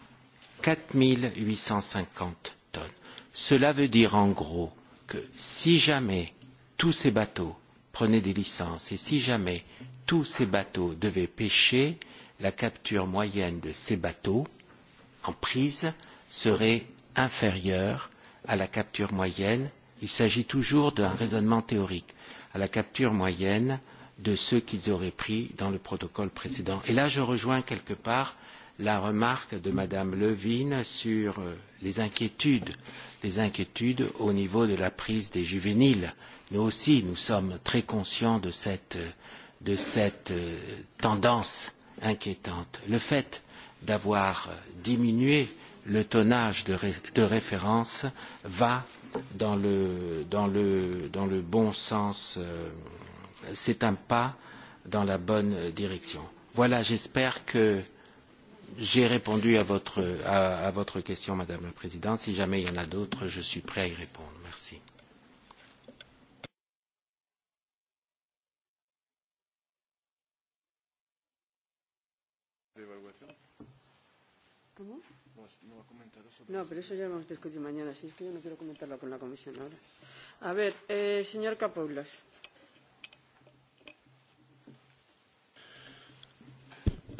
4 850 tonnes. Cela veut dire en gros que si jamais tous ces bateaux prenaient des licences et si jamais tous ces bateaux devaient pêcher, la capture moyenne de ces bateaux en prise serait inférieure à la capture moyenne, il s'agit toujours d'un raisonnement théorique, à la capture moyenne de ceux qu'ils auraient pris dans le protocole précédent. Et là, je rejoins quelque part la remarque de Madame Levine sur euh, les inquiétudes, les inquiétudes au niveau de la prise des juvéniles. Nous aussi, nous sommes très conscients de cette, de cette euh, tendance inquiétante. Le fait d'avoir diminué euh, le tonnage de, ré, de référence va dans le, dans le, dans le bon sens. Euh, c'est un pas dans la bonne direction. Voilà, j'espère que j'ai répondu à votre, à, à votre question, Madame la Présidente. Si jamais il y en a d'autres, je suis prêt à y répondre. Merci. No, pero eso ya lo vamos a discutir mañana, así es que yo no quiero comentarlo con la comisión ahora. A ver, eh, señor Capoulos.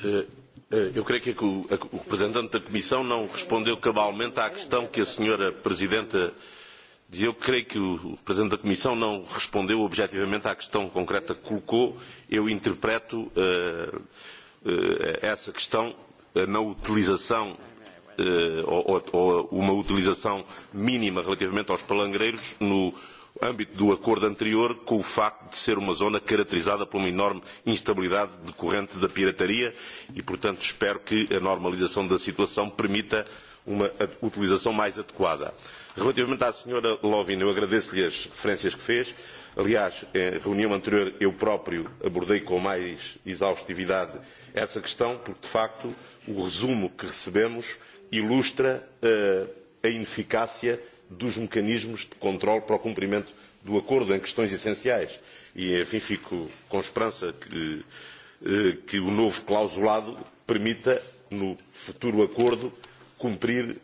Eh. eh eu creio que o, representante da Comissão não respondeu cabalmente à questão que a senhora Presidenta E eu creio que o representante da Comissão não respondeu objetivamente à questão concreta que colocou. Eu interpreto uh, uh, essa questão uh, na utilização Eh, ou, ou uma utilização mínima relativamente aos palangreiros no âmbito do acordo anterior com o facto de ser uma zona caracterizada por uma enorme instabilidade decorrente da pirataria e, portanto, espero que a normalização da situação permita uma utilização mais adequada. Relativamente à senhora Lovin, eu agradeço-lhe as referências que fez. Aliás, em reunião anterior eu próprio abordei com mais exaustividade essa questão, porque de facto o resumo que recebemos ilustra eh, a ineficácia dos mecanismos de controle para o cumprimento do acordo em questões essenciais. E, enfim, fico com esperança que, eh, que o novo clausulado permita, no futuro acordo, cumprir uh,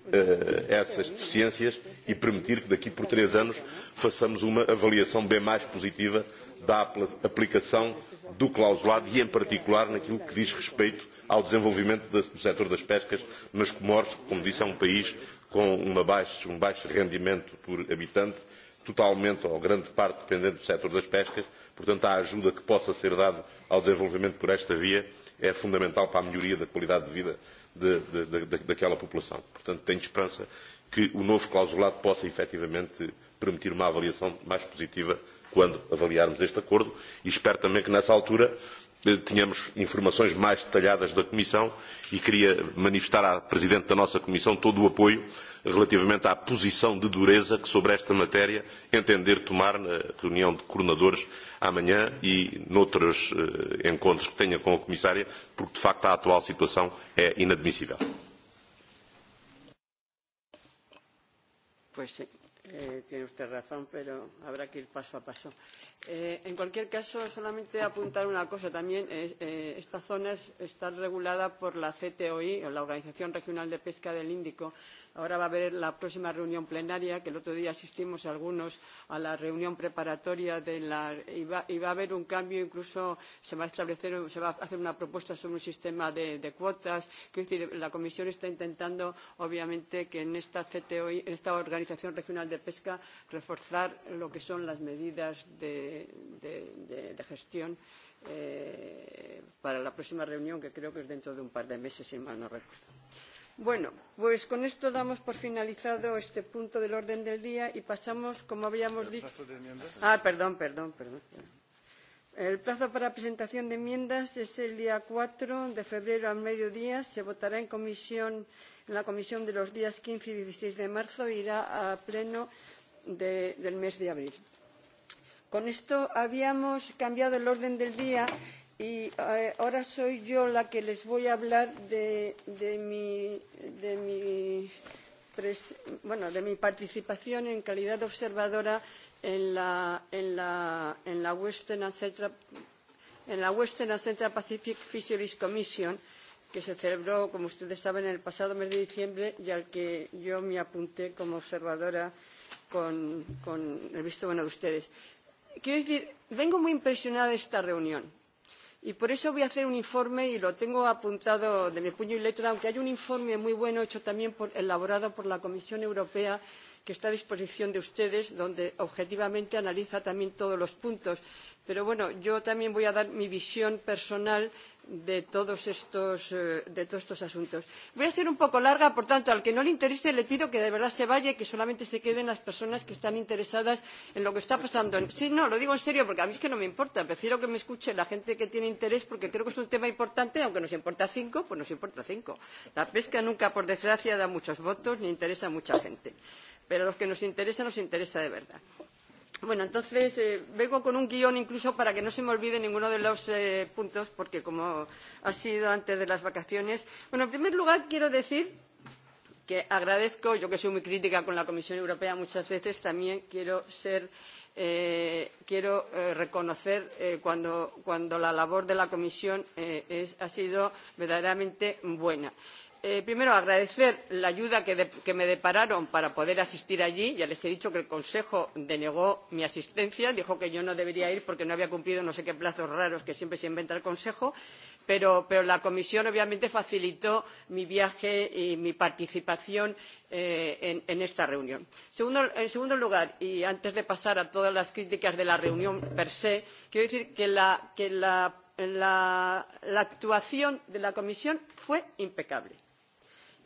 essas deficiências e permitir que daqui por três anos façamos uma avaliação bem mais positiva da apl aplicação do clausulado e, em particular, naquilo que diz respeito ao desenvolvimento do setor das pescas nas Comores, como disse, é um país com uma baixo, um baixo rendimento por habitante, totalmente ou grande parte dependente do setor das pescas, portanto a ajuda que possa ser dada ao desenvolvimento por esta via é fundamental para a melhoria da qualidade de vida de, de, de, de, daquela população. Portanto, tenho esperança que o novo clausulado possa efetivamente permitir uma avaliação mais positiva quando avaliarmos este acordo e espero também que nessa altura Eh, tínhamos informações mais detalhadas da Comissão e queria manifestar à Presidente da nossa Comissão todo o apoio relativamente à posição de dureza que sobre esta matéria entender tomar na reunião de coordenadores amanhã e noutros eh, encontros que tenha com a Comissária, porque de facto a atual situação é inadmissível. Pues sí, eh, tiene usted razón, pero que ir paso a paso. Eh, en cualquier caso, solamente apuntar una cosa también. Eh, eh, esta zona es, está regulada por la CTOI, o la Organización Regional de Pesca del Índico. Ahora va a haber la próxima reunión plenaria, que el otro día asistimos algunos a la reunión preparatoria de la, y, va, y va a haber un cambio, incluso se va a establecer, se va a hacer una propuesta sobre un sistema de, de cuotas. Quiero decir, la Comisión está intentando, obviamente, que en esta CTOI, en esta Organización Regional de Pesca, reforzar lo que son las medidas de de, de, de, gestión eh, para la próxima reunión, que creo que es dentro de un par de meses, si mal no recuerdo. Bueno, pues con esto damos por finalizado este punto del orden del día y pasamos, como habíamos dicho. Ah, perdón, perdón, perdón. El plazo para presentación de enmiendas es el día 4 de febrero al mediodía. Se votará en, comisión, en la comisión de los días 15 y 16 de marzo e irá a pleno de, del mes de abril. Con esto habíamos cambiado el orden del día y eh, ahora soy yo la que les voy a hablar de, de mi, de mi, pres, bueno, de mi participación en calidad de observadora en la, en la, en la Western and Central en la Western Central Pacific Fisheries Commission, que se celebró, como ustedes saben, el pasado mes de diciembre y al que yo me apunté como observadora con, con el visto bueno de ustedes quiero decir, vengo muy impresionada de esta reunión y por eso voy a hacer un informe y lo tengo apuntado de mi puño y letra aunque hay un informe muy bueno hecho también por, elaborado por la comisión europea que está a disposición de ustedes donde objetivamente analiza también todos los puntos pero bueno yo también voy a dar mi visión personal de de todos estos, eh, de todos estos asuntos. Voy a ser un poco larga, por tanto, al que no le interese le pido que de verdad se vaya y que solamente se queden las personas que están interesadas en lo que está pasando. Sí, no, lo digo en serio porque a mí es que no me importa. Prefiero que me escuche la gente que tiene interés porque creo que es un tema importante, aunque nos importa cinco, pues nos importa cinco. La pesca nunca, por desgracia, da muchos votos ni interesa a mucha gente. Pero a los que nos interesa, nos interesa de verdad. Bueno, entonces eh, vengo con un guión incluso para que no se me olvide ninguno de los eh, puntos, porque como ha sido antes de las vacaciones. Bueno, en primer lugar quiero decir que agradezco, yo que soy muy crítica con la Comisión Europea muchas veces, también quiero ser eh, quiero eh, reconocer eh, cuando, cuando la labor de la Comisión eh, es, ha sido verdaderamente buena. Eh, primero agradecer la ayuda que, me depararon para poder asistir allí. Ya les he dicho que el Consejo denegó mi asistencia, dijo que yo no debería ir porque no había cumplido no sé qué plazos raros que siempre se inventa el Consejo, pero, la Comisión obviamente facilitó mi viaje y mi participación eh, en, esta reunión. en segundo lugar, y antes de pasar a todas las críticas de la reunión per se, quiero decir que la actuación de la Comisión fue impecable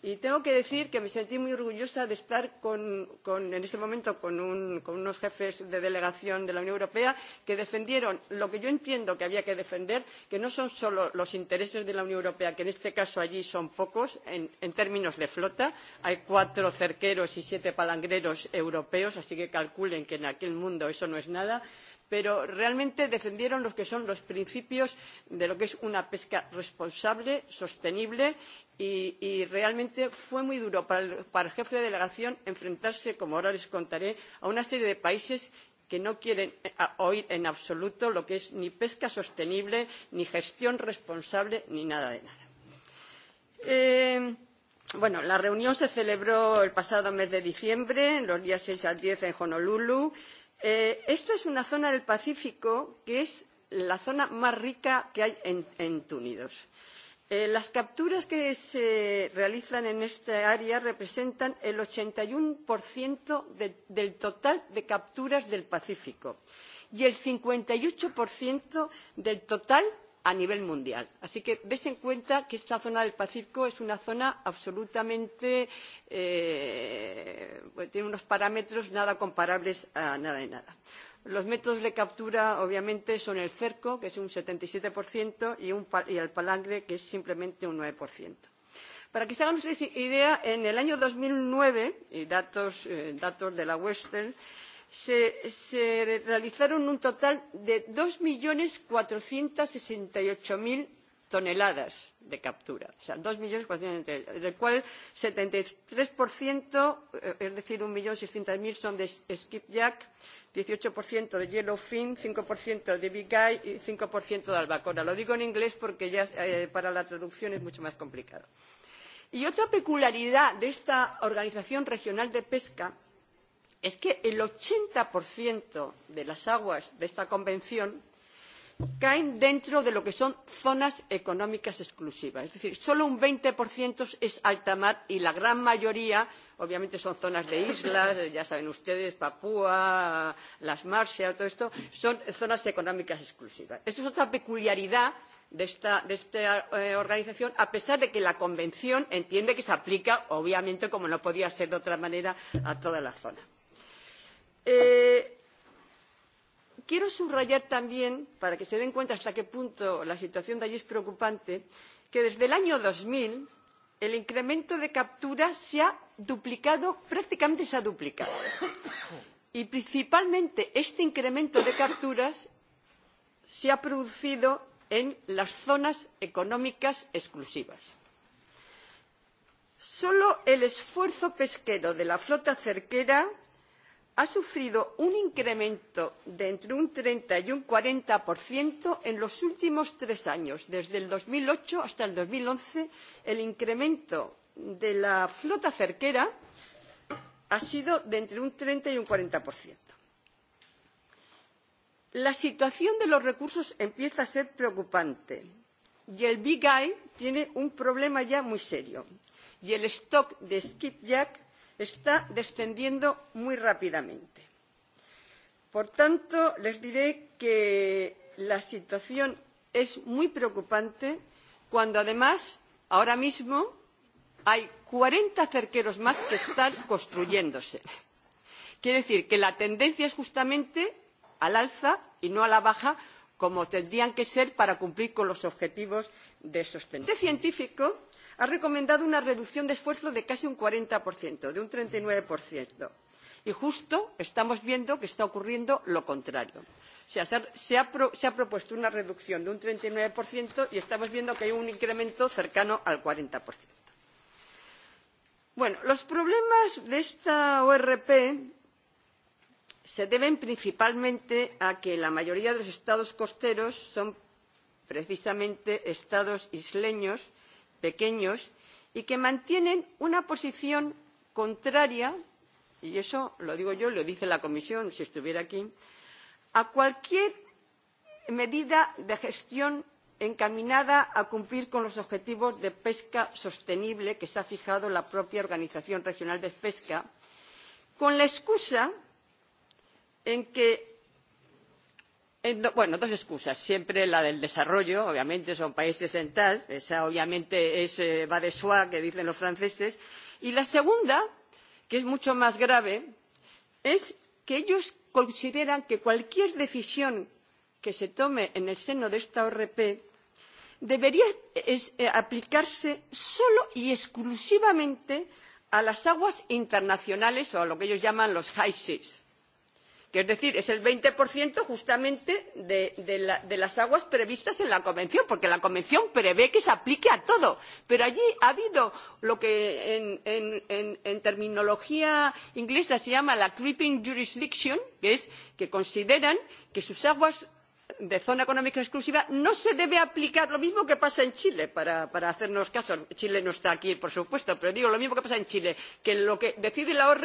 Y tengo que decir que me sentí muy orgullosa de estar con, con, en este momento con, un, con unos jefes de delegación de la Unión Europea que defendieron lo que yo entiendo que había que defender, que no son solo los intereses de la Unión Europea, que en este caso allí son pocos en, en términos de flota. Hay cuatro cerqueros y siete palangreros europeos, así que calculen que en aquel mundo eso no es nada. Eh, pero realmente defendieron lo que son los principios de lo que es una pesca responsable sostenible y, realmente fue muy duro para el, jefe de delegación enfrentarse como ahora les contaré a una serie de países que no quieren eh, oír en absoluto lo que es ni pesca sostenible ni gestión responsable ni nada de nada. Eh, bueno, la reunión se celebró el pasado mes de diciembre los días seis al diez en honolulu y Eh, esta es una zona del Pacífico que es la zona más rica que hay en, en túnidos. Eh, las capturas que se realizan en esta área representan el 81% de, del total de capturas del Pacífico y el 58% del total de a nivel mundial. Así que bese en cuenta que esta zona del Pacífico es una zona absolutamente eh, pues tiene unos parámetros nada comparables a nada de nada. Los métodos de captura, obviamente, son el cerco, que es un 77%, y, un, y el palangre, que es simplemente un 9%. Para que se hagan ustedes idea, en el año 2009, y datos, eh, datos de la Western, se, realizaron un total de dos cuatrocientos sesenta y ocho cero toneladas de captura o sea dos millones cuatrocientos del cual setenta y tres eh, es decir un millón seiscientos mil son de skipjack dieciocho de yellowfin cinco de big eye y cinco de albacora. lo digo en inglés porque ya eh, para la traducción es mucho más complicado. y otra peculiaridad de esta organización regional de pesca es que el 80% de las aguas de esta convención caen dentro de lo que son zonas económicas exclusivas. Es decir, solo un 20% es alta mar y la gran mayoría, obviamente, son zonas de islas, ya saben ustedes, Papúa, las Marshall, todo esto, son zonas económicas exclusivas. Esto es otra peculiaridad de esta, de esta eh, organización, a pesar de que la Convención entiende que se aplica, obviamente, como no podía ser de otra manera, a toda la zona. Eh, quiero subrayar también, para que se den cuenta hasta qué punto la situación de allí es preocupante, que desde el año dos mil el incremento de capturas se ha duplicado, prácticamente se ha duplicado. Y principalmente este incremento de capturas se ha producido en las zonas económicas exclusivas. Solo el esfuerzo pesquero de la flota cerquera ha sufrido un incremento de entre un treinta y un cuarenta en los últimos tres años desde dos mil ocho hasta dos mil once el incremento de la flota cerquera ha sido de entre un treinta y un. cuarenta la situación de los recursos empieza a ser preocupante y el big eye tiene un problema ya muy serio y el stock de skipjack está descendiendo muy rápidamente. Por tanto, les diré que la situación es muy preocupante cuando además ahora mismo hay 40 cerqueros más que están construyéndose. Quiere decir que la tendencia es justamente al alza y no a la baja, como tendrían que ser para cumplir con los objetivos de sostenibilidad. Este científico ha recomendado una reducción de esfuerzo de casi un cuarenta de un treinta y nueve y justo estamos viendo que está ocurriendo lo contrario. O sea, se, ha se ha propuesto una reducción de un treinta y nueve y estamos viendo que hay un incremento cercano al cuarenta Bueno, los problemas de esta ORP se deben principalmente a que la mayoría de los estados costeros son precisamente estados isleños pequeños y que mantienen una posición contraria y eso lo digo yo lo dice la comisión si estuviera aquí a cualquier medida de gestión encaminada a cumplir con los objetivos de pesca sostenible que se ha fijado la propia organización regional de pesca con la excusa de que Eh, bueno, dos excusas. Siempre la del desarrollo, obviamente, son países en tal. Esa obviamente eh, va de soi, que dicen los franceses. Y la segunda, que es mucho más grave, es que ellos consideran que cualquier decisión que se tome en el seno de esta ORP debería eh, aplicarse solo y exclusivamente a las aguas internacionales o a lo que ellos llaman los high seas que es decir, es el 20% justamente de, de, la, de las aguas previstas en la Convención, porque la Convención prevé que se aplique a todo. Pero allí ha habido lo que en, en, en, en terminología inglesa se llama la creeping jurisdiction, que es que consideran que sus aguas de zona económica exclusiva no se debe aplicar lo mismo que pasa en chile para, hacernos caso chile no está aquí por supuesto pero digo lo mismo que pasa en chile que lo que decide la orp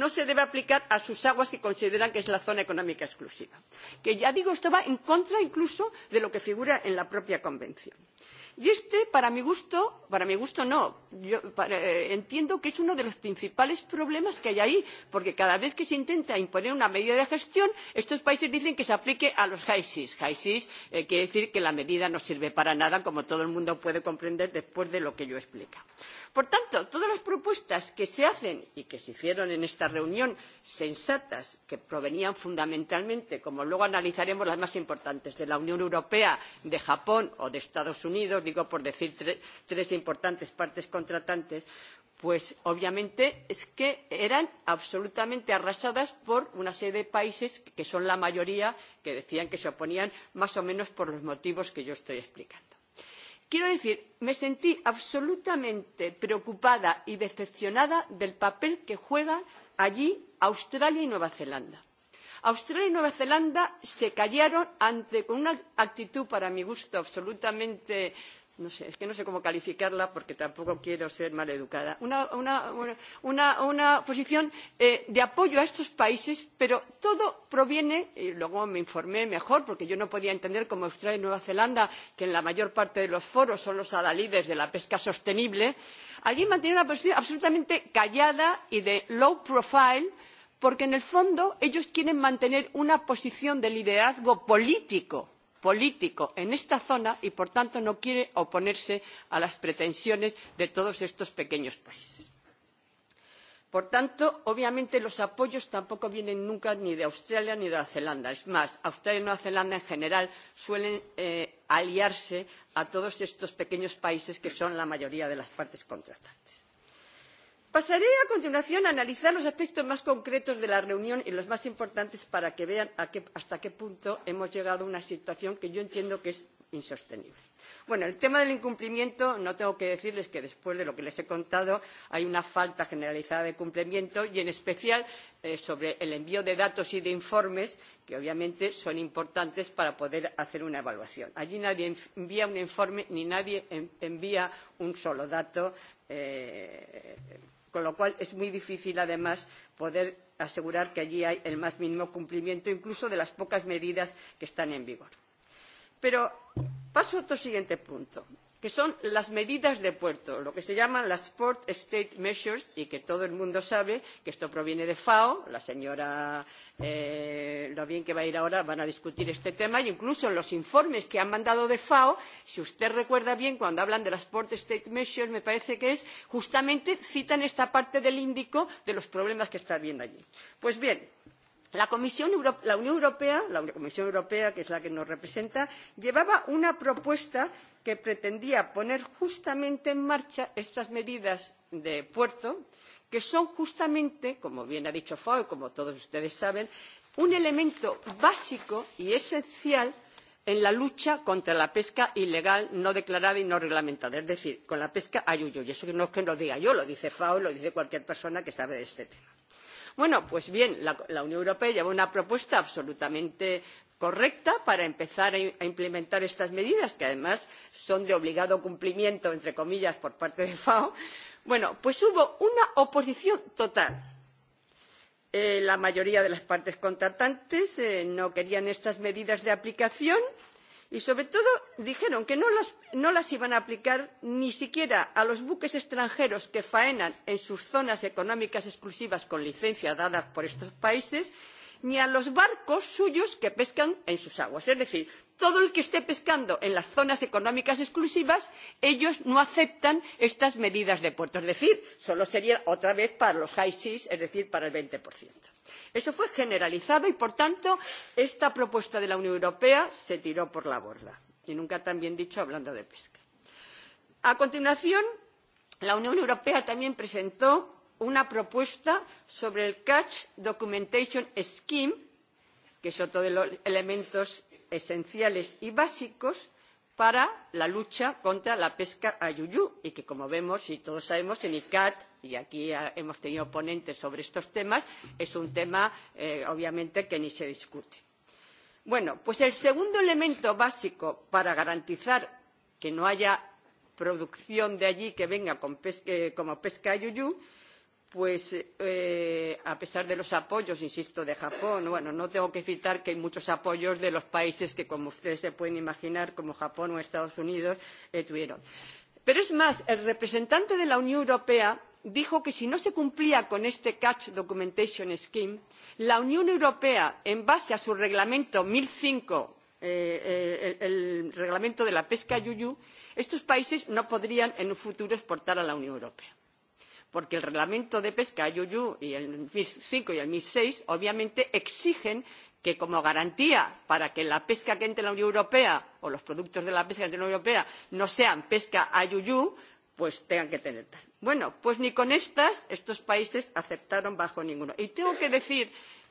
no se debe aplicar a sus aguas que consideran que es la zona económica exclusiva que ya digo esto va en contra incluso de lo que figura en la propia convención. por Y este, para mi gusto, para mi gusto no, yo para, eh, entiendo que es uno de los principales problemas que hay ahí, porque cada vez que se intenta imponer una medida de gestión, estos países dicen que se aplique a los high seas. High seas eh, quiere decir que la medida no sirve para nada, como todo el mundo puede comprender después de lo que yo explica. Por tanto, todas las propuestas que se hacen y que se hicieron en esta reunión sensatas, que provenían fundamentalmente, como luego analizaremos las más importantes, de la Unión Europea, de Japón o de Estados Unidos, digo por decir tre tres importantes partes contratantes, pues obviamente es que eran absolutamente arrasadas por una serie de países que son la mayoría que decían que se oponían más o menos por los motivos que yo estoy explicando. Quiero decir, me sentí absolutamente preocupada y decepcionada del papel que juegan allí Australia y Nueva Zelanda australia y nueva zelanda se callaron con una actitud para mi gusto absolutamente no sé, es que no sé cómo calificarla porque tampoco quiero ser maleducada, una, una, una, una posición eh, de apoyo a estos países, pero todo proviene, y luego me informé mejor porque yo no podía entender cómo Australia y Nueva Zelanda, que en la mayor parte de los foros son los adalides de la pesca sostenible, allí mantienen una posición absolutamente callada y de low profile, eh, porque en el fondo ellos quieren mantener una posición de liderazgo político político en esta zona y por tanto no quiere oponerse a las pretensiones de todos estos pequeños países. Por tanto, obviamente los apoyos tampoco vienen nunca ni de Australia ni de Nueva Zelanda. Es más, Australia y Nueva Zelanda en general suelen eh, aliarse a todos estos pequeños países que son la mayoría de las partes contratantes pasaré a continuación a analizar los aspectos más concretos de la reunión y los más importantes para que vean hasta qué punto hemos llegado a una situación que yo entiendo que es insostenible. Bueno, el tema del incumplimiento, no tengo que decirles que después de lo que les he contado hay una falta generalizada de cumplimiento y en especial eh, sobre el envío de datos y de informes que obviamente son importantes para poder hacer una evaluación. Allí nadie envía un informe ni nadie envía un solo dato. Eh, con lo cual es muy difícil además poder asegurar que allí hay el más mínimo cumplimiento incluso de las pocas medidas que están en vigor. pero paso a otro siguiente punto que son las medidas de puerto, lo que se llaman las Port State Measures, y que todo el mundo sabe que esto proviene de FAO. La señora eh, lo bien que va a ir ahora van a discutir este tema, e incluso en los informes que han mandado de FAO, si usted recuerda bien, cuando hablan de las Port State Measures, me parece que es justamente citan esta parte del Índico de los problemas que está habiendo allí. Pues bien, la, Comisión Euro la Unión Europea, la Comisión Europea, que es la que nos representa, llevaba una propuesta que pretendía poner justamente en marcha estas medidas de puerto, que son justamente, como bien ha dicho FAO, como todos ustedes saben, un elemento básico y esencial en la lucha contra la pesca ilegal no declarada y no reglamentada es decir con la pesca ayuyo y eso no es que lo diga yo lo dice fao lo dice cualquier persona que sabe de este tema. Bueno, pues bien, la, la Unión Europea lleva una propuesta absolutamente correcta para empezar a implementar estas medidas, que además son de obligado cumplimiento, entre comillas, por parte de FAO, bueno, pues hubo una oposición total. Eh, la mayoría de las partes contratantes eh, no querían estas medidas de aplicación eh, y sobre todo dijeron que no las, no las iban a aplicar ni siquiera a los buques extranjeros que faenan en sus zonas económicas exclusivas con licencia dada por estos países y ni a los barcos suyos que pescan en sus aguas. Es decir, todo el que esté pescando en las zonas económicas exclusivas, ellos no aceptan estas medidas de puerto. Es decir, solo sería otra vez para los high seas, es decir, para el veinte Eso fue generalizado y, por tanto, esta propuesta de la Unión Europea se tiró por la borda. Y nunca tan bien dicho hablando de pesca. A continuación, la Unión Europea también presentó una propuesta sobre el Catch Documentation Scheme, que es otro de los elementos esenciales y básicos para la lucha contra la pesca a yuyú y que, como vemos y todos sabemos, en ICAT, y aquí hemos tenido ponentes sobre estos temas, es un tema, eh, obviamente, que ni se discute. Bueno, pues el segundo elemento básico para garantizar que no haya producción de allí que venga con pesca, eh, como pesca a yuyú pues eh, a pesar de los apoyos, insisto, de Japón, bueno, no tengo que citar que hay muchos apoyos de los países que, como ustedes se pueden imaginar, como Japón o Estados Unidos, eh, tuvieron. Pero es más, el representante de la Unión Europea dijo que si no se cumplía con este Catch Documentation Scheme, la Unión Europea, en base a su reglamento 1005, eh, eh, el, el reglamento de la pesca yuyu, estos países no podrían en un futuro exportar a la Unión Europea porque el reglamento de pesca iuu y el mif cinco y el mif seis obviamente exigen que como garantía para que la pesca que entre en la unión europea o los productos de la pesca que entren en la unión europea no sean pesca iuu pues tengan que tener tal. bueno pues ni con estas estos países aceptaron bajo ninguno. y tengo que decir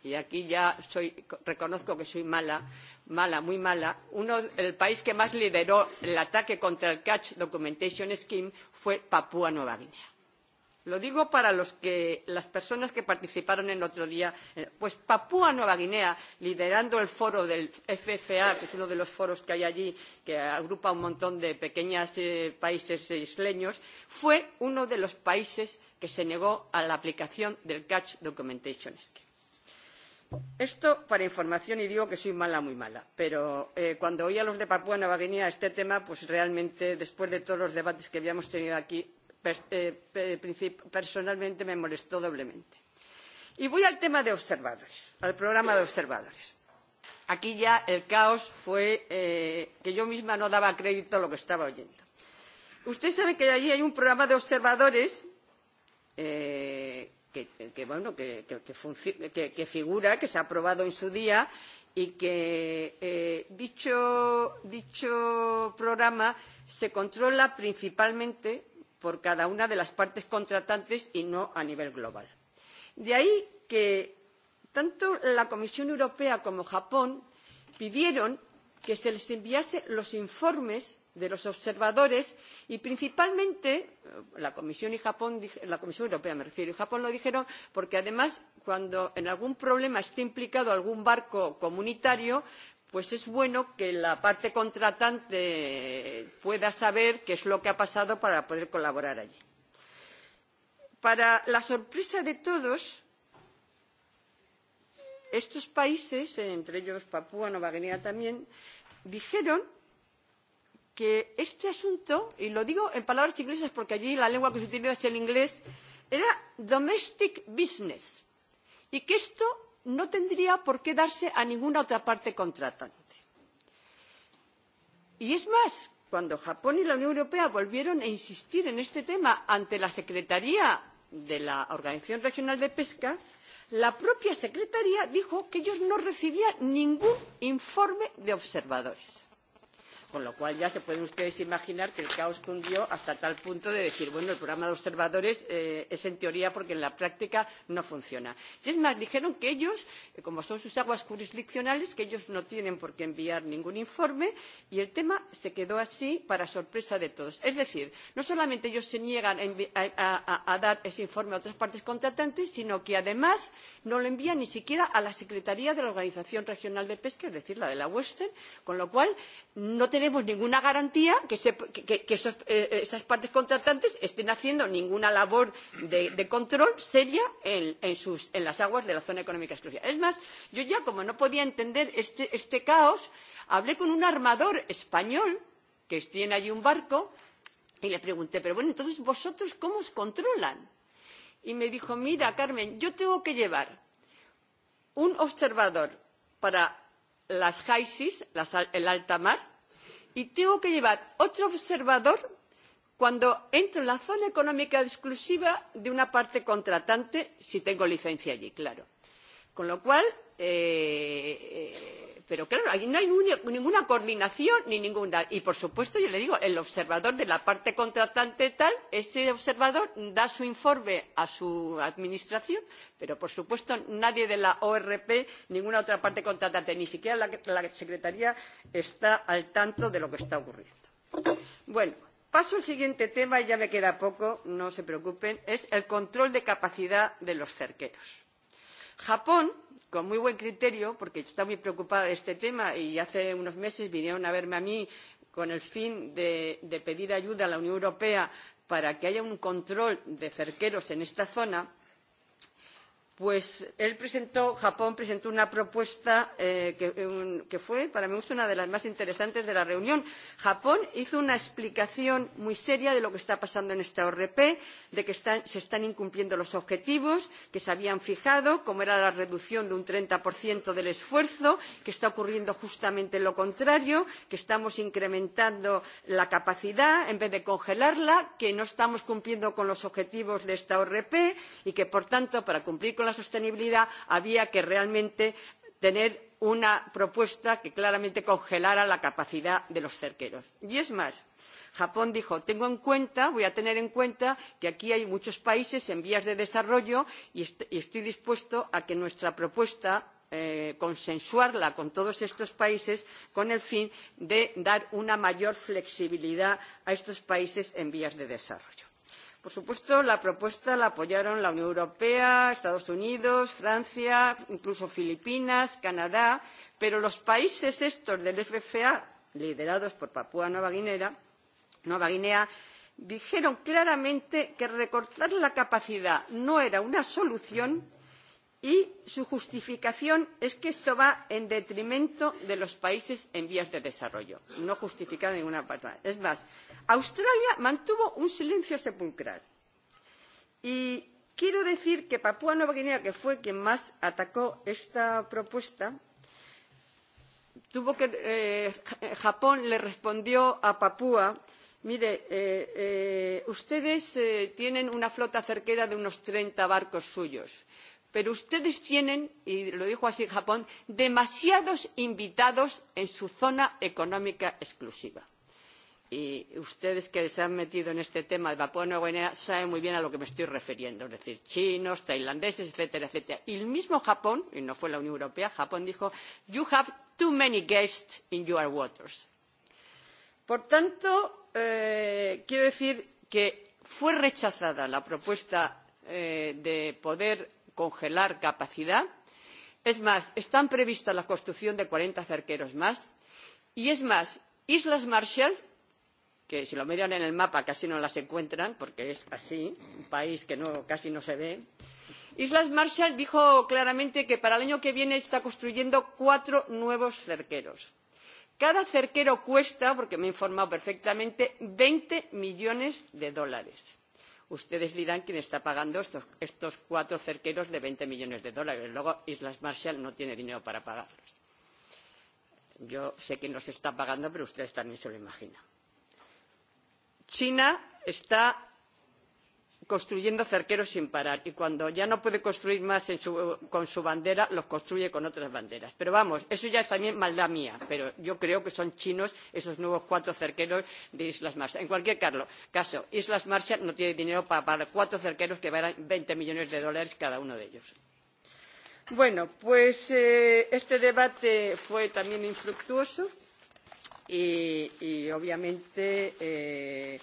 y aquí ya soy, reconozco que soy mala mala muy mala uno, el país que más lideró el ataque contra el catch documentation scheme fue papúa nueva guinea Lo digo para los que, las personas que participaron el otro día. Eh, pues Papúa Nueva Guinea, liderando el foro del FFA, que es uno de los foros que hay allí, que agrupa a un montón de pequeños eh, países isleños, fue uno de los países que se negó a la aplicación del Catch Documentation Scheme. Esto para información y digo que soy mala, muy mala, pero eh, cuando oí a los de Papúa Nueva Guinea este tema, pues realmente después de todos los debates que habíamos tenido aquí, Eh, personalmente me molestó doblemente. Y voy al tema de observadores, al programa de observadores. Aquí ya el caos fue eh, que yo misma no daba crédito a lo que estaba oyendo. Usted sabe que allí hay un programa de observadores eh, que, que, bueno, que, que, que, que, que figura, que se ha aprobado en su día y que eh, dicho, dicho programa se controla principalmente por cada una de las partes contratantes y no a nivel global. De ahí que tanto la Comisión Europea como Japón pidieron que se les enviase los informes de los observadores y principalmente eh, la comisión, y Japón, la comisión europea me refiero y japón lo dijeron porque además cuando en algún problema esté implicado algún barco comunitario pues es bueno que la parte contratante pueda saber qué es lo que ha pasado para poder colaborar allí. Para la sorpresa de todos, estos países, entre ellos Papúa Nueva Guinea también, dijeron que este asunto, y lo digo en palabras inglesas porque allí la lengua que se utiliza es el inglés, era domestic business y que esto no tendría por qué darse a ninguna otra parte contratante. y es más cuando japón y la unión europea volvieron a insistir en este tema ante la secretaría de la organización regional de pesca la propia secretaría dijo que ellos no recibían ningún informe de observadores. Con lo cual ya se pueden ustedes imaginar que el caos cundió hasta tal punto de decir, bueno, el programa de observadores eh, es en teoría porque en la práctica no funciona. Y es más, dijeron que ellos, eh, como son sus aguas jurisdiccionales, que ellos no tienen por qué enviar ningún informe y el tema se quedó así para sorpresa de todos. Es decir, no solamente ellos se niegan a, a, a, dar ese informe a otras partes contratantes, sino que además no lo envían ni siquiera a la Secretaría de la Organización Regional de Pesca, es decir, la de la Western, con lo cual no tenemos tenemos ninguna garantía que, se, que, que esos, eh, esas partes contratantes estén haciendo ninguna labor de, de control seria en, en, sus, en las aguas de la zona económica exclusiva. Es más, yo ya como no podía entender este, este caos, hablé con un armador español que tiene allí un barco y le pregunté, pero bueno, entonces vosotros cómo os controlan? Y me dijo, mira, Carmen, yo tengo que llevar un observador para las high seas, las, el alta mar, y tengo que llevar otro observador cuando entro en la zona económica exclusiva de una parte contratante si tengo licencia allí claro con lo cual eh, eh pero claro, ahí no hay una, ninguna coordinación ni ninguna. Y por supuesto, yo le digo, el observador de la parte contratante tal, ese observador da su informe a su administración, pero por supuesto nadie de la ORP, ninguna otra parte contratante, ni siquiera la, la Secretaría está al tanto de lo que está ocurriendo. Bueno, paso al siguiente tema, y ya me queda poco, no se preocupen, es el control de capacidad de los cerqueros. Japón con muy buen criterio porque está muy preocupada de este tema y hace unos meses vinieron a verme a mí con el fin de, de pedir ayuda a la Unión Europea para que haya un control de cerqueros en esta zona pues él presentó, Japón presentó una propuesta eh, que, un, que fue, para mí, una de las más interesantes de la reunión. Japón hizo una explicación muy seria de lo que está pasando en esta ORP, de que están, se están incumpliendo los objetivos que se habían fijado, como era la reducción de un 30% del esfuerzo, que está ocurriendo justamente lo contrario, que estamos incrementando la capacidad en vez de congelarla, que no estamos cumpliendo con los objetivos de esta ORP y que, por tanto, para cumplir con con la sostenibilidad había que realmente tener una propuesta que claramente congelara la capacidad de los cerqueros. y es más japón dijo tengo en cuenta voy a tener en cuenta que aquí hay muchos países en vías de desarrollo y, estoy dispuesto a que nuestra propuesta eh, consensuarla con todos estos países con el fin de dar una mayor flexibilidad a estos países en vías de desarrollo. Por supuesto, la propuesta la apoyaron la Unión Europea, Estados Unidos, Francia, incluso Filipinas, Canadá, pero los países estos del FFA, liderados por Papúa Nueva Guinea, Nueva Guinea dijeron claramente que recortar la capacidad no era una solución, y su justificación es que esto va en detrimento de los países en vías de desarrollo no justificada en ninguna parte. es más australia mantuvo un silencio sepulcral y quiero decir que papúa nueva guinea que fue quien más atacó esta propuesta tuvo que eh, japón le respondió a papúa mire eh, eh, ustedes eh, tienen una flota cerquera de unos treinta barcos suyos pero ustedes tienen y lo dijo así japón demasiados invitados en su zona económica exclusiva y ustedes que se han metido en este tema de Papúa Nueva Guinea saben muy bien a lo que me estoy refiriendo, es decir, chinos, tailandeses, etcétera, etcétera. Y el mismo Japón, y no fue la Unión Europea, Japón dijo, you have too many guests in your waters. Por tanto, eh, quiero decir que fue rechazada la propuesta eh, de poder congelar capacidad es más está prevista la construcción de cuarenta cerqueros más y es más islas marshall que si lo miran en el mapa casi no las encuentran porque es así un país que no, casi no se ve islas marshall dijo claramente que para el año que viene está construyendo cuatro nuevos cerqueros. cada cerquero cuesta porque me he informado perfectamente veinte millones de dólares ustedes dirán quién está pagando estos, estos cuatro cerqueros de 20 millones de dólares. Luego Islas Marshall no tiene dinero para pagarlos. Yo sé quién los está pagando, pero ustedes también se lo imaginan. China está construyendo cerqueros sin parar y cuando ya no puede construir más su, con su bandera, los construye con otras banderas. Pero vamos, eso ya es también maldad mía, pero yo creo que son chinos esos nuevos cuatro cerqueros de Islas Marshall. En cualquier caso, Islas Marshall no tiene dinero para, pagar cuatro cerqueros que valen 20 millones de dólares cada uno de ellos. Bueno, pues eh, este debate fue también infructuoso y, y obviamente. Eh,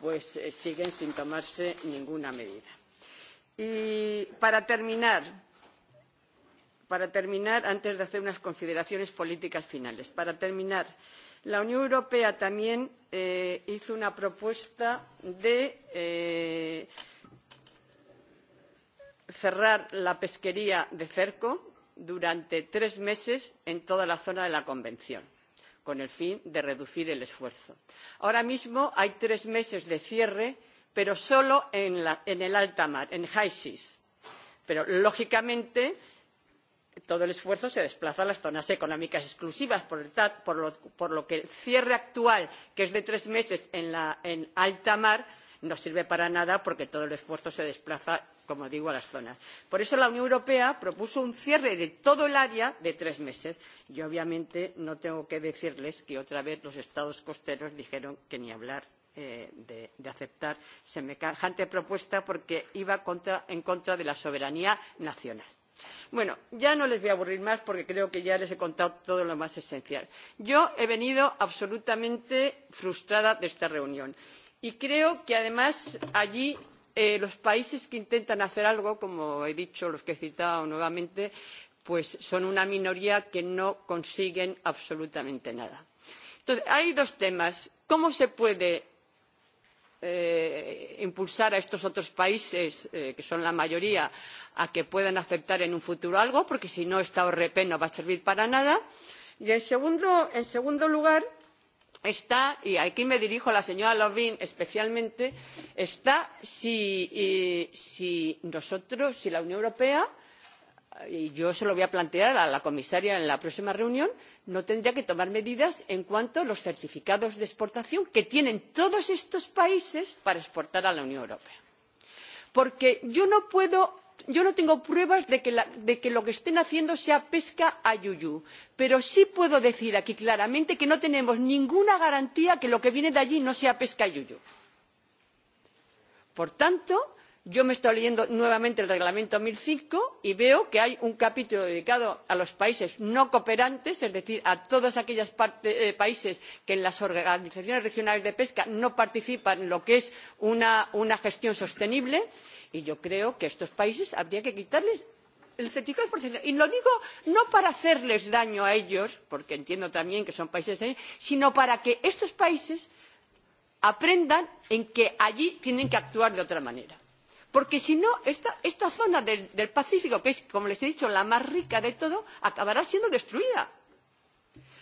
pues eh, siguen sin tomarse ninguna medida. Y para terminar, para terminar, antes de hacer unas consideraciones políticas finales, para terminar, la Unión Europea también eh, hizo una propuesta de eh, cerrar la pesquería de cerco durante tres meses en toda la zona de la Convención con el fin de reducir el esfuerzo. Ahora mismo hay tres meses de cierre, pero solo en, el alta mar, en high seas. Pero, lógicamente, todo el esfuerzo se desplaza a las zonas económicas exclusivas, por, lo, que el cierre actual, que es de tres meses en, en alta mar, no sirve para nada porque todo el esfuerzo se desplaza, como digo, a las zonas. Por eso la Unión Europea propuso un cierre de todo el área de tres meses y obviamente no tengo que decirles que otra vez los estados costeros dijeron que ni hablar eh, de, de aceptar semejante propuesta porque iba contra, en contra de la soberanía nacional. Bueno, ya no les voy a aburrir más porque creo que ya les he contado todo lo más esencial. Yo he venido absolutamente frustrada de esta reunión y creo que además allí eh, los países que intentan hacer algo como he dicho los que he citado nuevamente pues son una minoría que no consiguen absolutamente nada. Entonces, hay dos temas cómo se puede eh, impulsar a estos otros países eh, que son la mayoría a que puedan aceptar en un futuro algo porque si no esta orp no va a servir para nada y en segundo, en segundo lugar está y aquí me dirijo a la señora lvin especialmente está eh, si, nosotros si la unión europea y yo se lo voy a plantear a la comisaria en la próxima reunión no tendría que tomar medidas en cuanto a los certificados de exportación que tienen todos estos países para exportar a la unión europea porque yo no puedo yo no tengo pruebas de que, lo que estén haciendo sea pesca a yuyú pero sí puedo decir aquí claramente que no tenemos ninguna garantía de que lo que viene de allí no sea pesca a yuyú. por tanto yo me he estado leyendo nuevamente el reglamento n mil cinco y veo que hay un capítulo dedicado a los países no cooperantes es decir a todos aquellos eh, países que en las organizaciones regionales de pesca no participan en lo que es una gestión sostenible y y yo creo que a estos países habría que quitarles el veintitrés y lo digo no para hacerles daño a ellos porque entiendo también que son países sino para que estos países aprendan que allí tienen que actuar de otra manera porque si no esta, esta zona del, del pacífico que es como les he dicho la más rica de todo acabará siendo destruida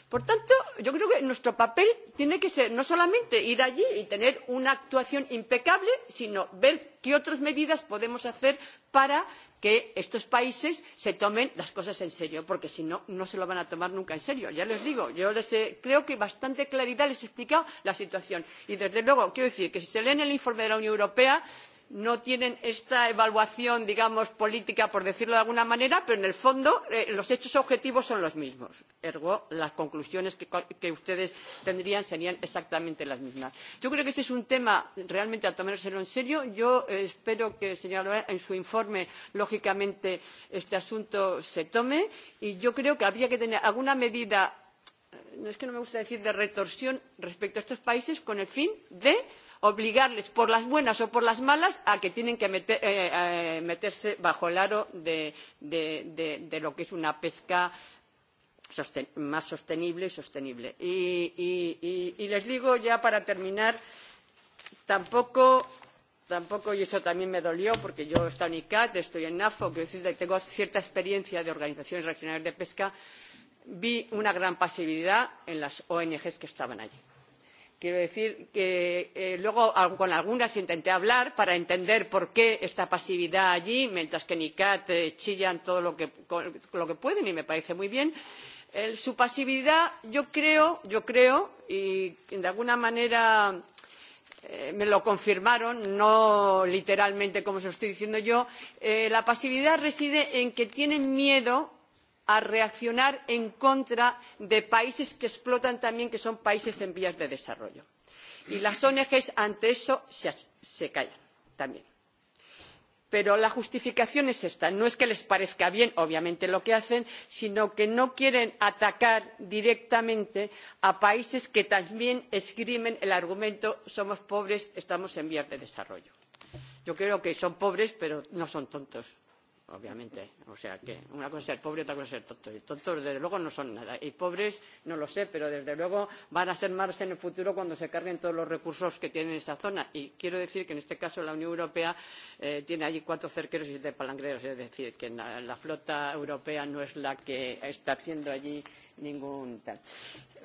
por tanto yo creo que nuestro papel tiene que ser no solamente ir allí y tener una actuación impecable sino ver qué otras medidas podemos hacer para que estos países se tomen las cosas en serio porque si no no se lo van a tomar nunca en serio ya les digo yo creo que con bastante claridad les he explicado la situación y desde luego quiero decir que si se leen el informe de la unión europea no tienen esta evaluación digamos política por decirlo de alguna manera pero en el fondo eh, los hechos objetivos son los mismos ergo las conclusiones que, ustedes tendrían serían exactamente las mismas. yo creo que este es un tema realmente a tomárselo en serio. yo eh, espero que señora loera en su informe lógicamente este asunto se trate y yo creo que habría que tener alguna medida eh, no es que no me gusta decir de retorsión respecto a estos países con el fin de obligarles por las buenas o por las malas a que tienen que meter, eh, eh, meterse bajo el aro de, de, de, de lo que es una pesca sosten más sostenible y sostenible. Y, y, y, y les digo ya para terminar, tampoco tampoco y eso también me dolió porque yo he estado en iccat estoy en nafo quiero decir que tengo cierta experiencia de organizaciones regionales de pesca vi una gran pasividad en las ong que estaban allí quiero decir que eh, luego con algunas intenté hablar para entender por qué esta pasividad allí mientras que en iccat eh, chillan todo lo que, lo que pueden y me parece muy bien. El, su pasividad yo creo, yo creo y de alguna manera eh, me lo confirmaron no literalmente como se lo estoy diciendo yo eh, la pasividad reside en que tienen miedo a reaccionar en contra de países que explotan también que son países en vías de desarrollo. Y las ONG ante eso se, callan también. Pero la justificación es esta. No es que les parezca bien, obviamente, lo que hacen, sino que no quieren atacar directamente a países que también esgrimen el argumento somos pobres, estamos en vías de desarrollo. Yo creo que son pobres, pero no son tontos obviamente. O sea, que una cosa es ser pobre y otra cosa es ser tonto. Y tontos, desde luego, no son nada. Y pobres, no lo sé, pero desde luego van a ser más en el futuro cuando se carguen todos los recursos que tienen esa zona. Y quiero decir que en este caso la Unión Europea eh, tiene allí cuatro cerqueros y siete palangreros. Es decir, que la, la flota europea no es la que está haciendo allí ningún tal.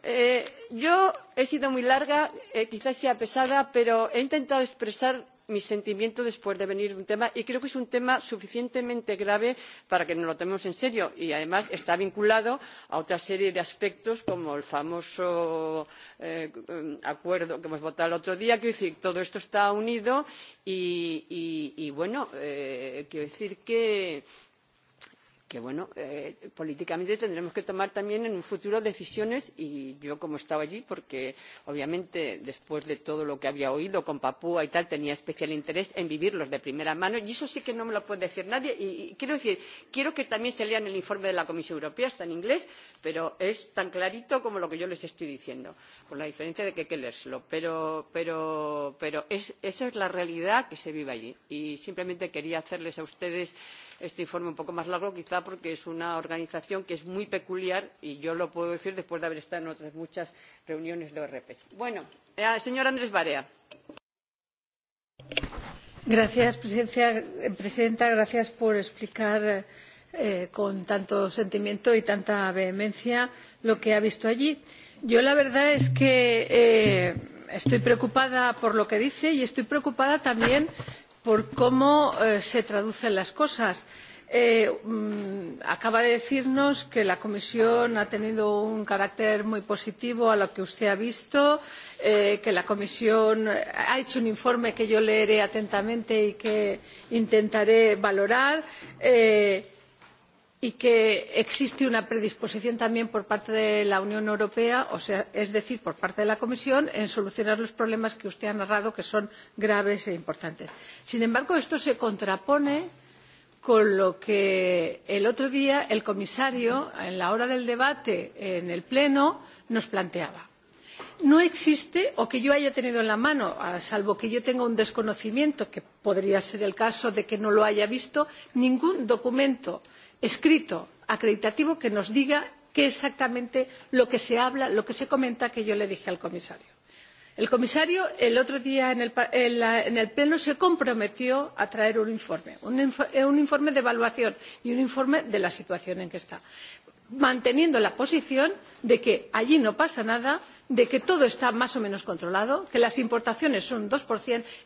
Eh, yo he sido muy larga, eh, quizás sea pesada, pero he intentado expresar mi sentimiento después de venir de un tema y creo que es un tema suficientemente grave para que nos lo tomemos en serio y además está vinculado a otra serie de aspectos como el famoso eh, acuerdo que hemos votado el otro día. Quiero decir, todo esto está unido y, bueno, eh, quiero decir que que bueno, eh, políticamente tendremos que tomar también en un futuro decisiones y yo como estaba allí porque obviamente después de todo lo que había oído con Papúa y tal tenía especial interés en vivirlos de primera mano y eso sí que no me lo puede decir nadie y, y quiero decir quiero que también se lean el informe de la Comisión Europea está en inglés pero es tan clarito como lo que yo les estoy diciendo con la diferencia de que hay que leérselo pero pero pero es, esa es la realidad que se vive allí y simplemente quería hacerles a ustedes eh, este informe un poco más largo, quizá porque es una organización que es muy peculiar y yo lo puedo decir después de haber estado en otras muchas reuniones de ORP. Bueno, eh, señor Andrés Barea. Gracias, presidencia, presidenta. Gracias por explicar eh, con tanto sentimiento y tanta vehemencia lo que ha visto allí. Yo la verdad es que eh, estoy preocupada por lo que dice y estoy preocupada también por por cómo eh, se traducen las cosas. Eh, mm, acaba de decirnos que la comisión ha tenido un carácter muy positivo a lo que usted ha visto eh, que la comisión eh, ha hecho un informe que yo leeré atentamente y que intentaré valorar. Eh, y que existe una predisposición también por parte de la unión europea es decir por parte de la comisión a solucionar los problemas que usted ha narrado que son graves e importantes. sin embargo esto se contrapone con lo que el otro día el comisario en la hora del debate en el pleno nos planteaba no existe o que yo haya tenido en la mano salvo que yo tenga un desconocimiento que podría ser el caso de que no lo haya visto ningún documento que escrito acreditativo que nos diga qué es exactamente lo que se habla lo que se comenta que yo le dije al comisario. el comisario el otro día en el, pleno se comprometió a traer un informe un, eh, un informe de evaluación y un informe de la situación en que está manteniendo la posición de que allí no pasa nada de que todo está más o menos controlado que las importaciones son un dos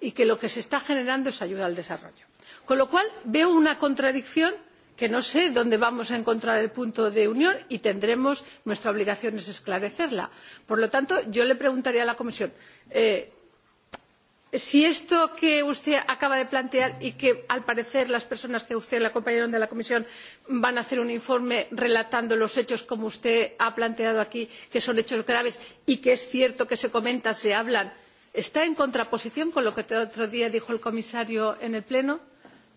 y que lo que se está generando es ayuda al desarrollo. con lo cual veo una contradicción que no sé dónde vamos a encontrar el punto de unión y tendremos nuestra obligación es esclarecerla. por lo tanto yo le preguntaría a la comisión eh, si esto que usted acaba de plantear y que al parecer las personas que a usted le acompañaron de la comisión van a hacer un informe relatando los hechos como usted ha planteado aquí que son hechos graves y que es cierto que se comentan se hablan está en contraposición con lo que el otro día dijo el comisario en el pleno?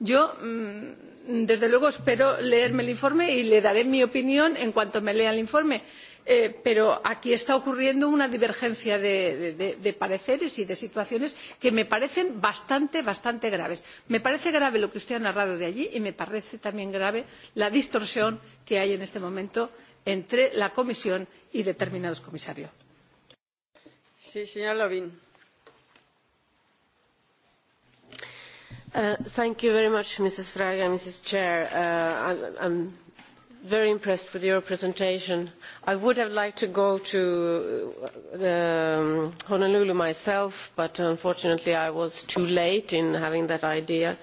yo mm, desde luego espero leerme el informe y le daré mi opinión en cuanto me lea el informe eh, pero aquí está ocurriendo una divergencia de, pareceres y de situaciones que me parecen bastante bastante graves. me parece grave lo que usted ha narrado de allí y me parece también grave la distorsión que hay en este momento entre la comisión y determinados comisarios. señora Lövin. Uh, thank you very much, Mrs. Fraga, Mrs. Chair. Uh, I, I'm very impressed with your presentation. I would have liked to go to uh, um, Honolulu myself, but unfortunately I was too late in having that idea. Uh,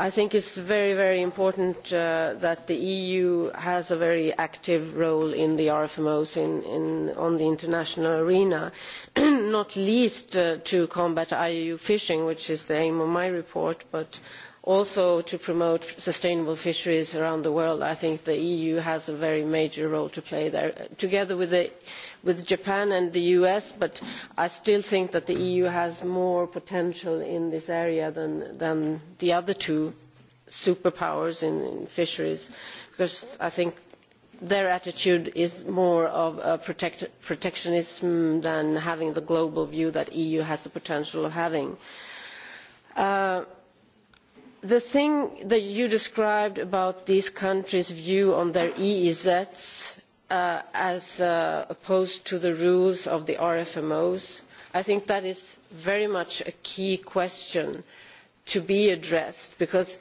i think it is very very important uh, that the eu has a very active role in the rfmos in, in, on the international arena not least uh, to combat iuu fishing which is the aim of my report but also to promote sustainable fisheries around the world. i think the eu has a very major role to play there together with the with japan and the us but i still think that the eu has more potential in this area than, than the other two superpowers in, in fisheries because i think their attitude is more of a protect, protectionism than having the global view that the eu has the potential of having. Uh, the thing that you described about these countries' view on their eezs uh, as uh, opposed to the rules of the RFMOs? I think that is very much a key question to be addressed because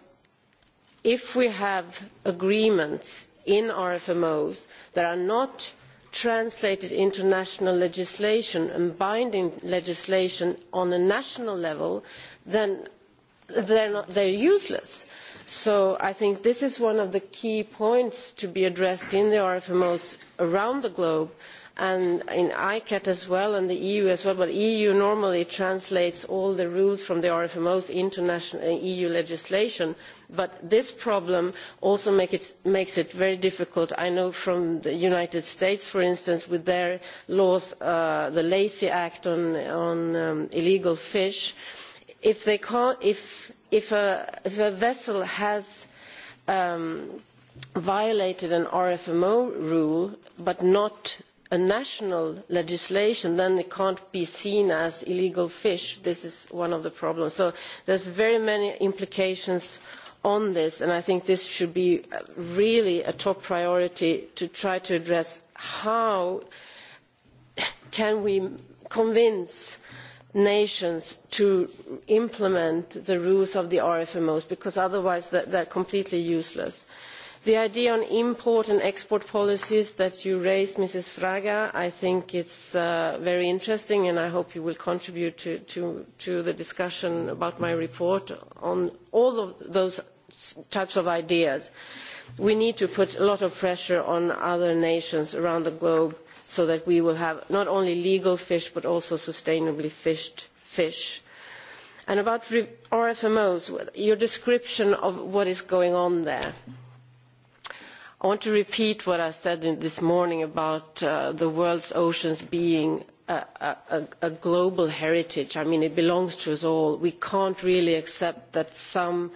if we have agreements in RFMOs that are not translated into national legislation and binding legislation on a national level, then they're, not, they're useless. Uh, so i think this is one of the key points to be addressed in the rfmos around the globe and in iccat as well and the eu as well but the eu normally translates all the rules from the rfmos into national uh, eu legislation but this problem also make it, makes it very difficult i know from the united states for instance with their laws uh, the lacey act on, on um, illegal fish if, if if a, vessel has um, violated an RFMO rule but not a national legislation, then it can't be seen as illegal fish. This is one of the problems. So there's very many implications on this, and I think this should be uh, really a top priority to try to address how can we convince nations to implement the rules of the RFMOs because otherwise they are completely useless. The idea on import and export policies that you raised, Mrs. Fraga, I think it's uh, very interesting and I hope you will contribute to, to, to the discussion about my report on all of those types of ideas. We need to put a lot of pressure on other nations around the globe so that we will have not only legal fish but also sustainably fished fish. And about RFMOs, your description of what is going on there. I want to repeat what I said this morning about uh, the world's oceans being a, a, a global heritage. I mean, it belongs to us all. We can't really accept that some uh,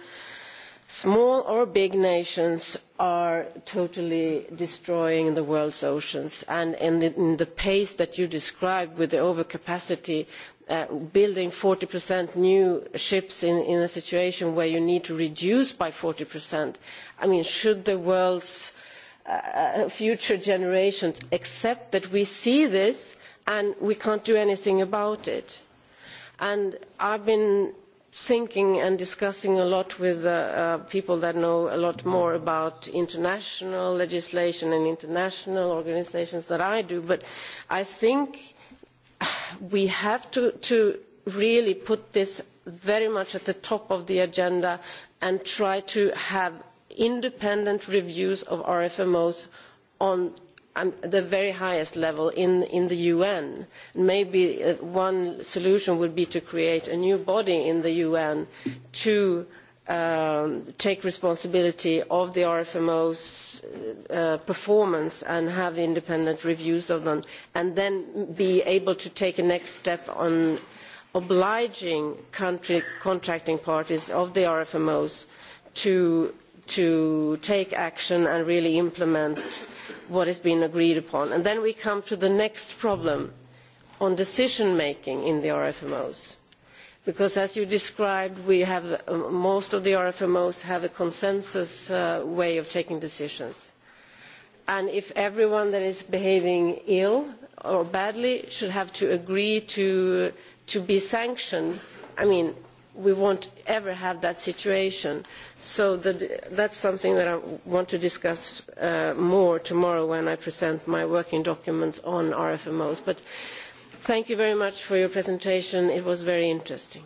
small or big nations are totally destroying the world's oceans and in the, in the pace that you described with the overcapacity uh, building 40% new ships in, in a situation where you need to reduce by 40%, I mean, should the world's uh, uh, future generations accept that we see this and we can't do anything about it? And I've been thinking and discussing a lot with uh, uh, people that know a lot more about international legislation and international organisations than I do, but I think we have to, to really put this very much at the top of the agenda and try to have independent reviews of RFMOs on Um, the very highest level in, in the UN. Maybe uh, one solution would be to create a new body in the UN to um, take responsibility of the RFMO's uh, performance and have independent reviews of them, and then be able to take a next step on obliging country contracting parties of the RFMOs to, to take action and really implement what has been agreed upon. And then we come to the next problem on decision making in the RFMOs. Because as you described, we have, uh, most of the RFMOs have a consensus uh, way of taking decisions. And if everyone that is behaving ill or badly should have to agree to, to be sanctioned, I mean, we won't ever have that situation So that is something that I want to discuss uh, more tomorrow when I present my working documents on RFMOs. But thank you very much for your presentation. It was very interesting.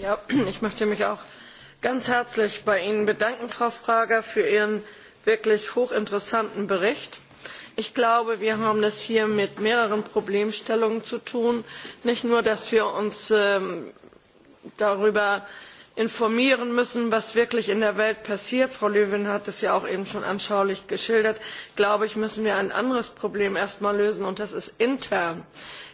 Ja, ich möchte mich auch ganz herzlich bei Ihnen bedanken, Frau Frager, für Ihren wirklich hochinteressanten Bericht ich glaube wir haben es hier mit mehreren problemstellungen zu tun nicht nur dass wir uns ähm, darüber informieren müssen was wirklich in der welt passiert frau lövin hat es ja auch eben schon anschaulich geschildert glaube ich müssen wir ein anderes problem erst einmal lösen und das ist intern.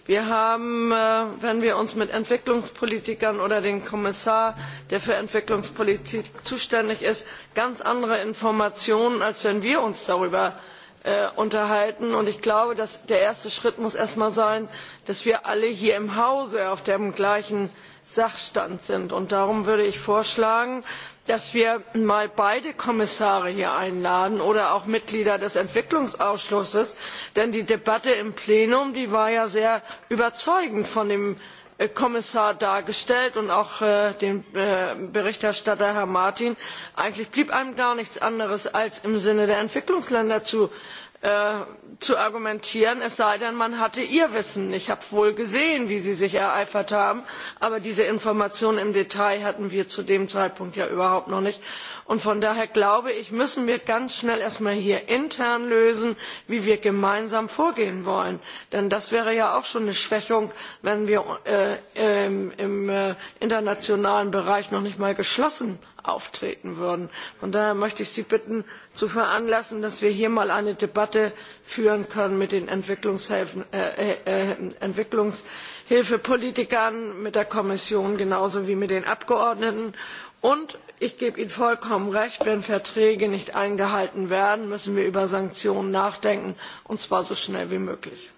wir haben äh, wenn wir uns mit entwicklungspolitikern oder dem kommissar der für entwicklungspolitik zuständig ist ganz andere informationen als wenn wir uns darüber Äh, unterhalten und ich glaube der erste schritt muss erst einmal sein dass wir alle hier im hause auf dem gleichen sachstand sind darum würde ich vorschlagen dass wir einmal beide kommissare hier einladen oder auch mitglieder des entwicklungsausschusses denn die debatte im plenum war ja sehr überzeugend von dem Äh, kommissar dargestellt und auch äh, dem äh, berichterstatter herrn martin eigentlich blieb einem gar nichts anderes als im sinne der entwicklungsländer zu argumentieren es sei denn man hatte ihr wissen. ich habe wohl gesehen wie sie sich ereifert haben aber diese information im detail hatten wir zu dem zeitpunkt ja überhaupt noch nicht und von daher glaube ich müssen wir ganz schnell erst einmal hier intern lösen wie wir gemeinsam vorgehen wollen denn das wäre ja auch schon eine schwächung wenn wir äh, ähm, im, äh, internationalen bereich noch nicht einmal geschlossen auftreten würden. von daher möchte ich sie bitten zu veranlassen dass wir hier einmal eine debatte führen können mit den äh, entwicklungshilfepolitikern mit der kommission genauso wie mit den abgeordneten und ich gebe ihnen vollkommen recht wenn verträge nicht eingehalten werden müssen wir über sanktionen nachdenken und zwar so schnell wie möglich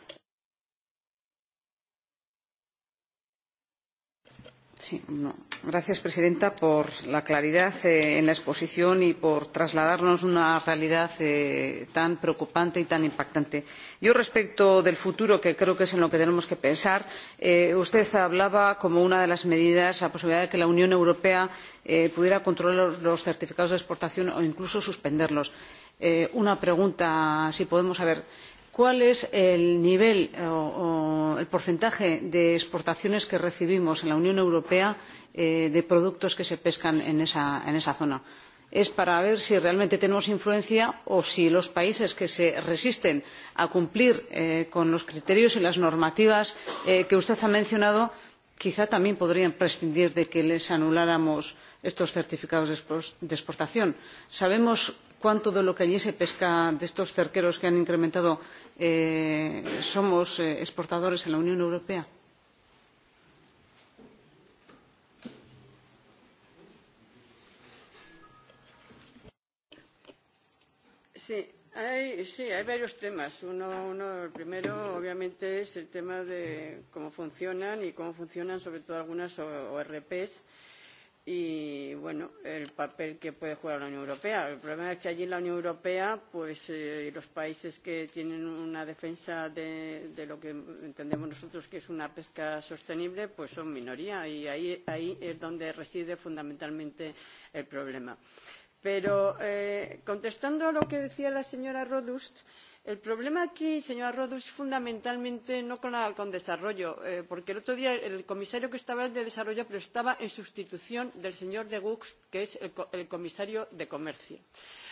señora presidenta, por la claridad eh, en la exposición y por trasladarnos una realidad eh, tan preocupante y tan impactante. respecto del futuro, que creo que es en lo que tenemos que pensar, eh, usted hablaba como una de las medidas de la posibilidad de que la Unión Europea pudiera controlar los, certificados de exportación o incluso suspenderlos. una pregunta, si podemos saber cuál es el nivel o, o el porcentaje de exportaciones que recibimos en la Unión Europea Eh, de productos que se pescan en esa, zona. Es para ver si realmente tenemos influencia o si los países que se resisten a cumplir eh, con los criterios y las normativas eh, que usted ha mencionado quizá también podrían prescindir de que les anuláramos estos certificados de exportación. sabemos cuánto de lo que allí se pesca de estos cerqueros que han incrementado somos exportadores en la unión europea? Sí, hay, sí, hay varios temas. Uno, uno, el primero, obviamente, es el tema de cómo funcionan y cómo funcionan sobre todo algunas ORPs y, bueno, el papel que puede jugar la Unión Europea. El problema es que allí la Unión Europea, pues, eh, los países que tienen una defensa de, de lo que entendemos nosotros que es una pesca sostenible, pues son minoría y ahí, ahí es donde reside fundamentalmente el problema pero eh, contestando a lo que decía la señora rodust el problema aquí señora rodust es fundamentalmente no con, la, con desarrollo eh, porque el otro día el comisario que estaba era de desarrollo pero estaba en sustitución del señor de gucht que es el, el comisario de comercio. y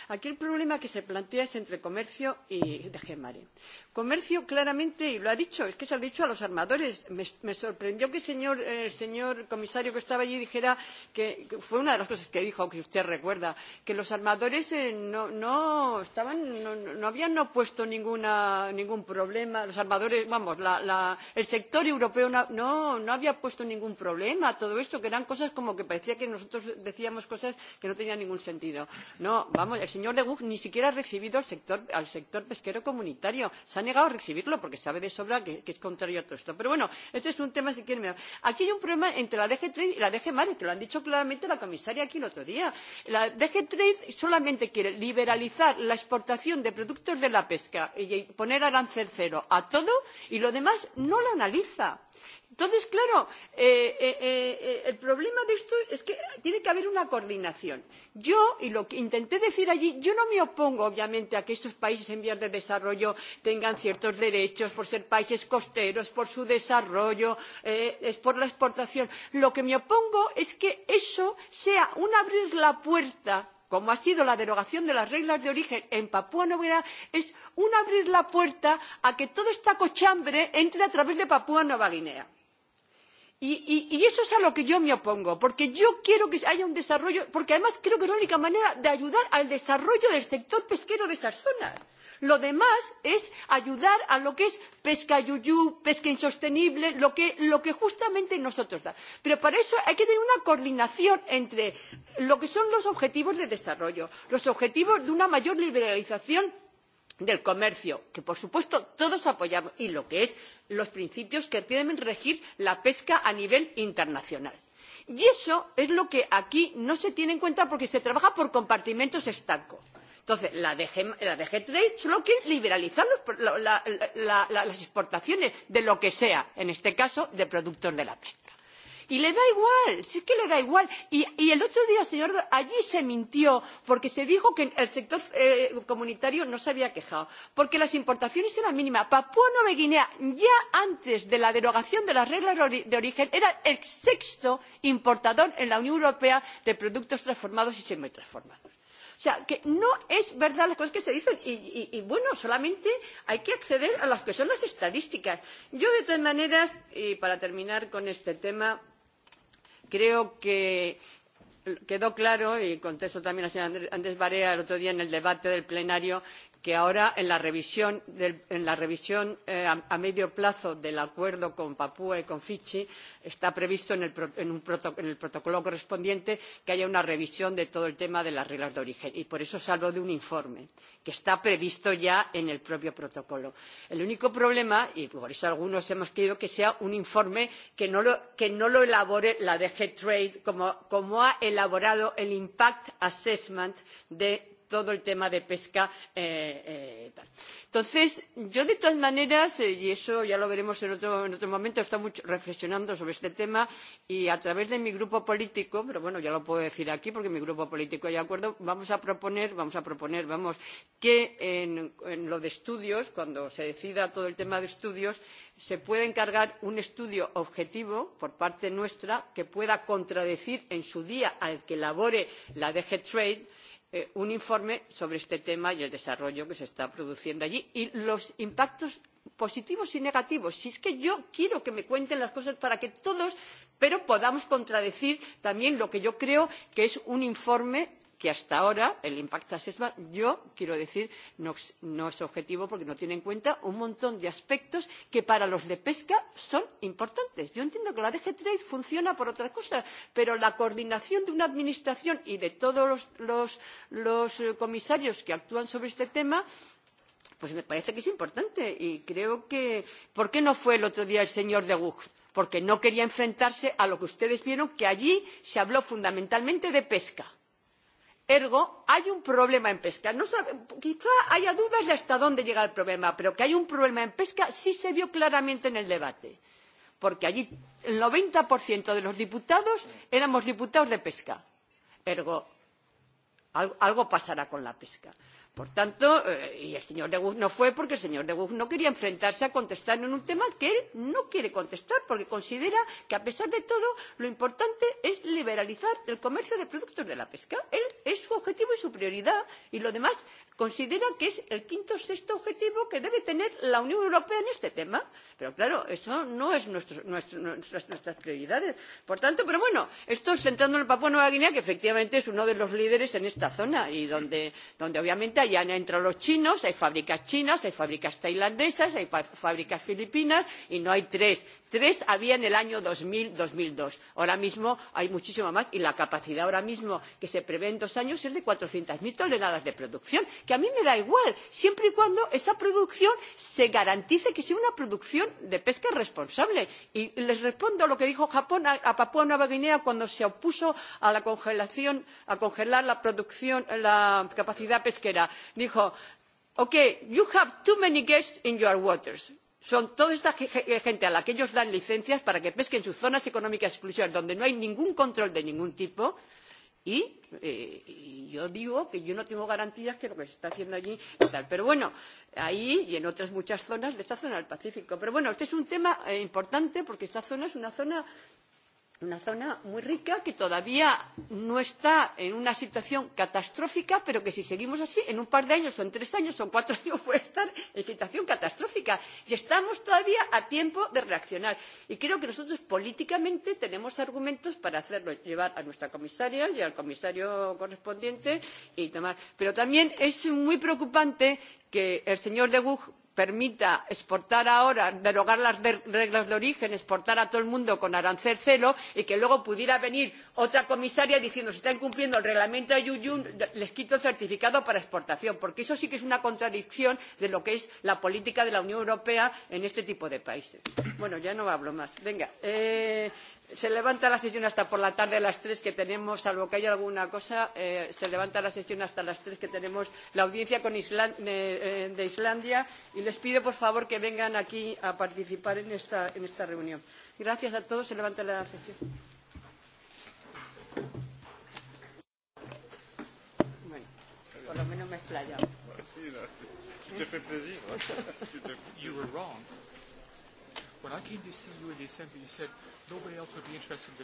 Aquí el problema que se plantea es entre comercio y DG Mare. Comercio, claramente, y lo ha dicho, es que se lo ha dicho a los armadores. Me, me sorprendió que el señor, eh, señor comisario que estaba allí dijera que, que fue una de las cosas que dijo, que usted recuerda, que los armadores eh, no, no, estaban, no, no habían opuesto ninguna, ningún problema. Los armadores, vamos, la, la, el sector europeo no, no había puesto ningún problema a todo esto, que eran cosas como que parecía que nosotros decíamos cosas que no tenían ningún sentido. No, vamos, el señor de gucht ni siquiera ha recibido al sector, pesquero comunitario se ha negado a recibirlo porque sabe de sobra que, es contrario a todo esto. pero bueno este es un tema si quiere. aquí hay un problema entre la dg trade y la dg mare que lo ha dicho claramente la comisaria aquí el otro día. la dg trade solamente quiere liberalizar la exportación de productos de la pesca y poner arancel cero a todo y lo demás no lo analiza. Entonces, claro, eh, eh, eh, eh, el problema de esto es que tiene que haber una coordinación. Yo, y lo que intenté decir allí, yo no me opongo, obviamente, a que estos países en vías de desarrollo tengan ciertos derechos por ser países costeros, por su desarrollo, eh, es por la exportación. Lo que me opongo es que eso sea un abrir la puerta como ha sido la derogación de las reglas de origen en Papúa Nueva Guinea, es un abrir la puerta a que toda esta cochambre entre a través de Papúa Nueva Guinea Y, eso es a lo que yo me opongo, porque yo quiero que haya un desarrollo, porque además creo que es la única manera de ayudar al desarrollo del sector pesquero de esas zonas. Lo demás es ayudar a lo que es pesca yuyú, pesca insostenible, lo que, lo que justamente nosotros da. Pero para eso hay que tener una coordinación entre lo que son los objetivos de desarrollo, los objetivos de una mayor liberalización del comercio que por supuesto todos apoyamos y lo que son los principios que deben regir la pesca a nivel internacional. y eso es lo que aquí no se tiene en cuenta porque se trabaja por compartimentos estancos. entonces la dg, la DG trade solo quiere liberalizar los, la, la, las exportaciones de lo que sea en este caso de productos de la pesca y le da igual si es que le da igual y, el otro día señor allí se mintió porque se dijo que el sector eh, comunitario no se había quejado porque las importaciones eran mínimas papúa nueva guinea ya antes de la derogación de las reglas de origen era el sexto importador en la unión europea de productos transformados y semitransformados. O sea, que no son verdad las cosas que se dicen y, bueno, solamente hay que acceder a las que son las estadísticas. Yo, de todas maneras, y para terminar con este tema, creo que quedó claro y contesto también al señor andrés barea el otro día en el debate del pleno que ahora en la revisión, del, en la revisión eh, a, a, medio plazo del acuerdo con Papúa y con Fichi está previsto en el, pro, en, un proto, en el protocolo correspondiente que haya una revisión de todo el tema de las reglas de origen y por eso se de un informe que está previsto ya en el propio protocolo. El único problema, y por eso algunos hemos querido que sea un informe que no lo, que no lo elabore la DG Trade como, como ha elaborado el Impact Assessment de todo el tema de pesca. Eh, eh, Entonces, yo de todas maneras, eh, y eso ya lo veremos en otro, en otro momento, he estado mucho reflexionando sobre este tema y a través de mi grupo político, pero bueno, ya lo puedo decir aquí porque mi grupo político hay acuerdo, vamos a proponer, vamos a proponer, vamos, que en, en lo de estudios, cuando se decida todo el tema de estudios, se pueda encargar un estudio objetivo por parte nuestra que pueda contradecir en su día al que elabore la DG Trade, Eh, un informe sobre este tema y el desarrollo que se está produciendo allí y los impactos positivos y negativos. Si es que yo quiero que me cuenten las cosas para que todos, pero podamos contradecir también lo que yo creo que es un informe que hasta ahora el impact assessment yo quiero decir no, no es objetivo porque no tiene en cuenta un montón de aspectos que para los de pesca son importantes. yo entiendo que la dg trade funciona por otra cosa pero la coordinación de una administración y de todos los, los, los eh, comisarios que actúan sobre este tema pues me parece que es importante y creo que por qué no fue el otro día el señor de gucht? porque no quería enfrentarse a lo que ustedes vieron que allí se habló fundamentalmente de pesca Ergo, hay un problema en pesca. quizá haya dudas de hasta dónde llega el problema, pero que hay un problema en pesca sí se vio claramente en el debate, porque allí el noventa de los diputados éramos diputados de pesca. Ergo, algo pasará con la pesca. Por tanto, eh, y el señor de Gucht no fue porque el señor de Gucht no quería enfrentarse a contestar en un tema que él no quiere contestar, porque considera que, a pesar de todo, lo importante es liberalizar el comercio de productos de la pesca. Él es su objetivo y su prioridad, y lo demás considera que es el quinto o sexto objetivo que debe tener la Unión Europea en este tema. Pero claro, eso no es nuestro, nuestro, nuestras, nuestras prioridades. Por tanto, pero bueno, esto centrando en Papua Nueva Guinea, que efectivamente es uno de los líderes en esta zona y donde, donde obviamente ya entrado los chinos hay fábricas chinas hay fábricas tailandesas hay fábricas filipinas y no hay tres tres había en el año dos mil dos mil dos ahora mismo hay muchísimas más y la capacidad ahora mismo que se prevé en dos años es de cuatrocientos cero toneladas de producción que a mí me da igual siempre y cuando esa producción se garantice que sea una producción de pesca responsable y les respondo lo que dijo Japón a, a Papúa Nueva Guinea cuando se opuso a la congelación a congelar la producción la capacidad pesquera dijo ok you have too many guests in your waters son toda esta gente a la que ellos dan licencias para que pesque en sus zonas económicas exclusivas donde no hay ningún control de ningún tipo y eh, yo digo que yo no tengo garantías que lo que se está haciendo allí es tal. Pero bueno, ahí y en otras muchas zonas de esta zona del Pacífico. Pero bueno, este es un tema eh, importante porque esta zona es una zona una zona muy rica que todavía no está en una situación catastrófica pero que si seguimos así en un par de años o en tres años o en cuatro años puede estar en situación catastrófica y estamos todavía a tiempo de reaccionar. y creo que nosotros políticamente tenemos argumentos para hacerlo llevar a nuestra comisaria y al comisario correspondiente y demás. pero también es muy preocupante que el señor de gucht permita exportar ahora derogar las reglas de origen exportar a todo el mundo con arancel cero y que luego pudiera venir otra comisaria diciendo se está incumpliendo el reglamento de Yuyun les quito el certificado para exportación porque eso sí que es una contradicción de lo que es la política de la Unión Europea en este tipo de países. Bueno, ya no hablo más. Eh, se levanta la sesión hasta por la tarde a las tres que tenemos, salvo que haya alguna cosa, eh, se levanta la sesión hasta las tres que tenemos la audiencia con Island eh, de Islandia y les pido por favor que vengan aquí a participar en esta, en esta reunión. Gracias a todos. Se levanta la sesión. Bueno, por lo menos me he explayado. Tu te fais plaisir. Hein? you were wrong. When I came to see you in December, you said Nobody else would be interested in